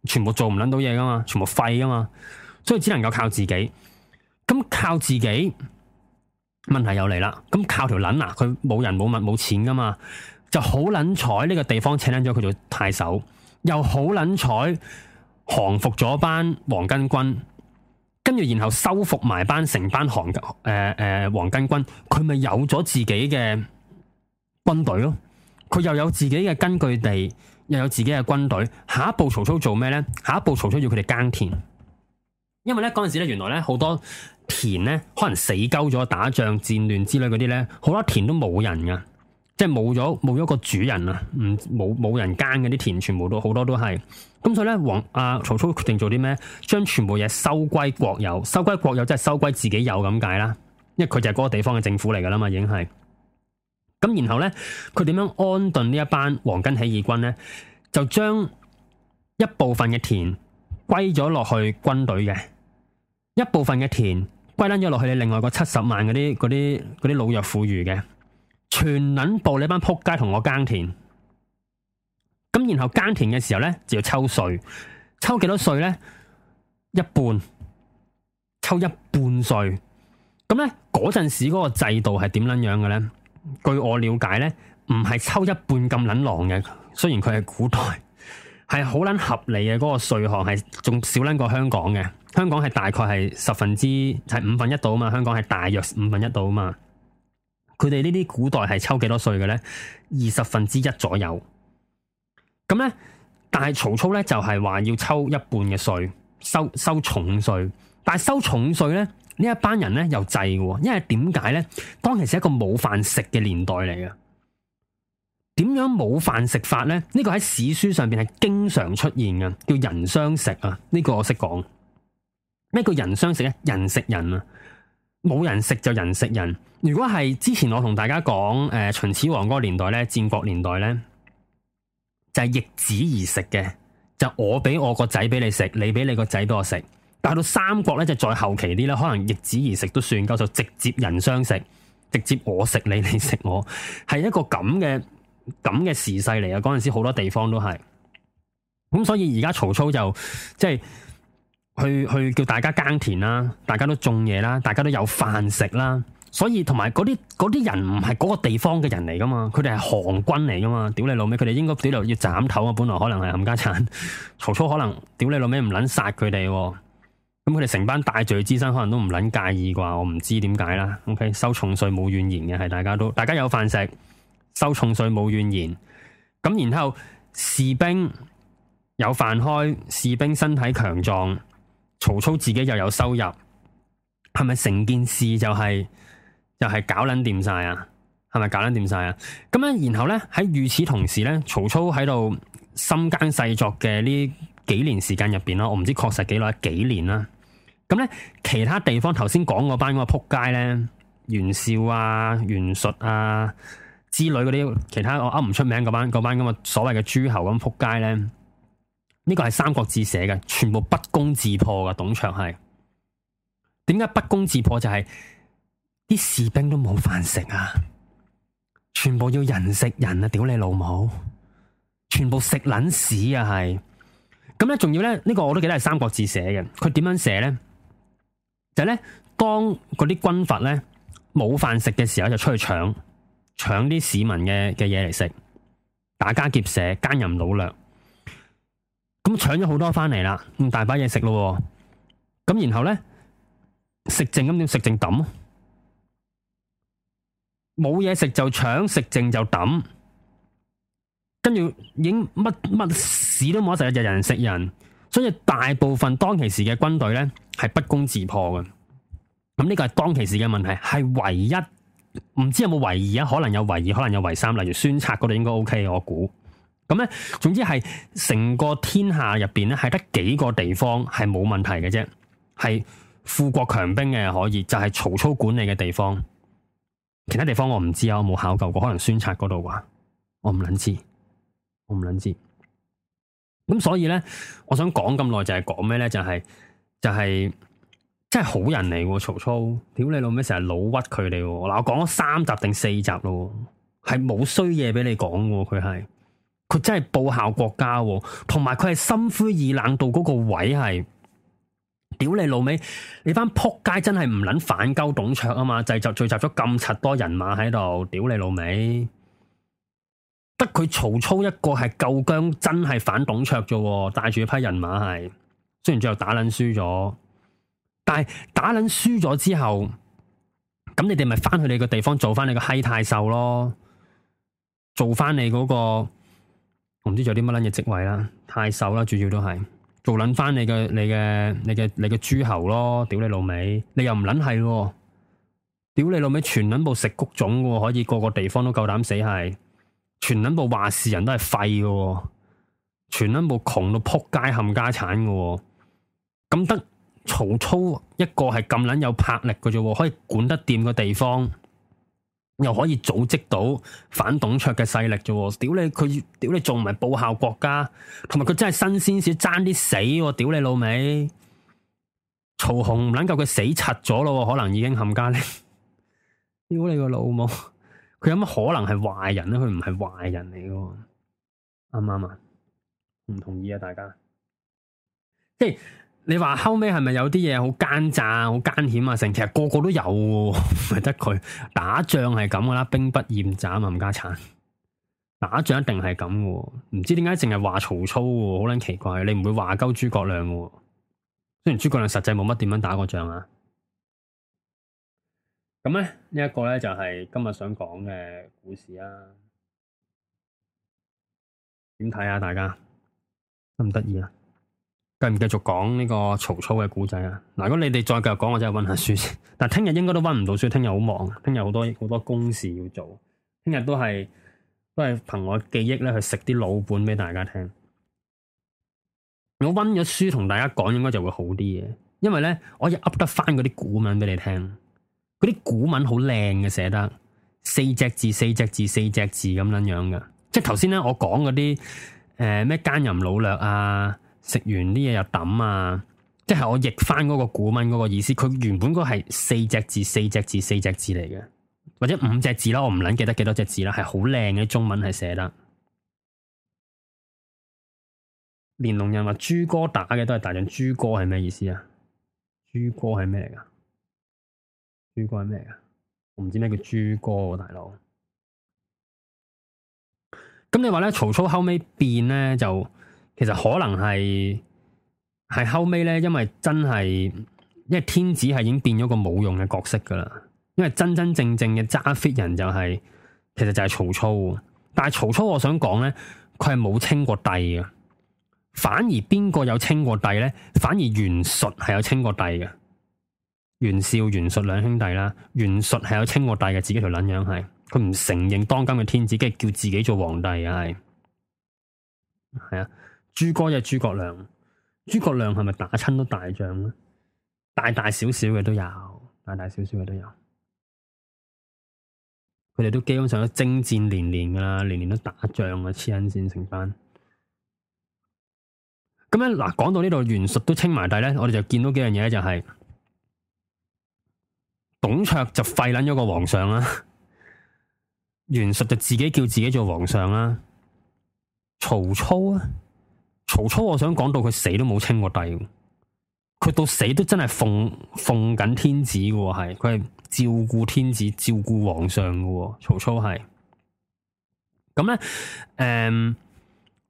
全部做唔捻到嘢噶嘛，全部廢噶嘛，所以只能夠靠自己。咁靠自己，問題又嚟啦。咁靠條捻啊，佢冇人冇物冇錢噶嘛，就好捻彩呢個地方請捻咗佢做太守，又好捻彩。降服咗班黃巾軍，跟住然後收服埋班成班黃誒誒黃巾軍，佢咪有咗自己嘅軍隊咯？佢又有自己嘅根據地，又有自己嘅軍隊。下一步曹操做咩呢？下一步曹操要佢哋耕田，因為咧嗰陣時咧，原來咧好多田咧可能死鳩咗打仗戰亂之類嗰啲咧，好多田都冇人噶。即係冇咗冇咗個主人，人啊，唔冇冇人耕嘅啲田，全部都好多都係。咁所以咧，黃阿曹操決定做啲咩？將全部嘢，收歸國有，收歸國有即係收歸自己有咁解啦。因為佢就係嗰個地方嘅政府嚟噶啦嘛，已經係。咁然後咧，佢點樣安頓呢一班黃巾起義軍咧？就將一部分嘅田歸咗落去軍隊嘅，一部分嘅田歸單咗落去另外個七十萬嗰啲啲啲老弱婦孺嘅。全捻部你班撲街同我耕田，咁然後耕田嘅時候呢，就要抽稅，抽幾多稅呢？一半，抽一半稅。咁呢，嗰陣時嗰個制度係點捻樣嘅呢？據我了解呢，唔係抽一半咁捻狼嘅。雖然佢係古代，係好捻合理嘅嗰個稅項，係仲少捻過香港嘅。香港係大概係十分之係五分一度嘛，香港係大約五分一度啊嘛。佢哋呢啲古代係抽幾多稅嘅呢？二十分之一左右。咁呢，但係曹操呢就係、是、話要抽一半嘅稅，收收重稅。但係收重稅呢，呢一班人呢又制嘅。因為點解呢？當其時一個冇飯食嘅年代嚟嘅。點樣冇飯食法呢？呢、這個喺史書上邊係經常出現嘅，叫人相食啊！呢、這個我識講。咩叫人相食呢？人食人啊！冇人食就人食人。如果係之前我同大家講，誒、呃、秦始皇嗰個年代咧，戰國年代咧，就係、是、逆子而食嘅，就是、我俾我個仔俾你食，你俾你個仔俾我食。但係到三國咧就是、再後期啲啦，可能逆子而食都算夠，就直接人相食，直接我食你，你食我，係一個咁嘅咁嘅時勢嚟啊！嗰陣時好多地方都係，咁、嗯、所以而家曹操就即係。就是去去叫大家耕田啦，大家都種嘢啦，大家都有飯食啦，所以同埋嗰啲啲人唔係嗰個地方嘅人嚟噶嘛，佢哋係降軍嚟噶嘛，屌你老味，佢哋應該屌流要斬頭啊，本來可能係冚家鏟， 曹操可能屌你老味唔捻殺佢哋，咁佢哋成班大罪之身，可能都唔捻介意啩，我唔知點解啦。OK，收重稅冇怨言嘅係大家都，大家有飯食，收重稅冇怨言，咁然後士兵有飯開，士兵身體強壯。曹操自己又有收入，係咪成件事就係、是、就係、是、搞撚掂晒啊？係咪搞撚掂晒啊？咁樣然後呢，喺與此同時咧，曹操喺度深耕細作嘅呢幾年時間入邊啦，我唔知確實幾耐幾年啦。咁呢，其他地方頭先講嗰班嗰個扑街呢，袁紹啊、袁術啊之類嗰啲其他我噏唔出名嗰班嗰班咁嘅所謂嘅諸侯咁扑街呢。呢個係《三國志》寫嘅，全部不攻自破嘅。董卓係點解不攻自破？就係、是、啲士兵都冇飯食啊，全部要人食人啊！屌你老母，全部食撚屎啊！係咁咧，仲要咧？呢、這個我都記得係《三國志》寫嘅。佢點樣寫咧？就係、是、咧，當嗰啲軍閥咧冇飯食嘅時候，就出去搶搶啲市民嘅嘅嘢嚟食，打家劫舍，奸淫擄掠。咁搶咗好多翻嚟啦，咁大把嘢食咯，咁然後咧，食剩咁點食剩抌，冇嘢食就搶，食剩就抌，跟住已經乜乜屎都冇得食，日日人食人，所以大部分當其時嘅軍隊咧係不攻自破嘅。咁呢個係當其時嘅問題，係唯一唔知有冇唯二啊？可能有唯二，可能有唯三，例如孫策嗰度應該 OK，我估。咁咧，總之係成個天下入邊咧，係得幾個地方係冇問題嘅啫，係富國強兵嘅可以，就係曹操管理嘅地方。其他地方我唔知啊，我冇考究過，可能孫策嗰度啩，我唔捻知，我唔捻知。咁所以咧，我想講咁耐就係講咩咧？就係就係真係好人嚟，曹操，屌你老味，成日老屈佢哋。嗱，我講咗三集定四集咯，係冇衰嘢俾你講嘅，佢係。佢真係報效國家、哦，同埋佢係心灰意冷到嗰個位係，屌你老味，你班撲街真係唔撚反鳩董卓啊嘛，聚集聚集咗咁柒多人馬喺度，屌你老味。得佢曹操一個係夠薑，真係反董卓啫、哦，帶住一批人馬係，雖然最後打撚輸咗，但係打撚輸咗之後，咁你哋咪翻去你個地方做翻你個閪太守咯，做翻你嗰、嗰個。唔知仲有啲乜撚嘢職位啦，太守啦，主要都係做撚翻你嘅、你嘅、你嘅、你嘅諸侯咯。屌你老味，你又唔撚係喎，屌你老味，全撚部食谷種嘅，可以個個地方都夠膽死係，全撚部話事人都係廢嘅，全撚部窮到撲街冚家產嘅，咁得曹操一個係咁撚有魄力嘅啫，可以管得掂個地方，又可以組織到反董卓嘅勢力啫，屌你佢，屌你仲唔係報效國家？同埋佢真係新鮮少，爭啲死，我屌你老味！曹洪唔捻夠佢死拆咗咯，可能已經冚家拎！屌你個老母！佢有乜可能係壞人咧？佢唔係壞人嚟噶，啱唔啱啊？唔同意啊，大家即係。你話後尾係咪有啲嘢好奸詐、好奸險啊？成，其實個個都有，唔係得佢打仗係咁噶啦，兵不厭詐，冚家鏟，打仗一定係咁，唔知點解淨係話曹操，好撚奇怪。你唔會話鳩諸葛亮，雖然諸葛亮實際冇乜點樣打過仗啊。咁咧呢一個咧就係今日想講嘅故事啦。點睇啊？大家得唔得意啊？繼唔繼續講呢個曹操嘅故仔啊？嗱，如果你哋再繼續講，我真係溫下書。但係聽日應該都溫唔到書，聽日好忙，聽日好多好多公事要做。聽日都係都係憑我記憶咧去食啲老本俾大家聽。我溫咗書同大家講，應該就會好啲嘅，因為咧我一噏得翻嗰啲古文俾你聽，嗰啲古文好靚嘅，寫得四隻字、四隻字、四隻字咁樣樣嘅。即係頭先咧，我講嗰啲誒咩奸淫擄掠啊。食完啲嘢又抌啊！即係我譯翻嗰個古文嗰個意思，佢原本嗰係四隻字、四隻字、四隻字嚟嘅，或者五隻字啦，我唔捻記得幾多隻字啦，係好靚嘅中文係寫得。嗯、連龍人話豬哥打嘅都係大將，豬哥係咩意思啊？豬哥係咩嚟噶？豬哥係咩嚟噶？我唔知咩叫豬哥喎、啊，大佬。咁你話咧，曹操後尾變咧就？其實可能係係後尾咧，因為真係因為天子係已經變咗個冇用嘅角色噶啦，因為真真正正嘅揸 fit 人就係、是、其實就係曹操，但係曹操我想講咧，佢係冇稱過帝嘅，反而邊個有稱過帝咧？反而袁術係有稱過帝嘅，袁紹、袁術兩兄弟啦，袁術係有稱過帝嘅，自己條撚樣係，佢唔承認當今嘅天子，跟住叫自己做皇帝係係啊。諸葛就諸葛亮，諸葛亮係咪打親都大仗咧？大大小小嘅都有，大大小小嘅都有。佢哋都基本上都征戰連連噶啦，年年都打仗啊，黐恩線成班。咁樣嗱，講到呢度袁術都清埋底咧，我哋就見到幾樣嘢就係、是：董卓就廢撚咗個皇上啦，袁 術就自己叫自己做皇上啦，曹操啊。曹操，我想講到佢死都冇稱過帝，佢到死都真係奉奉緊天子嘅，係佢係照顧天子、照顧皇上嘅，曹操係。咁咧，誒、嗯，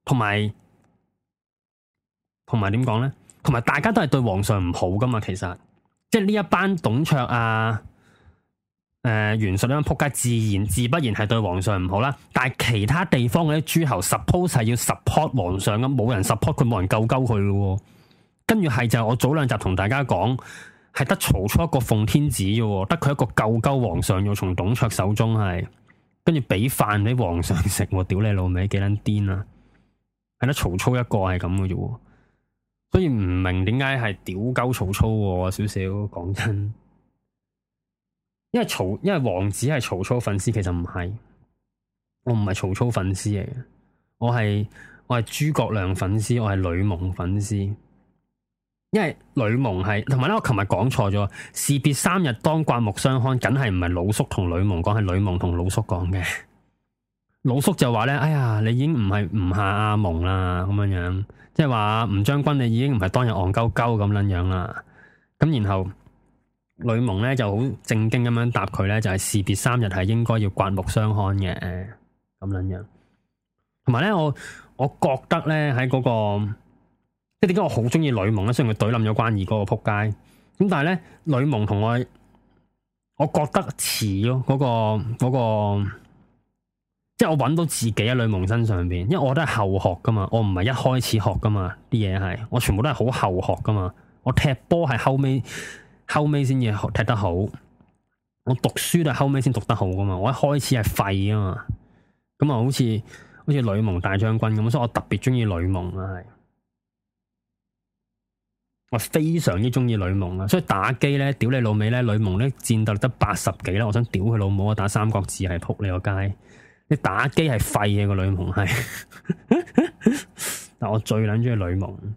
同埋同埋點講咧？同埋大家都係對皇上唔好噶嘛，其實即係呢一班董卓啊。誒，袁術咧撲街，自然自不然係對皇上唔好啦。但係其他地方嗰啲諸侯，suppose 係要 support 皇上咁，冇人 support 佢，冇人救鳩佢咯。跟住係就我早兩集同大家講，係得曹操一個奉天子啫，得佢一個救鳩皇上要，又從董卓手中係跟住俾飯俾皇上食，我屌你老味，幾撚癲啊！係得曹操一個係咁嘅啫，所以唔明點解係屌鳩曹操少少，講真。因為曹因為王子係曹操粉絲，其實唔係我唔係曹操粉絲嚟嘅，我係我係諸葛亮粉絲，我係呂蒙粉絲。因為呂蒙係同埋咧，我琴日講錯咗，士別三日當刮目相看，梗係唔係老叔同呂蒙講，係呂蒙同老叔講嘅。老叔就話咧：哎呀，你已經唔係吳下阿蒙啦，咁樣樣，即係話吳將軍你已經唔係當日戇鳩鳩咁捻樣啦。咁然後。呂蒙咧就好正經咁樣答佢咧，就係士別三日係應該要刮目相看嘅咁樣樣。同埋咧，我我覺得咧喺嗰個即係點解我好中意呂蒙咧？雖然佢懟冧咗關二嗰個撲街，咁但係咧呂蒙同我我覺得似咯，嗰個嗰個即係我揾到自己喺呂蒙身上邊，因為我都係後學噶嘛，我唔係一開始學噶嘛，啲嘢係我全部都係好後學噶嘛，我踢波係後尾。後尾先至踢得好，我讀書都係後尾先讀得好噶嘛，我一開始係廢啊嘛，咁啊好似好似呂蒙大將軍咁，所以我特別中意呂蒙啊係，我非常之中意呂蒙啊，所以打機咧屌你老味咧呂蒙咧戰鬥力得八十幾啦，我想屌佢老母啊打三國志，係扑你個街，你打機係廢嘅個呂蒙係， 但我最捻中意呂蒙。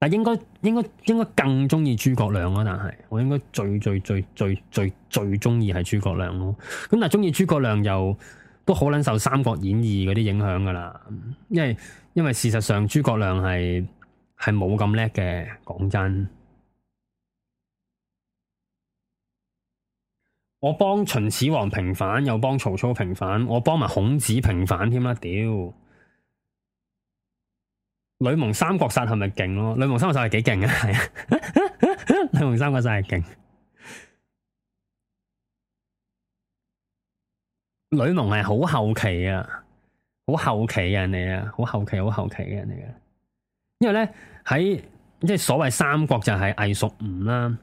嗱，應該應該應該更中意諸葛亮啊。但係我應該最最最最最最中意係諸葛亮咯啊。咁但係中意諸葛亮又都好捻受《三國演義》嗰啲影響噶啦，因為因為事實上諸葛亮係係冇咁叻嘅，講真。我幫秦始皇平反，又幫曹操平反，我幫埋孔子平反添啦，屌！呂蒙三國殺係咪勁咯？呂蒙三國殺係幾勁啊？係啊，呂蒙三國殺係勁。呂蒙係好後期啊，好後期嘅人嚟嘅，好後期好後期嘅人嚟嘅。因為咧喺即係所謂三國就係魏蜀吳啦，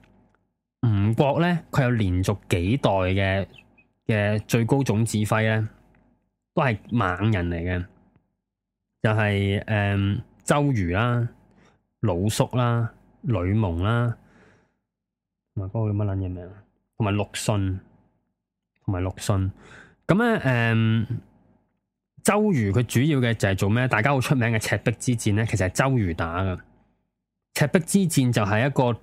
吳國咧佢有連續幾代嘅嘅最高總指揮咧，都係猛人嚟嘅，就係、是、誒。嗯周瑜啦、魯肅啦、呂蒙啦，同埋嗰個叫乜撚嘢名，同埋陸遜，同埋陸遜。咁咧，誒、嗯，周瑜佢主要嘅就係做咩？大家好出名嘅赤壁之戰咧，其實係周瑜打㗎。赤壁之戰就係一個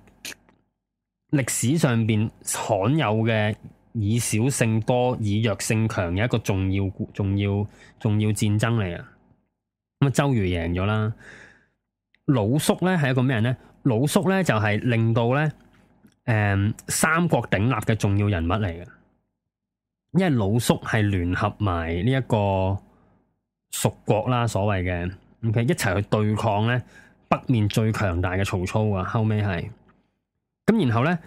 歷史上邊罕有嘅以少勝多、以弱勝強嘅一個重要、重要、重要戰爭嚟啊！咁周瑜贏咗啦。魯肅咧係一個咩人咧？魯肅咧就係、是、令到咧誒、嗯、三國鼎立嘅重要人物嚟嘅，因為魯肅係聯合埋呢一個蜀國啦，所謂嘅，OK 一齊去對抗咧北面最強大嘅曹操啊。後尾係咁，然後咧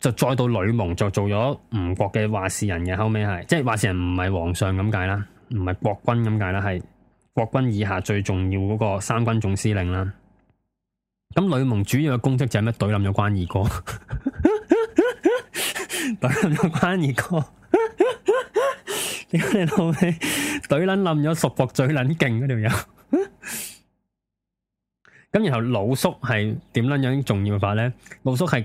就再到呂蒙就做咗吳國嘅話事人嘅，後尾係即係話事人唔係皇上咁解啦，唔係國君咁解啦，係。國軍以下最重要嗰個三軍總司令啦，咁呂蒙主要嘅功績就係咩？懟冧咗關二哥，懟冧咗關二哥，點解你老味懟捻冧咗蜀國最捻勁嗰條友？咁 然後魯肅係點捻樣重要法咧？魯肅係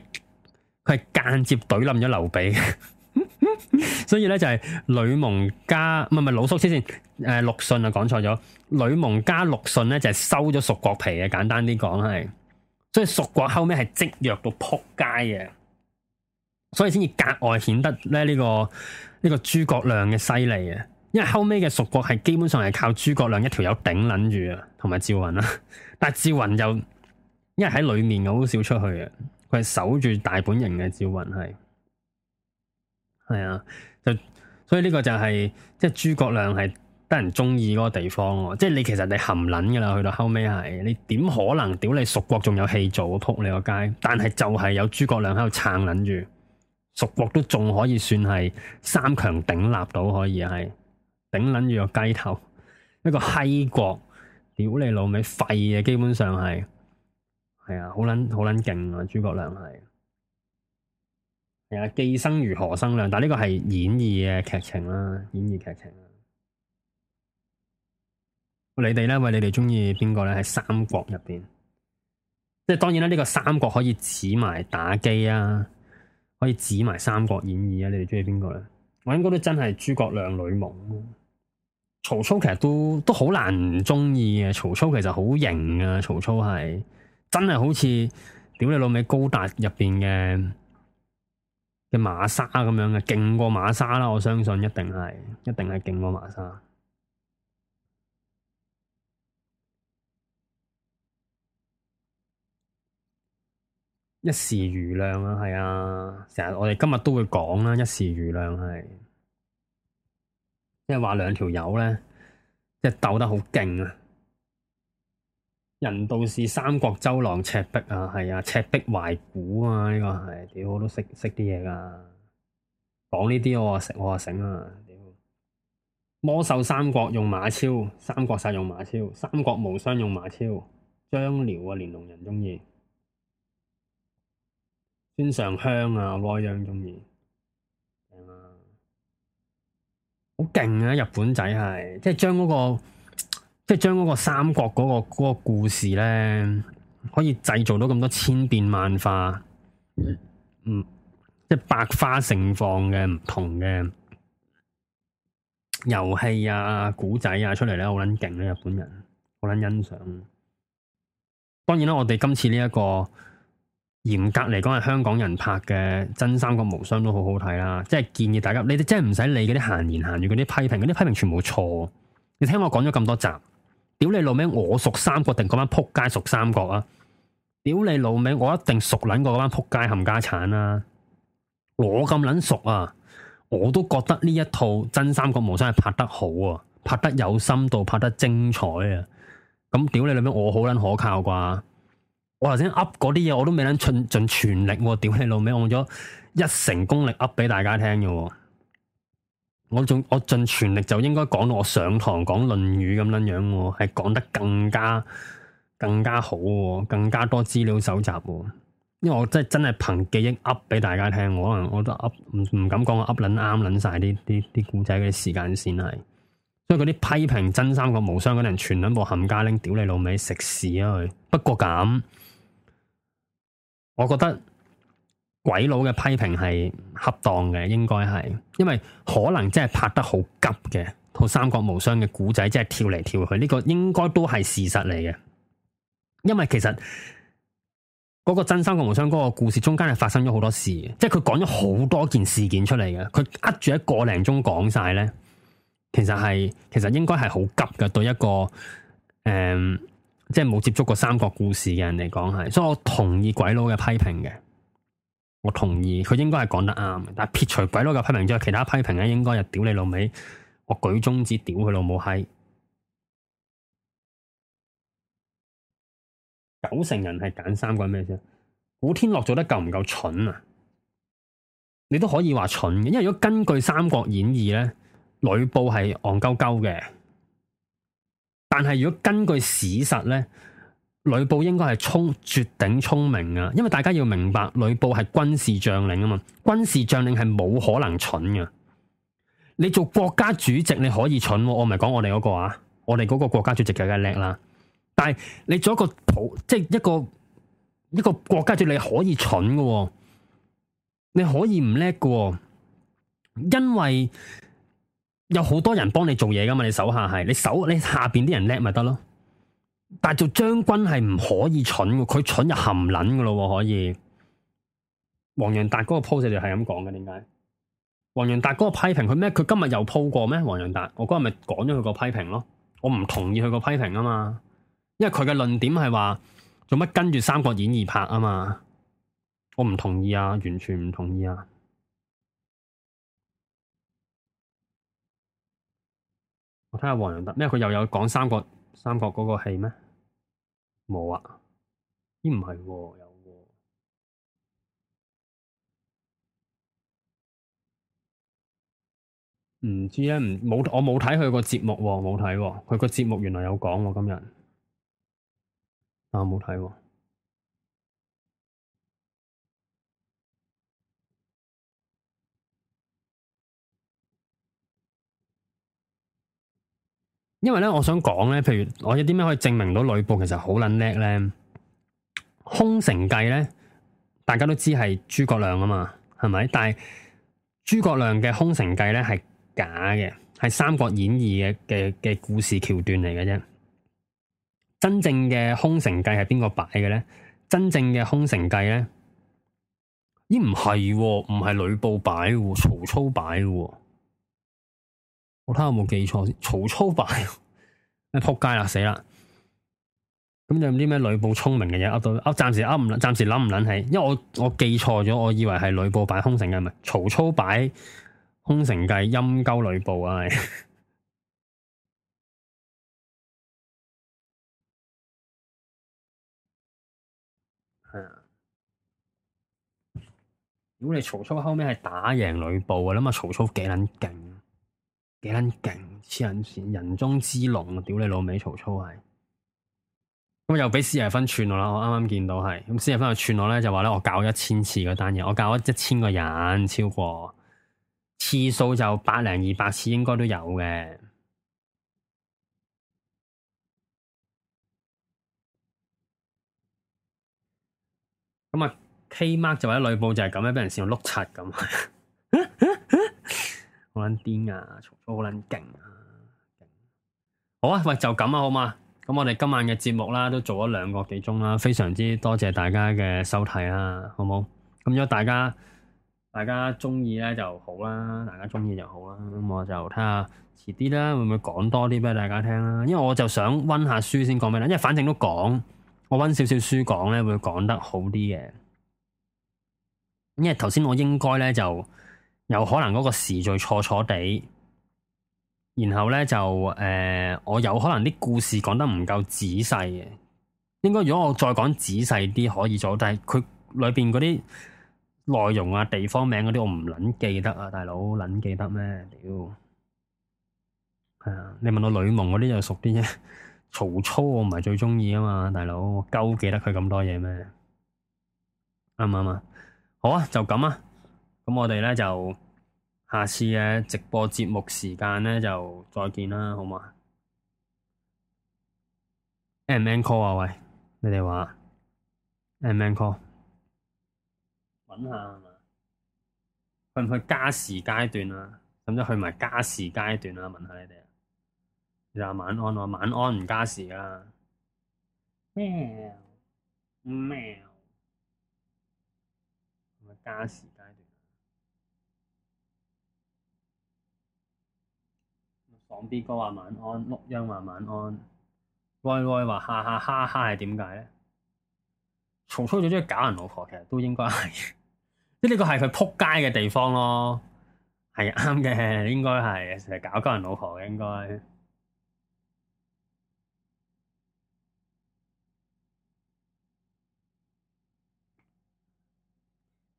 佢係間接懟冧咗劉備。 所以咧就係呂蒙加唔係唔係魯肅先先，誒陸遜啊講錯咗，呂蒙加陸遜咧就係、是、收咗蜀國皮嘅，簡單啲講係，所以蜀國後尾係積弱到扑街嘅，所以先至格外顯得咧、這、呢個呢、這個諸葛亮嘅犀利啊，因為後尾嘅蜀國係基本上係靠諸葛亮一條友頂捻住啊，同埋趙雲啦，但係趙雲又因為喺裏面好少出去啊，佢係守住大本營嘅，趙雲係。趙雲係啊，就所以呢個就係、是、即係諸葛亮係得人中意嗰個地方，啊，即係你其實你含卵噶啦，去到後尾係你點可能屌你蜀國仲有戲做，撲你個街，但係就係有諸葛亮喺度撐卵住，蜀國都仲可以算係三強鼎立到，可以係頂卵住個街頭，一個閪國，屌你老味廢嘅，基本上係係啊，好卵好卵勁啊，諸葛亮係。既生瑜何生亮，但呢個係演義嘅劇情啦，演義劇情啦。你哋咧，喂，你哋中意邊個咧？喺三國入邊，即係當然啦。呢、這個三國可以指埋打機啊，可以指埋三國演義啊。你哋中意邊個咧？我應該都真係諸葛亮、呂蒙、曹操，其實都都好難中意啊。曹操其實好型啊，曹操係真係好似屌你老味高達入邊嘅。嘅馬沙咁樣嘅，勁過馬沙啦！我相信一定係，一定係勁過馬沙啊。一時瑜亮啊，係啊，成日我哋今日都會講啦，一時瑜亮係，即係話兩條友咧，即係鬥得好勁啊！人道是三國周郎赤壁啊，係啊，赤壁懷古啊，呢、這個係屌、啊、我都識識啲嘢㗎，講呢啲我啊識我啊醒啊，屌、啊、魔獸三國用馬超，三國殺用馬超，三國無雙用馬超，張遼啊連龍人鍾意，孫尚香啊外樣鍾意，係嘛，好勁啊，啊日本仔係即係將嗰個。即係將嗰個三國嗰個個故事咧，可以製造到咁多千變萬化，嗯，嗯即係百花盛放嘅唔同嘅遊戲啊、古仔啊出嚟咧，好撚勁咧！日本人好撚欣賞。當然啦，我哋今次呢、這、一個嚴格嚟講係香港人拍嘅《真三國無雙》都好好睇啦。即係建議大家，你哋真係唔使理嗰啲閒言閒語、嗰啲批評，嗰啲批評全部錯。你聽我講咗咁多集。屌你老味，我熟三國定嗰班扑街熟三國啊！屌你老味，音 cringe 我一定熟捻過嗰班扑街冚家鏟啊！我咁撚熟啊，我都覺得呢一套真三國無雙係拍得好啊，拍得有深度，拍得精彩啊！咁屌你老味，我好捻可靠啩！我頭先噏嗰啲嘢，我都未捻盡盡全力喎。屌你老味，我用咗一成功力噏俾大家聽嘅喎。我仲我盡全力就應該講到我上堂講論語咁樣樣喔，係講得更加更加好喔，更加多資料搜集喔。因為我真真係憑記憶噏俾大家聽，我可能我都噏唔唔敢講我噏撚啱撚晒啲啲啲古仔嘅時間先。係，所以嗰啲批評真三國無雙嗰啲人全撚部冚家拎，屌你老味食屎啊佢。不過咁，我覺得。鬼佬嘅批評係恰當嘅，應該係，因為可能真係拍得好急嘅，套《三國無雙》嘅古仔，即係跳嚟跳去，呢個應該都係事實嚟嘅。因為其實嗰個《真三國無雙》嗰個故事中間係發生咗好多事，即係佢講咗好多件事件出嚟嘅，佢扼住一個零鐘講晒呢，其實係其實應該係好急嘅，對一個誒即係冇接觸過三國故事嘅人嚟講係，所以我同意鬼佬嘅批評嘅。我同意，佢應該係講得啱嘅。但撇除鬼佬嘅批評之外，其他批評咧，應該又屌你老味。我舉中指，屌佢老母閪。九成人係揀三國係咩先？古天樂做得夠唔夠蠢啊？你都可以話蠢嘅，因為如果根據三國演義咧，呂布係戇鳩鳩嘅，但係如果根據史實咧。呂布應該係聰絕頂聰明嘅，因為大家要明白，呂布係軍事將領啊嘛，軍事將領係冇可能蠢嘅。你做國家主席你可以蠢，我唔係講我哋嗰個啊，我哋嗰個國家主席更加叻啦。但係你做一個普，即係一個一個國家主席你可以蠢嘅，你可以唔叻嘅，因為有好多人幫你做嘢噶嘛，你手下係你手你下邊啲人叻咪得咯。但做將軍係唔可以蠢，佢蠢就含撚噶咯。可以，黃仁達嗰個 post 就係咁講嘅。點解？黃仁達嗰個批評佢咩？佢今日又鋪過咩？黃仁達，我嗰日咪講咗佢個批評咯。我唔同意佢個批評啊嘛，因為佢嘅論點係話做乜跟住《三國演義》拍啊嘛，我唔同意啊，完全唔同意啊。我睇下黃仁達咩？佢又有講《三國》《三國》嗰個戲咩？冇啊？咦，唔係喎，有喎、哦。唔知啊，唔冇我冇睇佢個節目喎、哦，冇睇、哦。佢個節目原來有講喎、哦，今日，啊、哦，冇睇喎。因為咧，我想講咧，譬如我有啲咩可以證明到呂布其實好撚叻咧？空城計咧，大家都知係諸葛亮啊嘛，係咪？但係諸葛亮嘅空城計咧係假嘅，係三國演義嘅嘅嘅故事橋段嚟嘅啫。真正嘅空城計係邊個擺嘅咧？真正嘅空城計咧，咦，唔係喎，唔係呂布擺嘅喎，曹操擺嘅喎。我睇下有冇記錯先，曹操擺，你、哎、仆街啦，死啦！咁有啲咩呂布聰明嘅嘢，噏到，噏暫時噏唔，暫時諗唔諗起，因為我我記錯咗，我以為係呂布擺空城計，係咪？曹操擺空城計，陰鳩呂布啊係。係啊， 如果你曹操後尾係打贏呂布嘅，諗下曹操幾捻勁。幾撚勁，黐撚線，人中之龍啊！屌你老味曹操係，咁又畀四爺分寸我啦。我啱啱見到係，咁四爺分到寸我咧，就話咧，我教一千次嗰單嘢，我教咗一千個人，超過次數就百零二百次應該都有嘅。咁、嗯、啊，K mark 就話咧，呂布就係咁樣，俾人笑到碌柒咁。好捻癲啊，曹操好捻勁啊、勁啊！好啊，喂，就咁啊，好嘛？咁我哋今晚嘅節目啦，都做咗兩個幾鐘啦，非常之多謝大家嘅收睇啦，好冇？咁如果大家大家鍾意咧就好啦，大家鍾意就好啦。咁我就睇下遲啲啦，會唔會講多啲俾大家聽啦？因為我就想溫下書先講俾大家，因為反正都講，我溫少少書講咧，會講得好啲嘅。因為頭先我應該咧就。有可能嗰個時序錯錯地，然後咧就誒、呃，我有可能啲故事講得唔夠仔細嘅。應該如果我再講仔細啲可以做，但係佢裏邊嗰啲內容啊、地方名嗰啲，我唔捻記得啊，大佬捻記得咩？屌，係啊，你問我呂蒙嗰啲就熟啲啫， 曹操我唔係最中意啊嘛，大佬，我鳩記得佢咁多嘢咩？啱唔啱啊？好啊，就咁啊。咁我哋咧就下次嘅直播節目時間咧就再見啦，好嘛？M M call 啊，喂，你哋話 M M call，揾下係嘛？去唔去加時階段啊？咁就去埋加時階段啦，問下你哋。又話晚安喎、啊，晚安唔加時啊。咩？咩？唔係加時。講 B 哥話晚安，錄音話晚安，外外話哈哈哈哈係點解呢？曹操最中意搞人老婆，其實都應該係，即係呢個係佢撲街嘅地方咯，係啱嘅，應該係成日搞搞人老婆嘅應該。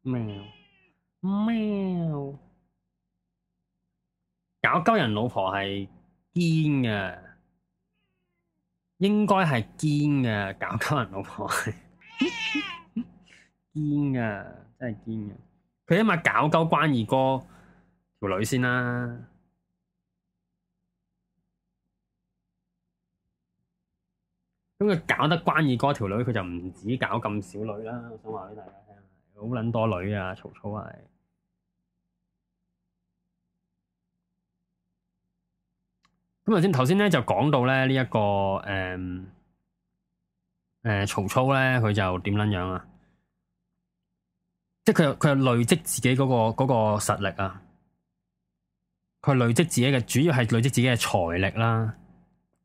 喵喵。搞鳩人老婆係堅嘅，應該係堅嘅。搞鳩人老婆係堅嘅、啊， 真係堅嘅。佢起碼搞鳩關二哥條女先啦、啊。咁佢搞得關二哥條女，佢就唔止搞咁少女啦。我想話畀大家聽，好撚多女啊，曹操係。咁啊！先頭先咧就講到咧呢一個誒誒、嗯嗯、曹操咧佢就點撚樣啊？即係佢佢係累積自己嗰、那個嗰個實力啊！佢累積自己嘅主要係累積自己嘅財力啦。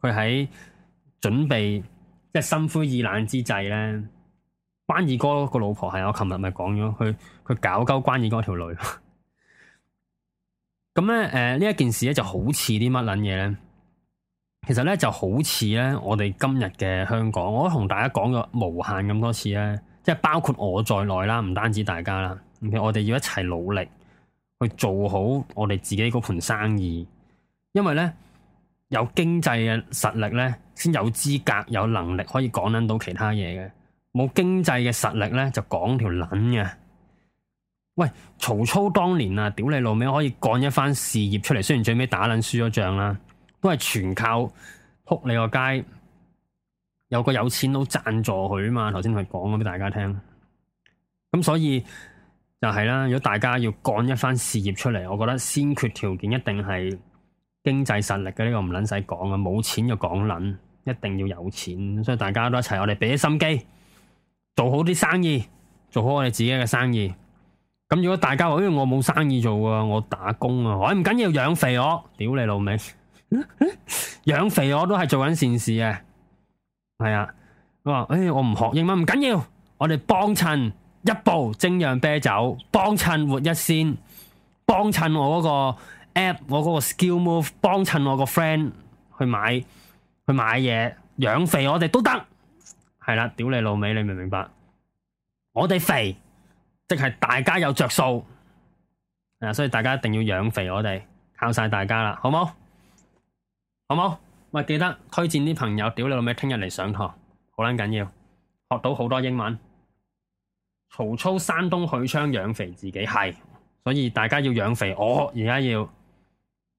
佢喺準備即係心灰意冷之際咧，關二哥個老婆係我琴日咪講咗，佢佢搞鳩關二哥條女。咁咧誒呢、呃、一件事咧就好似啲乜撚嘢咧？其實咧就好似咧，我哋今日嘅香港，我都同大家講咗無限咁多次咧，即係包括我在內啦，唔單止大家啦，我哋要一齊努力去做好我哋自己嗰盤生意，因為咧有經濟嘅實力咧，先有資格有能力可以講捻到其他嘢嘅，冇經濟嘅實力咧，就講條捻嘅。喂，曹操當年啊，屌你老味可以幹一番事業出嚟，雖然最尾打捻輸咗仗啦。都係全靠扑你個街，有個有錢佬贊助佢啊嘛！頭先佢講咗畀大家聽，咁所以就係啦。如果大家要幹一番事業出嚟，我覺得先決條件一定係經濟實力嘅，呢個唔撚使講啊！冇錢就講撚，一定要有錢。所以大家都一齊，我哋俾啲心機，做好啲生意，做好我哋自己嘅生意。咁如果大家話，哎，因為我冇生意做啊，我打工啊，哎，唔緊要，養肥我，屌你老味！養 肥我都係做緊善事嘅，係啊！佢話，誒，我唔、欸、學英文，唔緊要，我哋幫襯一部精釀啤酒，幫襯活一先，幫襯我嗰個 app，我嗰個 skill move，幫襯我個 friend 去買去買嘢，養肥我哋都得，係啦！屌你老味，你明唔明白？我哋肥，即係大家有着數，啊！所以大家一定要養肥我哋，靠晒大家啦，好唔好？好冇？咪、啊、記得推薦啲朋友，屌你老味，聽日嚟上堂，好捻緊要，學到好多英文。曹操山東許昌養肥自己係，所以大家要養肥我，而家要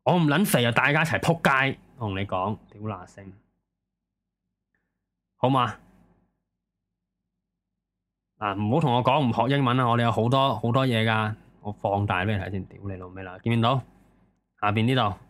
我唔捻肥啊，大家一齊撲街，同你講，屌乸星，好嘛？嗱、啊，唔好同我講唔學英文啊，我哋有好多好多嘢噶，我放大畀你睇先，屌你老味啦，見唔見到下邊呢度？